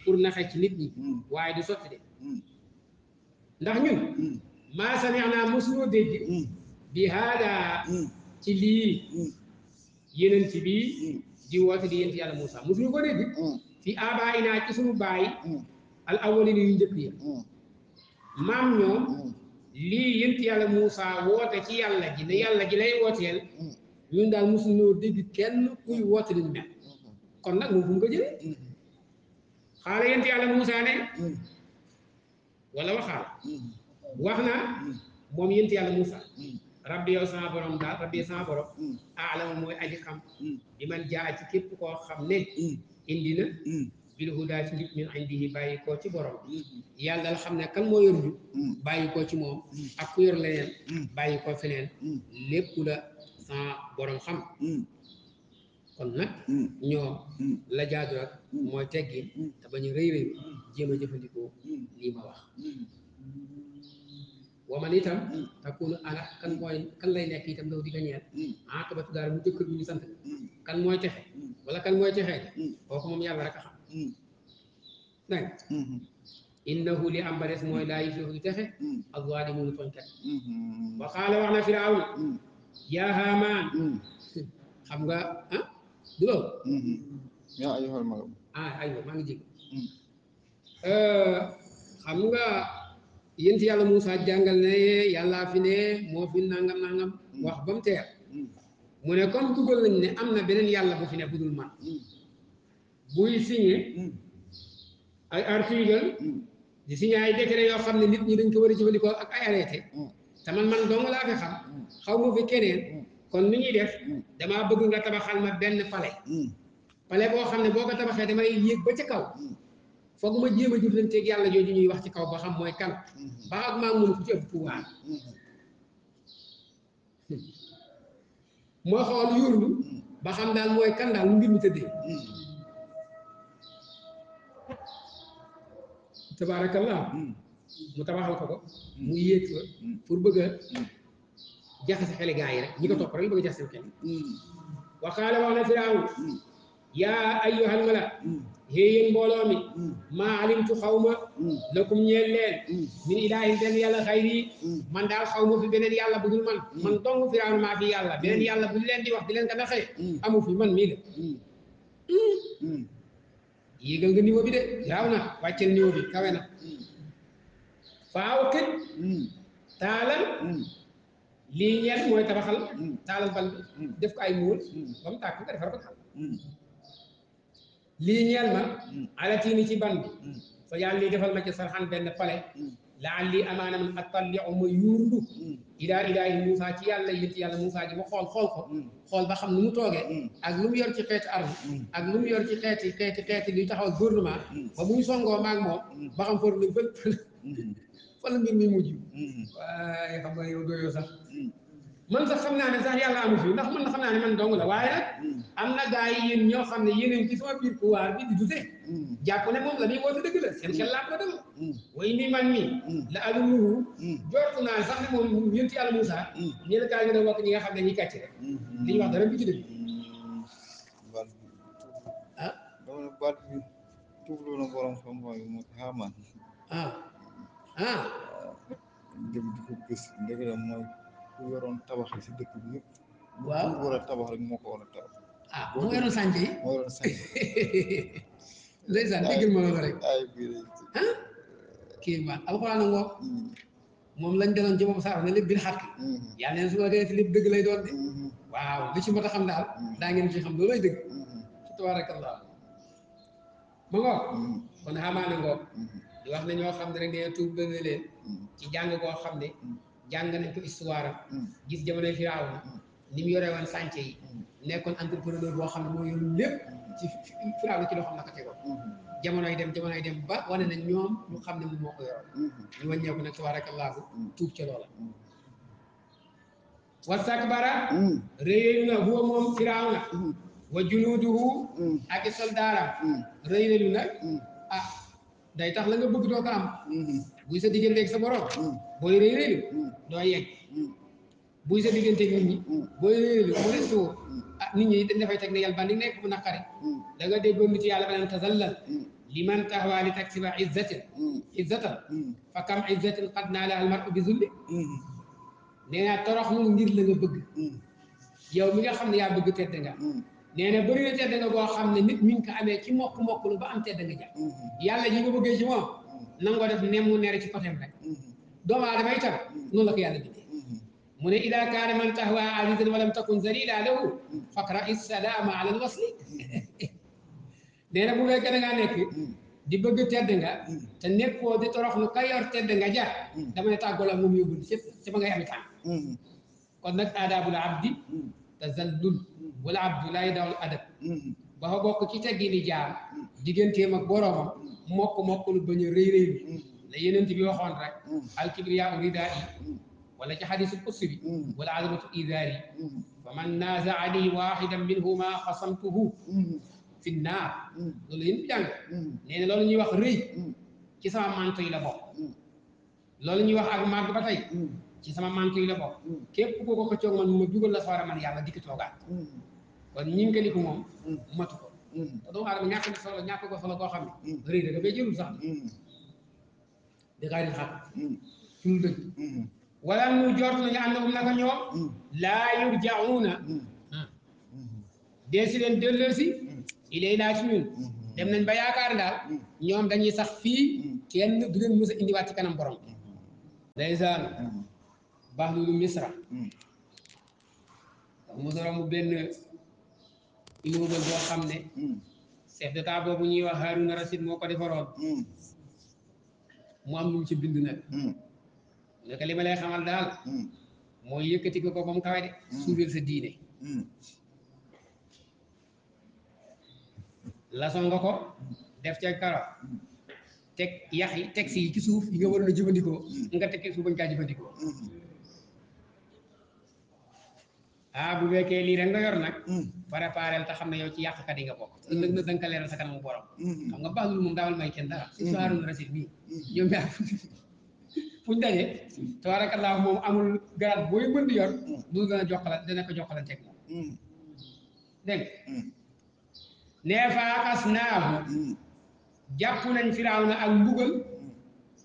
pour naxe ci nit ñi waaye du sotti de ndax ñun maa sami'naa musuñu dégg bi haada ci lii yenent bi di woot di yent yàlla Moussa musuñu ko dégg fi abaayinaa ci suñu baay al awwalin yu njëkk ya maam ñoom lii yent yàlla Moussa woote ci yàlla ji ne yàlla ji lay wooteel ñu daal musuñu dégg kenn kuy woote liñ mel kon nag moom fu mu ko xaala yent yàlla Moussa ne wala waxaala wax na moom yent yàlla Moussa rabbi yow sama borom daal rabbi sama borom aalama mm. mooy aji xam mm. bi man jaa ci képp koo xam ne mm. indi na bil huda ci njub min indihi ci xam ne kan moo yor koo ci moom ak ku yor leneen bàyyi koo feneen lépp la sama borom xam kon nag ñoom la jaadu rek mooy teggin te bañu rëy rëy jéem a jëfandikoo lii ma wax wa man itam kan mooy kan lay nekk itam law di nga ñeel ah kabatu daal mu jëkkër bu ñu sant kan mooy texe wala kan mooy texee kooku moom yàlla rek a xam dégg innahu li am mooy laa yuflihu du texe az-zaalimuuna tooñkat wa qaala wax na firawna yaa haamaan xam nga ah du loolu yaa ayyuhal malam ah ngi jég hmm. euh, xam nga yéen ci yàlla Moussa jàngal ne yàlla fi ne moo fi nangam nangam mm. wax ba mu teer mm. mu ne comme dugal nañ ne am na beneen yàlla bu fi ne bu dul man mm. buy signé ay article di signé ay décret yoo xam ne nit ñi dañ ko war a jëfandikoo ak ay arrêté te man man dong laa fi xam xaw ma fi keneen kon nu ñuy def damaa bëgg nga tabaxal ma benn palais palais boo xam ne boo ko tabaxee damay yéeg ba ca kaw foog ma jéem a te yàlla jooju ñuy wax ci kaw ba xam mooy kan mm-hmm. ba xam maa mun ku ci ëpp pouvoir mm-hmm. moo xool yurlu ba xam daal mooy kan daal lu mbir mi tëddee mm-hmm. tabaarakallah mu tabaxal ko ko mu yéeg fa pour bëgg a jaxase xeli yi rek ñi ko topp rek ñu bëgg a jaxase xel waxaale wax na firaaw yaa ayyuhal mala yéen mbooloo mi mm. maa alimtu xaw ma mm. lakum ñeel leen mm. min ilaahin benn yàlla xayri man daal xaw ma fi beneen yàlla bu dul man man dong firaaw maa fi yàlla beneen yàlla bu leen di wax di leen ko naxee amu fi man mii la yéegal nga niveau bi de yaaw na wàccel niveau bi kawe na faaw kët taalal lii ñeel mooy tabaxal taalal bal def ko ay muul ba mu tàkk nga defar ko taal lii ñeel ma mm. alatiini ci ban bi sa mm. yàlla lii defal ma ci sarxan benn pale mm. laal lii amaana man attaliu ma yuurlu idaa ilaahi Moussa ci yàlla yénti yàlla Moussa ji ma xool xool ko xool ba xam nu mu toogee ak lu mu yor ci xeeti arme ak lu mu yor ci xeeti xeeti xeeti luy taxaw gouvernement ba muy songoo maag moom ba xam for lu bët fa la mbir mi mujj waaye xam nga yow sax man sax xam naa ne sax yàlla amu fi ndax man xam naa man dong la waaye nag mm. am na gaa yi ñoo xam ne yéen i sama biir couloir bi di dute mm. jàpp ne moom la muy woote dëgg la seen xel laa ko dem mm. way ni la adumuhu jortu naa sax ne moom yénti yàlla Moussa ñeen gaa yi doon wax nga xam ne ni kàcc rek li ñu wax dara bi ci dëgg ah dama ne baat bi tubloo na borom xam-xam yi moo ah, ah. ah. di ko gis ndëgg la mooy ku yoroon tabax yi si dëkk bi yëpp. waaw ku war a tabax rek moo ko war a tabax. ah moo yoroon sànq yi moo yoroon sànq yi. <laughs> ndeysaan déggal ma loolu rek. ay biir ah. kii ma alxuraan a ngoog. Mm-hmm. moom lañ daloon ci moom sax ne lépp bi xàq. yaa neen su ma defee lépp dëgg lay doon de. Mm-hmm. waaw li ci mën a xam daal. Mm-hmm. daa ngeen ci xam loolay dëgg. tabarakallah ma ngoog. kon xamaa na ngoog. di wax ne ñoo xam ne rek dañoo tuub leen ci jàng koo xam ne. jàng nañ ko histoire am mm. gis jamonoy Firawna mm. ni mu yore woon sànce yi mm. nekkoon entrepreneur boo xam ne moo yor lépp ci Firawna ci loo xam na ko tegoon jamonoy dem jamonoy dem ba wane na ñoom ñu xam ne moom moo ko yoroon ñu wàññeeku nag tabaarakallaahu tuub ca loola wastakbara réy na huwa moom Firawna wa junuuduhu ak ah day tax la nga bëgg doo ko am buy sa digganteeg sa borom booy rëy rëylu doo yegg mm. buy sa diggante nit ñi mm. booy rëy rëylu mu resté woo mm. ah nit ñi dafay teg ne yàlla ba li nekk mu naqare da nga déggoon yàlla ba naan tazallal liman tahwa li taksiba izzatin izzatan fa kam izzatin qad naalaha al mar'u bi zulli nee naa toroxlu ngir la nga bëgg yow mi nga xam ne yaa bëgg tedd nga nee na bëri na tedd nga boo xam ne nit mi ngi ko amee ci mokk mokk lu ba mm-hmm. yàlla ji nga bëggee ci moom def nem mu ci côté rek mm-hmm. doomu aadama itam noonu la ko yàlla bindee a ne ida kaane man tahwa azizan walam takun zalila lahu faqra issalaama ala alwasli <laughs> nee na bu di bëgg tedd nga te nekkoo di toroxlu ka yor tedd nga ja dama ne tàggoola moom yóbbul cëpp ci ma ngay ami tànk kon nag aadaabul abdi tazallul wala abdu lay dawal adab ba fa ci teggi ni jaam digganteem ak boroomam mokk mokk lu bañ a rëy rëy bi la yeneen bi waxoon rek mm. alkibriya rida yi wala ci xadisu qudsi bi mm. wala azamatu idaari mm. fa man naazaani waaxidan minhuma xasamtuhu fi naar loolu yéen jàng nee na loolu ñuy wax rëy ci sama manto yi la bokk ñuy wax ak màgg ba sama manto yi la képp ko ko coog man mu ma dugal la sawara man yàlla dikk toogaat kon ñi ngi ko moom matu ko te doomu aadama ñàkk na solo ñàkk ko solo koo xam ne rëy da dafay jërul sax dagaay na xaq fi mu dëgg nu jort nañu ànd um naka ñoom mm-hmm. laa yurjauna mm-hmm. Mm-hmm. dee si leen delloo si ilay naa ci ñun dem nañ ba yaakaar daal ñoom dañuy sax fii kenn du leen indiwaat ci kanam borom ndeysaan baax lulu misra dax mosa romb benn immeuble boo xam ne chef d'état boobu ñuy wax Haruna Rashid moo ko defaroon mu am lu mu ci bind nag hmm. ne ko li ma lay xamal daal hmm. mooy yëkkati ko ko ba mu kawe de hmm. suufeel sa diine lason nga ko def ca karo teg yax yi teg si yi ci suuf yi nga waroon a jëfandikoo nga teg ci suuf bañ kaa jëfandikoo ah bu wekkee lii rek nga yor nag. Mm. préparel te xam ne yow ci yàq yi nga bokk. Mm. ëllëg da nga ko leeral sa kanamu borom. Mm. xam nga baax lu moom daawal may kenn dara. surtout Harouna Rachid bii. ñoom ñaar fuñ daje. tabaarakallaa moom amul garaat booy mën di yor. du dana ko joxalanteeg moom. dégg nga. nee faaxas naahu. jàpp nañ Firawna ak mbugal.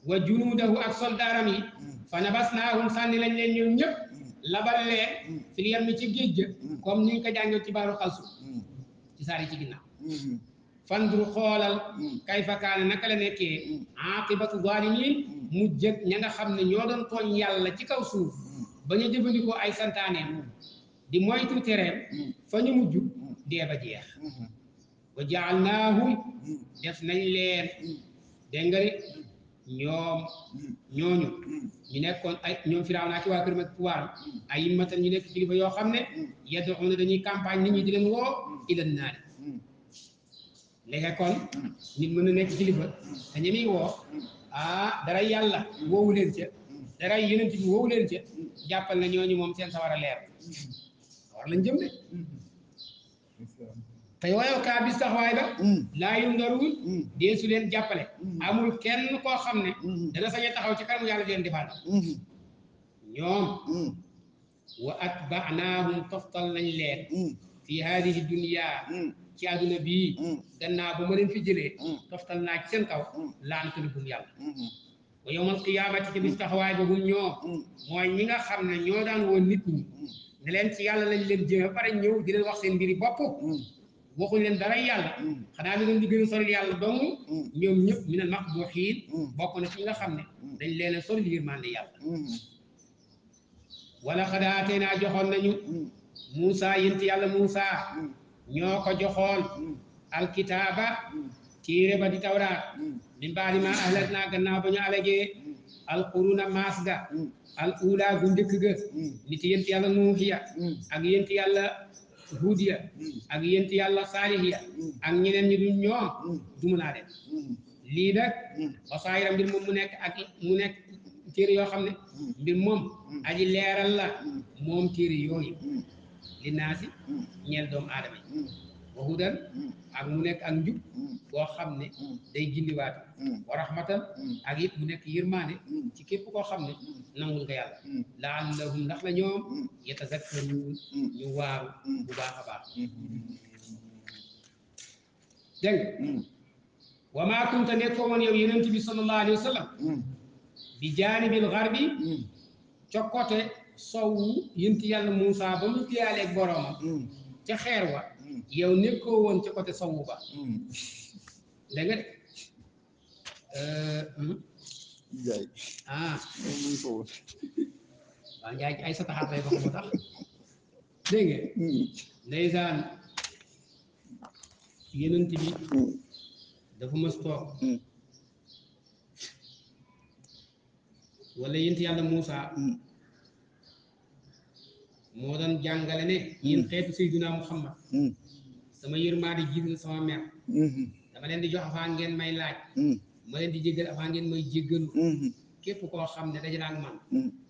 wa junuudahu ak soldaaram yi. fa nabas naahum sànni ñëpp. labal leen. fil yam mi ci géej ga mm. comme ni ñu ko ci baaru xalsu mm. ci saari ci ginnaaw mm-hmm. fandru xoolal mm. kay fakaane naka la nekkee aqibatu zalimin mu jëg ña nga xam ne ñoo doon tooñ yàlla ci kaw suuf ba ñu jëfandikoo ay santaaneem di moytu tereem fa ñu mujj dee ba jeex mm-hmm. wa jaal naahum def nañ leen dégg nga ñoom ñooñu ñu nekkoon ay ñoom firaaw naa ci waa kër mag ay yimmatan ñu nekk kilifa yoo xam ne yeddoxum ne dañuy campagne ni ñi di leen woo ilan naari léegi kon nit mën na nekk kilifa te ñu muy woo ah dara yàlla woowu leen ca dara yonent bi woowu leen ca jàppal na ñooñu moom seen sawar a leer war lañ jëm de te yooyoo ka bis taxawaay ba mm. laa yu ngaruwul mm. su leen jàppale mm. amul kenn koo xam ne dana sañ taxaw ci kanamu yàlla di leen defal ñoom wa atbaanaahum toftal nañ leen fi haadihi dunya ci àdduna bii gannaaw ba ma leen fi jëlee toftal naa ci seen kaw laantu lu bum yàlla wa yawmal qiyaamati ci bis taxawaay ba bum ñoom mooy ñi nga xam ne ñoo daan woon nit ñi ne leen ci yàlla lañ leen jëm ba pare ñëw di leen wax seen mbiri bopp waxuñ leen dara yàlla mm. xanaa ñu leen di gën a soril yàlla dong mm. ñoom ñëpp mi a max bokk na ci nga xam ne mm. dañ leen a soril yërmande yàlla wala xadaa tey joxoon nañu Moussa yent yàlla Moussa ñoo ko joxoon alkitaaba téere ba di tawraat min baadi maa ahlat naa gannaaw ba ñu alagee alquruna maas ga al uulaa gu njëkk ga nit yent yàlla nuuxiya ak yent yàlla huud ya ak yent yàlla saalih ya ak ñeneen ñi duñ ñoom du mun lii nag wasaayiram mbir moom mu nekk ak mu nekk téere yoo xam ne mbir moom aji leeral la moom téere yooyu li naa ñeel doomu aadama wa hudan ak mu nekk ak njub boo xam ne day gindiwaate wa ak yit mu nekk yërmaane ci képp koo xam ne nangul nga yàlla laallahum ndax la ñoom yatazakkaruun ñu waaru bu baax a baax dégg wa maa kunta nekkoo woon yow wa sallam bi jaanibil garbi cokkote sowwu yonent yàlla Muusaa ba mu tiyaaleeg boroomam ca xeer wa yow nekkoo woon ci côté sowwu ba dégg nga de ah waaw njaay ay sa taxaat lay wax moo tax dégg nga dafa mës toog wala yent yàlla Muusa moo doon jàngale ne yéen xeetu Seydina Muhammad sama yërmaande jiitu sama mer mm-hmm. dama leen di jox avant ngeen may laaj mm-hmm. ma leen di jéggal avant ngeen may jéggalu mm-hmm. képp koo xam ne daje man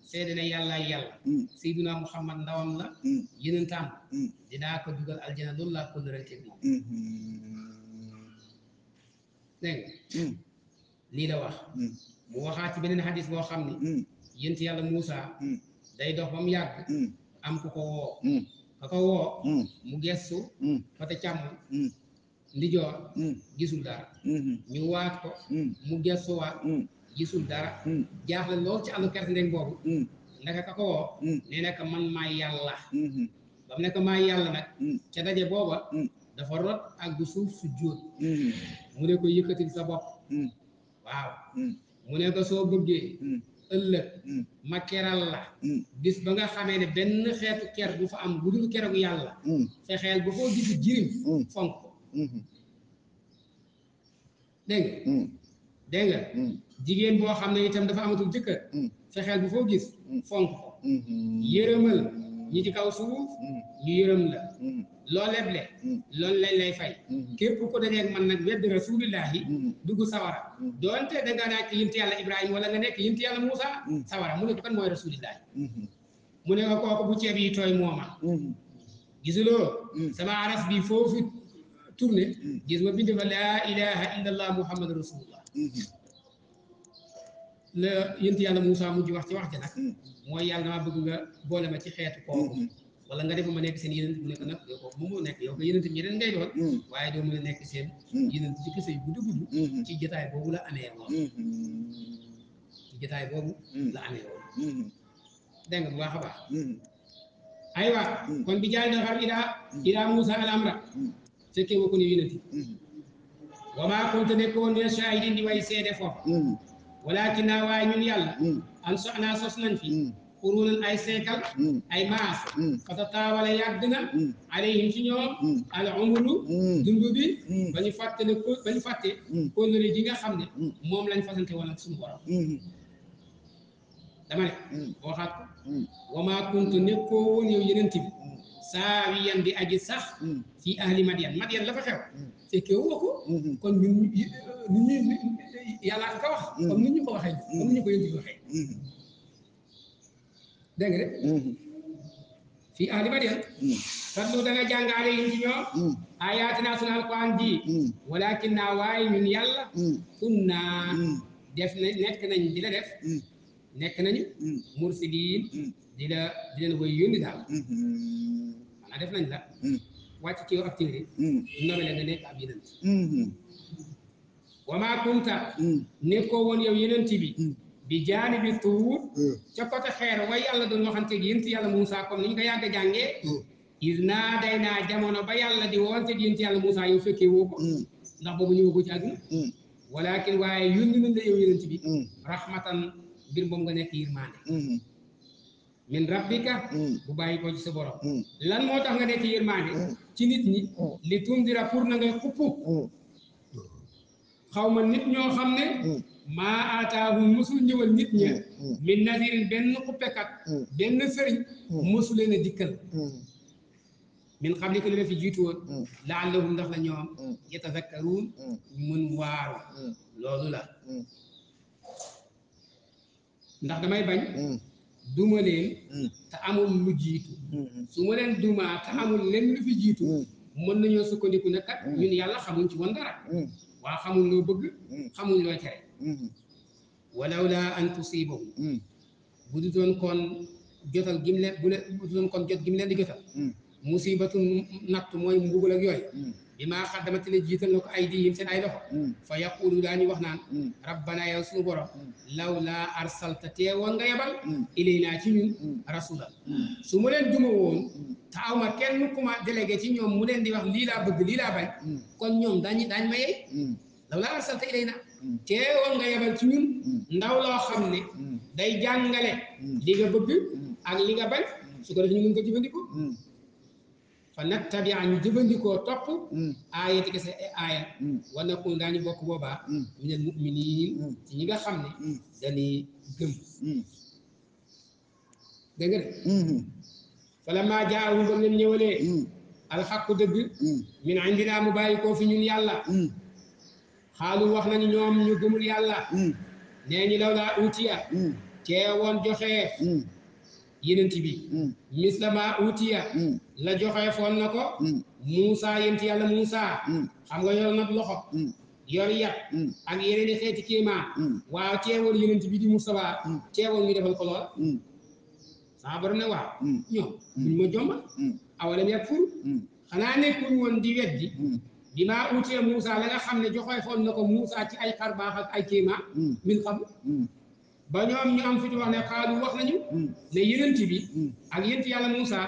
seede na yàlla yàlla Seydina Muhammad la yénantaam dinaa ko dugal aljana laa ko lëranteeg moom dégg nga la wax mu waxaat ci beneen xadis boo xam ne yént yàlla Muusa day dox ba yàgg am ku ko woo ka ko woo mm. mu gestu côté mm. càmmoñ mm. ndijoor gisul dara mm-hmm. ñu waat ko mu gestu gisul dara jaaxle lool ci àllu kersandeeg boobu ndaka ka ko woo man maa yàlla mm-hmm. ba mu nekk maa yàlla nag ca daje booba dafa rot ak du suuf su jóot mm-hmm. mu ne ko yëkkatil sa bopp waaw mu ne ko soo bëggee ëllëg mm. ma keral la mm. bis ba nga xamee ne benn xeetu ker bu fa am bu dul keroog yàlla mm. fexeel ba foo gis jirim fonk ko mm-hmm. dégg jigéen boo xam ne itam dafa amatul jëkkër fexeel bu foo gis fonk ko mm-hmm. yërëmal ñi ci kaw suuf ñu yërëm la lool leble loolu lañ lay fay mm-hmm. képp ko dajeeg man nag wedd rasulillahi mm-hmm. dugg sawara mm-hmm. doonte da nga nekk yonent yàlla ibrahima wala nga nekk yonent yàlla moussa sawara mu ne ko kan mooy rasulillahi mu ne ko kooku bu ceeb yi tooy mooma gisuloo sama aras bi foofu tourné gis ma bind fa laa ilaha illa allah muhammadu rasulullah la yonent yàlla moussa mujj wax ci wax ji nag mooy yàlla damaa bëgg nga boole ma ci xeet kooku wala nga defa ma nekk seen yeneen mu nekk nag yow kooku moom moo nekk yow ko yeneen tam yeneen ngay doon mm. waaye doo mën nekk seen mm. yeneen ci kese yu gudd gudd mm-hmm. ci jotaay boobu la amee woon mm-hmm. ci mm. mm-hmm. nga bu baax a baax aywa kon bi jaay dafa xam idaa idaa Moussa al amra fekkee woo ko ne waaye ñun yàlla an soxnaa sos nañ fi xurulan ay seekal mm. ay maas mm. fa sa taawale yàgg na mm. alayhim ci ñoom al umru dund bi ba ñu fàttali ko ba ñu ji nga xam ne moom lañ fasante woon ak suñu borom dama ne waxaat ko wa maa kuntu nekkoo woon yow yeneen bi saawiyan di aji sax ci ahli madian madian la fa xew fekkee woo ko mm-hmm. kon ñun ñu ko wax comme ñu ko waxee comme waxee mm-hmm. dégg nga de mm-hmm. fii ahli madyan fatlu da nga jàng alayhim ci ñoom mm-hmm. ayatina sunu alquran ji mm-hmm. walakin naa waaye ñun yàlla kunna def na nekk nañ di la def nekk nañu mursidin di la di leen koy daal maanaam def nañ la wàcc ci yow ak téere nobe la nga nekk ab yenant wa maa kunta nekkoo woon yow yenant bi bi jaani bi tuur hmm. ca côté xeer way yàlla doon waxanteeg yàlla Moussa comme ni ñu ko yàgg hmm. naa day jamono ba yàlla di woonteeg yéen yàlla Moussa yow fekkee woo ko hmm. ndax boobu ñëwagoo ci àdduna walakin waaye yónni nañ la yow yonent bi rahmatan mbir moom nga nekk bàyyi ko ci sa moo tax nga nekk ci nit ñi li tundira pour na nga xupp xaw nit ñoo xam ne maa aataahu mosul ñëwal nit ña mm. mm. min nadirin benn xuppekat mm. benn sëriñ mosu leen a dikkal min xam li ko leen fi jiitu woon laallahum ndax la ñoom yatazakkaruun ñu mën waaru loolu la ndax damay bañ duma leen te amul lu jiitu su ma leen dumaa te amul leen lu fi jiitu mën nañoo sukkandiku ne kat ñun yàlla xamuñ ci woon dara waa xamuñ loo bëgg xamuñ loo tere Mm-hmm. walawlaa an tusiibahu mm-hmm. bu du kon jotal gim leen bu leen bu kon jot gim leen di jotal mm-hmm. musibatu nattu mooy mbugal ak yooyu bi maa xaddamati ne jiital na ko ay di yim seen ay loxo fa yaqulu daañu wax naan rabbana yow suñu borom law laa arsalta teewoon nga yebal ci ñun rasulan su mu leen woon te aw ma kenn ku ma délégué ci ñoom mu leen di wax lii laa bëgg lii bañ kon ñoom daañu daañ ma yey law laa Mm. teewoon nga yebal mm. ndaw loo xam ne mm. day jàngale li nga bëgg ak li nga bañ su ko def ñu mën ko jëfandikoo fa nattabia ñu jëfandikoo topp e aaya ti kese aaya war na kun daañu bokk boobaa minal muminin ci ñi nga xam ne dañuy gëm dégg nga de mm-hmm. fa lammaa ñëwalee alxaqu dëgg min indinaa mu bàyyi koo fi ñun yàlla xaalu wax nañu ñoom ñu gëmul yàlla hmm. nee ñu law laa utiya hmm. teewoon joxe hmm. yenent bi misla ma utiya la joxe foon na ko Muusa yent yàlla Muusa xam nga yor nag loxo yor yat ak yeneen i xeeti kéemaa waaw teewoon yenent bi di Mustafa teewoon ñu defal ko lool saa borom ne waaw ñoom buñ ma jomba awalam yàg xanaa nekkul woon di weddi bi maa uutee Moussa la nga xam ne joxoy xoon na ko Moussa ci ay xar baax ak ay kéema hmm. min xam hmm. ba ñoom ñu am fi ci wax ne xaalu wax nañu hmm. ne yenent bi ak yent yàlla Moussa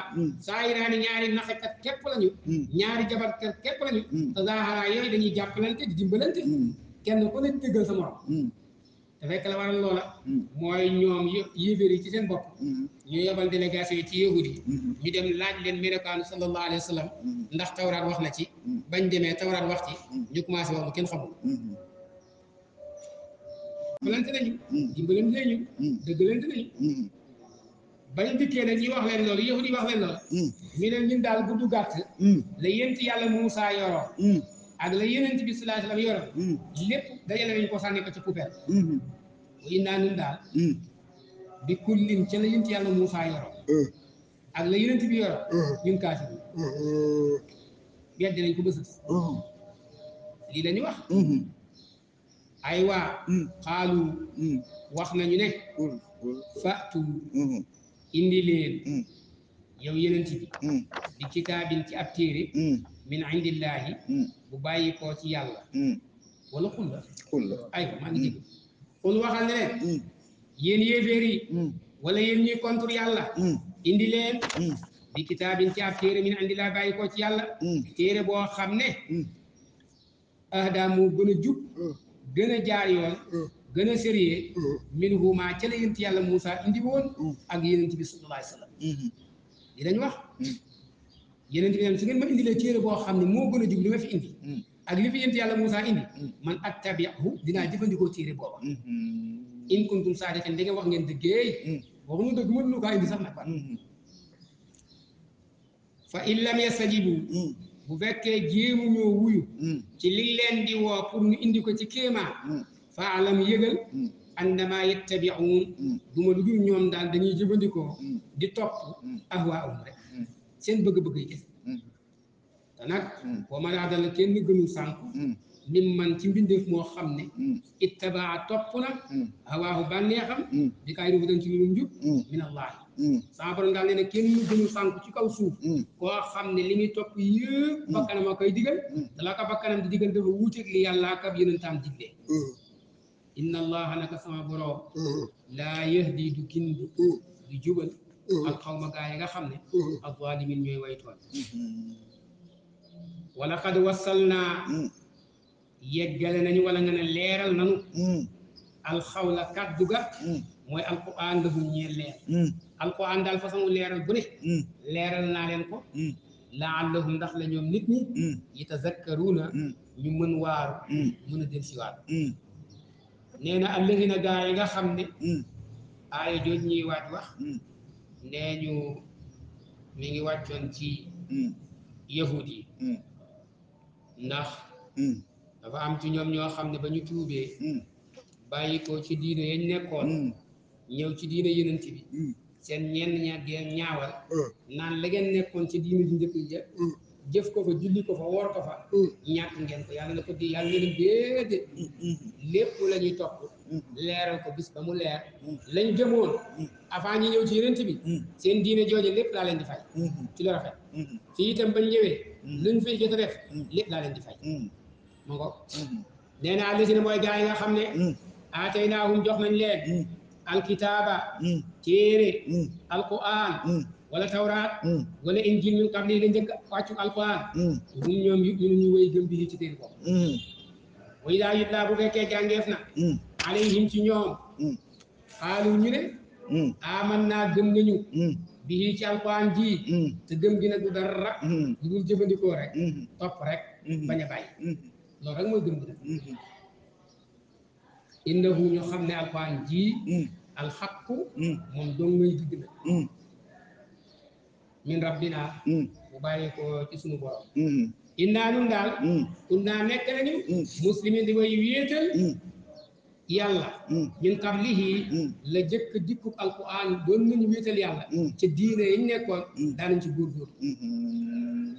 saa yiraani ñaari naxekat képp lañu ñaari jabarkat képp lañu te zaaharaa yooyu dañuy jàppalante di dimbalante kenn ko ne dëggal sa morom dafay la waral loola. Mm. mooy ñoom yéeféer yi ci seen bopp. Mm. ñu yebal délégation yi ci yahud yi. Mm-hmm. ñu dem laaj leen melokaanu sallallahu alayhi wa sallam. Mm-hmm. ndax tawraat wax na ci. Mm-hmm. bañ demee tawraat wax ci. ñu commencé wax lu kenn xamul. falante nañu. dimbalante nañu. dëggalante nañu. bañ dikkee nag ñi wax leen loolu yahud yi wax leen loolu. ñu ñun daal gudd gàtt. la yéent yàlla Muusaa yoroo. ak la yonent bi sallallahu alayhi wa sallam hmm. yoroon lépp dajale nañ ko sànni ko ci poubelle hmm. wayu naa nun daal bi hmm. kullin ca la yonent yàlla Moussa yoroon ak la yonent bi yoroon ñun kaasi bi yeddi nañ ko wax ay waa xaalu wax nañu ne fatu indi leen yow yonent bi di kitaabin ci ab téere min indillahi bu bàyyi koo ci yàlla hmm. wala xul la xul la ay ko maa ngi jig hmm. xul waxal ne leen hmm. yéen yéeféer yi wala yéen ñuy contre yàlla indi leen bi kitaabin ci ab téere min andi laa bàyyi koo ci yàlla téere boo xam ne daa moo gën a jub gën a jaar yoon gën a sérieux min huma ca la ci yàlla Moussa indi woon ak yéneen ci bi sallallahu alayhi wa sallam wax yeneen bi su ngeen ma indile téere boo xam ne moo gën a jub ma fi indi mm. ak li fi yent yàlla Moussa indi mm. man attabi'ahu dinaa jëfandikoo téere booba mm-hmm. in kuntum saadiqin da ngeen wax ngeen dëggeey mm. waxuñu dëgg mënuñu kaa indi sax nag mm-hmm. fa in lam yastajibu bu fekkee jéemu ñoo wuyu ci li leen di woo pour ñu indi ko ci kéemaan fa alam yëgal andama yettabi'uun duma lu dul ñoom daal dañuy jëfandikoo di topp ahwaahum rek seen bëgg-bëgg yi kese mm. te nag boo mm. ma laa dala kenn gënu sànq mm. mim man ci mbindeef moo xam ne ittabaa topp na hawaahu bànneexam bi kaay rufu dañ ci lu njub min allah sama borom daal nee kaw suuf xam ne li muy topp yëpp bakkanam a koy digal di du gindi du jubal ak xawma gaa yi nga xam ne ak zalimin ñooy way tooñ wala xad naa yeggale nañu wala nga leeral nanu alxawla kàddu ga mooy alquran la bu ñeel leer alquran daal façon leeral bu ne leeral naa leen ko laallahum ndax la ñoom nit ñi yatazakkaruuna ñu mën waaru mën a del si waat nee na gaa yi nga xam ne aaya jooju ñuy wax nee ñu mi ngi wàccoon ci mm. yahud yi mm. ndax mm. dafa am ci ñoom ñoo xam ne ba ñu tuubee bàyyi ko ci diine yañ nekkoon ñëw ci diine yenent bi seen ñenn ña deen ñaawal naan la ngeen nekkoon ci diine ji njëkk jëf ko fa julli ko fa woor ko fa ñàkk ngeen ko yàlla na ko di yàlla na leen topp Mm-hmm. leeral ko bis ba mu leer mm-hmm. lañ gëmoon mm-hmm. avant ñu ñëw ci yonent bi seen diine jooje lépp laa leen di fay ci lu rafet fii itam bañ ñëwee luñ fiy jot a def lépp laa leen di fay naa li mooy gars yi nga xam ne aataynaahum jox nañ leen alkitaaba téere alquran wala tawraat wala injil ñun xam ne dañ njëkk wàccu alquran ñun ñoom ñu ñu wéy gëm bi ci téere ko muy daa yit laa bu fekkee jàngeef na alayhim ci ñoom mm. xaalu ne mm. aman naa gëm nañu mm. bii ci alquran ji te gëm gi nag du dara du dul jëfandikoo rek topp rek bañ a bàyyi loolu rek mooy gëm gi nag innahu ñu xam ne alquran ji alxaqu moom dong may digg na min rabbina bu bàyyi ko ci suñu borom innaa nun daal kun naa nekk nañu muslimin di way wéetal yàlla mm. min qablihi mm. la jëkk dikkub alquran doon nañu wéetal yàlla mm. ci diine yi ñu nekkoon daanañ ci góorgóor mm-hmm.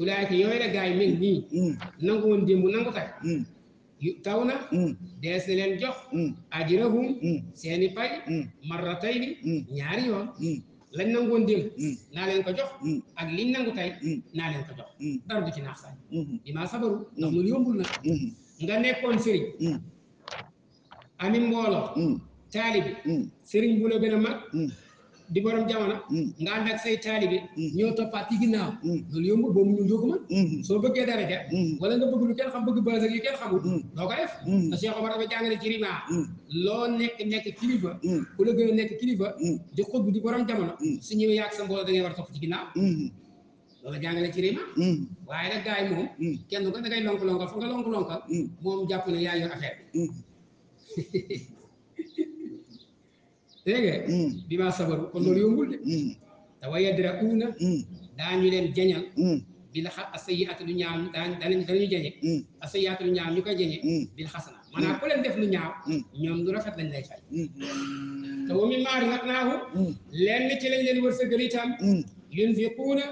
ulaayka yooyu la gaay mel nii nangu woon démb nangu taw na dees na leen jox ajrahum seen i yoon lañ nangoon démb naa leen ko jox ak liñ nangu tey naa leen ko jox dara du ci naax sax mm-hmm. sabaru ndax loolu yombul na mm-hmm. nga nekkoon sëriñ ami mbooloo mm. taalibi mm. sëriñ bu la gën a di borom jamono mm. nga ànd ak say taalibi ñoo toppaat ci ginnaaw loolu yomb boobu ñu yóku man soo bëggee daraja wala nga bëgg lu kenn xam bëgg base ak yu kenn xamul doo ko def loo nekk nekk ku la gën a kilifa di xutbu di borom jamono su ñëwee sa mbooloo da ngay war a topp ci ginnaaw loolu jàngale ci rima waaye nag gars moom kenn ko da ngay lonk-lonkal fa nga lonk-lonkal moom jàpp ne yaa yor affaire <laughs> dégg nga mm. bi ma sabaru kon mm. loolu yombul de mm. te wa yadra'uuna daañu leen jañal bil xa as-sayyi'ata lu ñaaw daan danañ danañu jañe as-sayyi'ata lu ñaaw ñu koy jañe bil xasana maanaam ku leen def lu ñaaw ñoom lu rafet lañ lay fay te wa mimmaa razaqnaahu lenn ci lañ leen wërsëgal itam yunfiquuna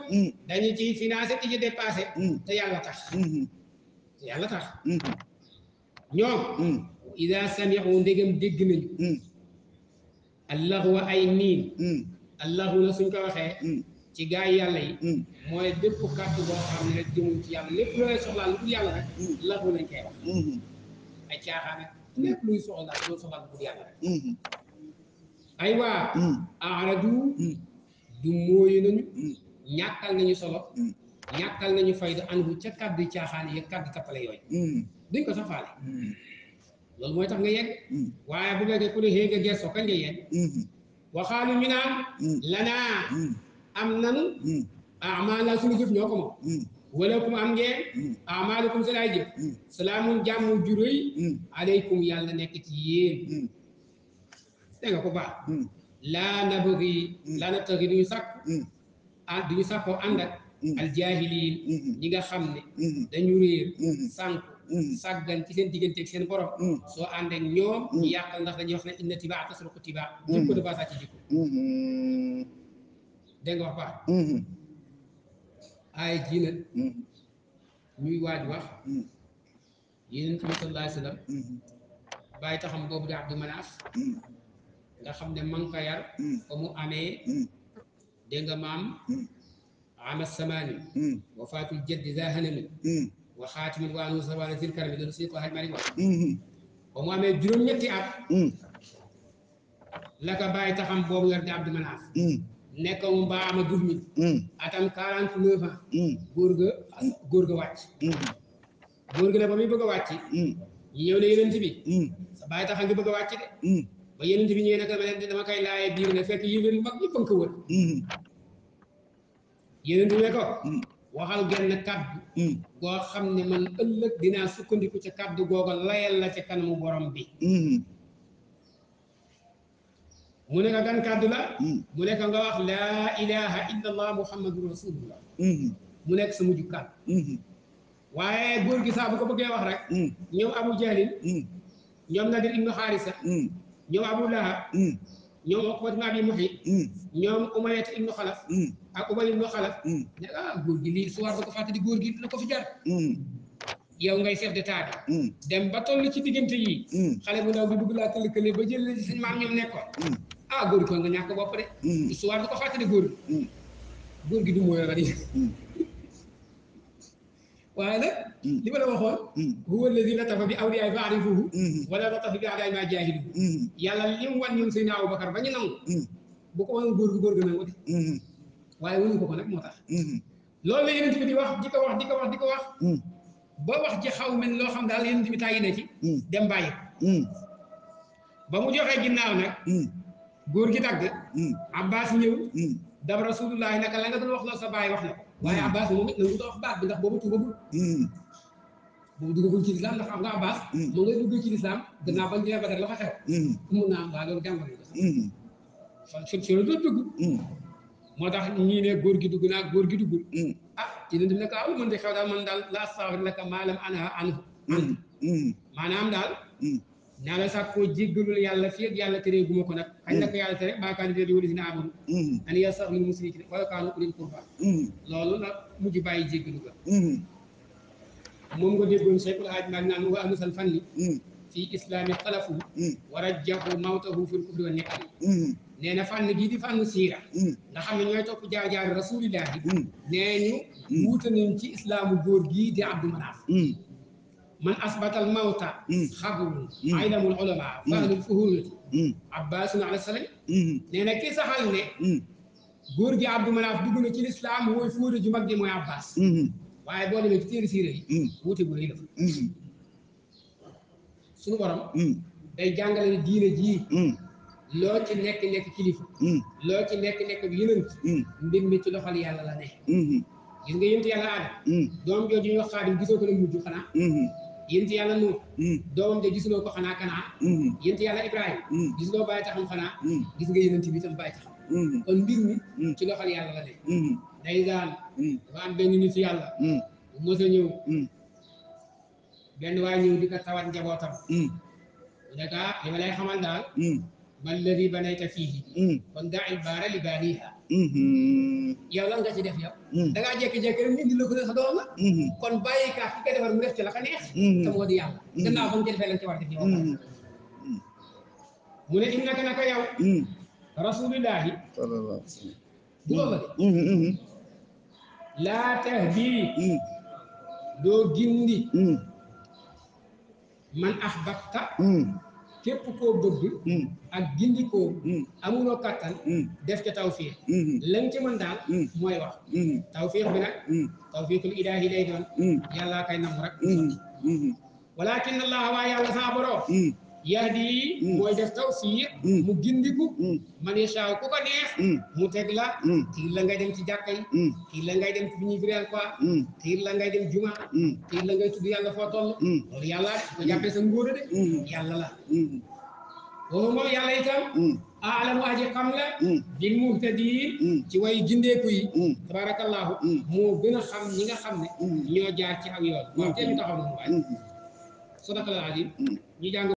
dañu ji financé di ci dépassé te yàlla tax te mm-hmm. yàlla tax mm-hmm. ñoom ida samiu ndégam dégg nañu allahwa ay niin allahu la suñ ko waxee ci gaa yàlla yi mooy bépp kàddu boo xam ne rek ci yàlla lépp looy soxlaa lu dul yàlla rek lu dul yàlla rek ay waa aradu du mooyu nañu ñàkkal nañu solo ñàkkal nañu fayda anhu ca kàddu caaxaan yi kàddu tappale yooyu duñ ko safaale loolu mooy tax nga yegg mm. waaye bu fekkee ku ne xëy nga gëstoo kañ nga yegg mm-hmm. waxaalu ñu naan mm. lanaa mm. am nan amala suñu jëf ñoo ko moom wala kum am ngeen amalikum seen ay jëf jàmm juróy aleykum yàlla nekk ci yéen nga ko baax laa nabagi laa na tëri duñu sàkk duñu sàkkoo ànd aljaahiliin mm-hmm. ñi nga xam ne mm-hmm. dañu réer sànku Mm. sàggan ci seen digganteeg seen borom mm. soo ànd ak ñoom ñu mm. yàqal ndax dañuy wax ne inna tibaa tasruqu a jikko dafa sàcc jikko mm-hmm. dégg nga wax baax mm-hmm. aay jii mm-hmm. ñuy waaj wax yonent bi sallallahu alayhi wa sallam bàyyi taxam boobu di Abdu nga xam ne man ko yar ba mu amee dégg nga maam ama samaani wafaatul jaddi zahanami waxaatimin waa nu sa waala sil karami loolu si ko xaj mari wax mm-hmm. ba mu amee juróom-ñetti at mm. la ka taxam boobu yor di Abdou Manaf mm. nekk mu mbaa ama guf mi mm. atam quarante neuf ans góor ga góor ga mm-hmm. góor gi nag ba muy bëgg a wàcc ñu ñëw ne yenent bi sa bàyyi taxam ngi bëgg a wàcc de ba yenent bi ñëwee nag dama leen dama koy laayee biir ne fekk yéen mag ñëpp a ngi ko wër mm-hmm. yenent waxal genn kàddu boo mm. xam ne man ëllëg dinaa sukkandiku ca kàddu googa layal la ca kanamu borom bi mm. mu ne ka gan kàddu la mm. mu nekk nga wax laa ilaha illa allah muhammadu rasulullah mu nekk sa mujj kàddu waaye góor gi sax bu ko bëggee wax rek ñoom abu jahlin ñoom nadir ibnu xaarisa ñoom abu lahab ñoom uqbat ibnu abi muhit ñoom umayat ibnu xalaf ak ubalin loo xalaf hmm. ne ah góor gi lii suwaar da ko fàttali góor gi dina ko fi jar hmm. yow ngay chef d'état bi hmm. dem ba toll ci diggante yi xale bu ndaw bi bëgg laa këlëkële ba jël la seen maam ñoom nekkoon ah góor gi kon nga ñàkk ko fàttali góor gi góor gi du la di <laughs> waaye nag li ma la waxoon huwa alladi latafa bi awliyaay fa arifuhu wala latafa ba ñu góor gi góor gi nangu waaye wuñu ko ko nag moo tax mm-hmm. loolu la yonent bi wax di ko wax di ko wax di mm-hmm. xaw mel loo xam daal yonent bi tàyyi na ci mm-hmm. dem bàyyi ba mu joxee ginnaaw nag góor gi tàgg abbas ñëw dam rasulullahi naka la nga doon wax loolu sa baay wax na ko waaye abbas moom it nangu wax baat bi ndax boobu tuubagul boobu duggagul ci lislaam ndax am nga abbas moo ngay dugg ci lislaam gannaaw bañ ñëwee ba dara la fa mun naa am waa loolu jàngoon nañ ko sax su su doon dugg moo tax ñii ne góor gi dugg naa góor gi dugg mm. ah yeneen tamit ne ko ah man de xew daal man daal laa saafara la ka maalam anha anhu mm, mm. maanaam daal naa la sax koo jéggalul yàlla fii yàlla tere gu ma ko nag xañ na ko yàlla tere baakaar di wala si na amadu an yàlla loolu nag mujj bàyyi jéggalu ga moom nga déggoon Cheikhul Hadj Malick naan wa anusal fi islami xalafu wa rajjahu mawtahu fil kufri wa niqam nee na fànn gii di fànn siira mm. nga xam ne ñooy topp jaar-jaaru rasulillahi mm. nee ñu mm. wuute ci islaamu góor gi di Abdou Manaf man asbatal mawta xabrun aylamul ulama fahlul fuhulati abbaasun ala salam nee na ki saxal ne góor gi Abdou Manaf dugg na ci lislaam mooy fóoda ju mag ji mooy abbas waaye boo demee ci téeri siira yi wuute bu rëy la fa suñu borom day jàngale diine jii loo ci nekk nekk kilifa. Mm. loo ci nekk nekk yonent. Mm. mbir mi ci loxol yàlla la ne. Mm-hmm. gis nga yonent yàlla aadama. Mm. doom jooju ñu wax xaadim gisoo ko la mujj mm-hmm. yàlla nuux. de gisuloo ko xanaa kanaa. Mm-hmm. yonent yàlla ibrahima. gis nga yonent bi kon mbir mi. ci loxol yàlla la ne. day daal. dafa am benn yàlla. bu mos a benn waay ñëw di ko tawat njabootam. mu ne ah, lay xamal daal. man ladi banayta fiihi kon daa il baara li baaniha yow lan nga ci def yow da ngaa jékki-jékki rek indi la ko sa doom la kon bàyyi kaa ki ko defar mu def ci la ko neex te moo di yàlla gannaaw ba mu ci defee lan ci war def yow mu ne innaka naka yow rasulillahi du loolu la de laa tahdi doo gindi man ahbabta képp koo bëgg. Hmm. ak gindikoo. Hmm. amuloo kàttan. Hmm. def ca tawfiix. lañ ci mën daal. mooy wax. tawfiix bi nag. tawfiixul ilaahi lay doon. yàllaa kay nangu rek. walaakin allah waa yàlla saa yahdi hmm. mooy def tawfiir hmm. mu gindiku hmm. man yashaa ku ko mu teg la xiir la ngay dem ci jàkka yi xiir la ngay dem ci fi ñuy firee alquran xiir la ngay dem juma xiir la tudd yàlla foo toll loolu yàlla nga jàppee sa ngóor de yàlla la loolu moom yàlla itam aalamu aji xam la bil muhtadiin ci way gindeeku yi tabaarakallaahu moo gën a xam ñi nga xam ne ñoo jaar ci ak yoon waaw tee ñu taxaw noonu waay sadaqallaahu ñi jàng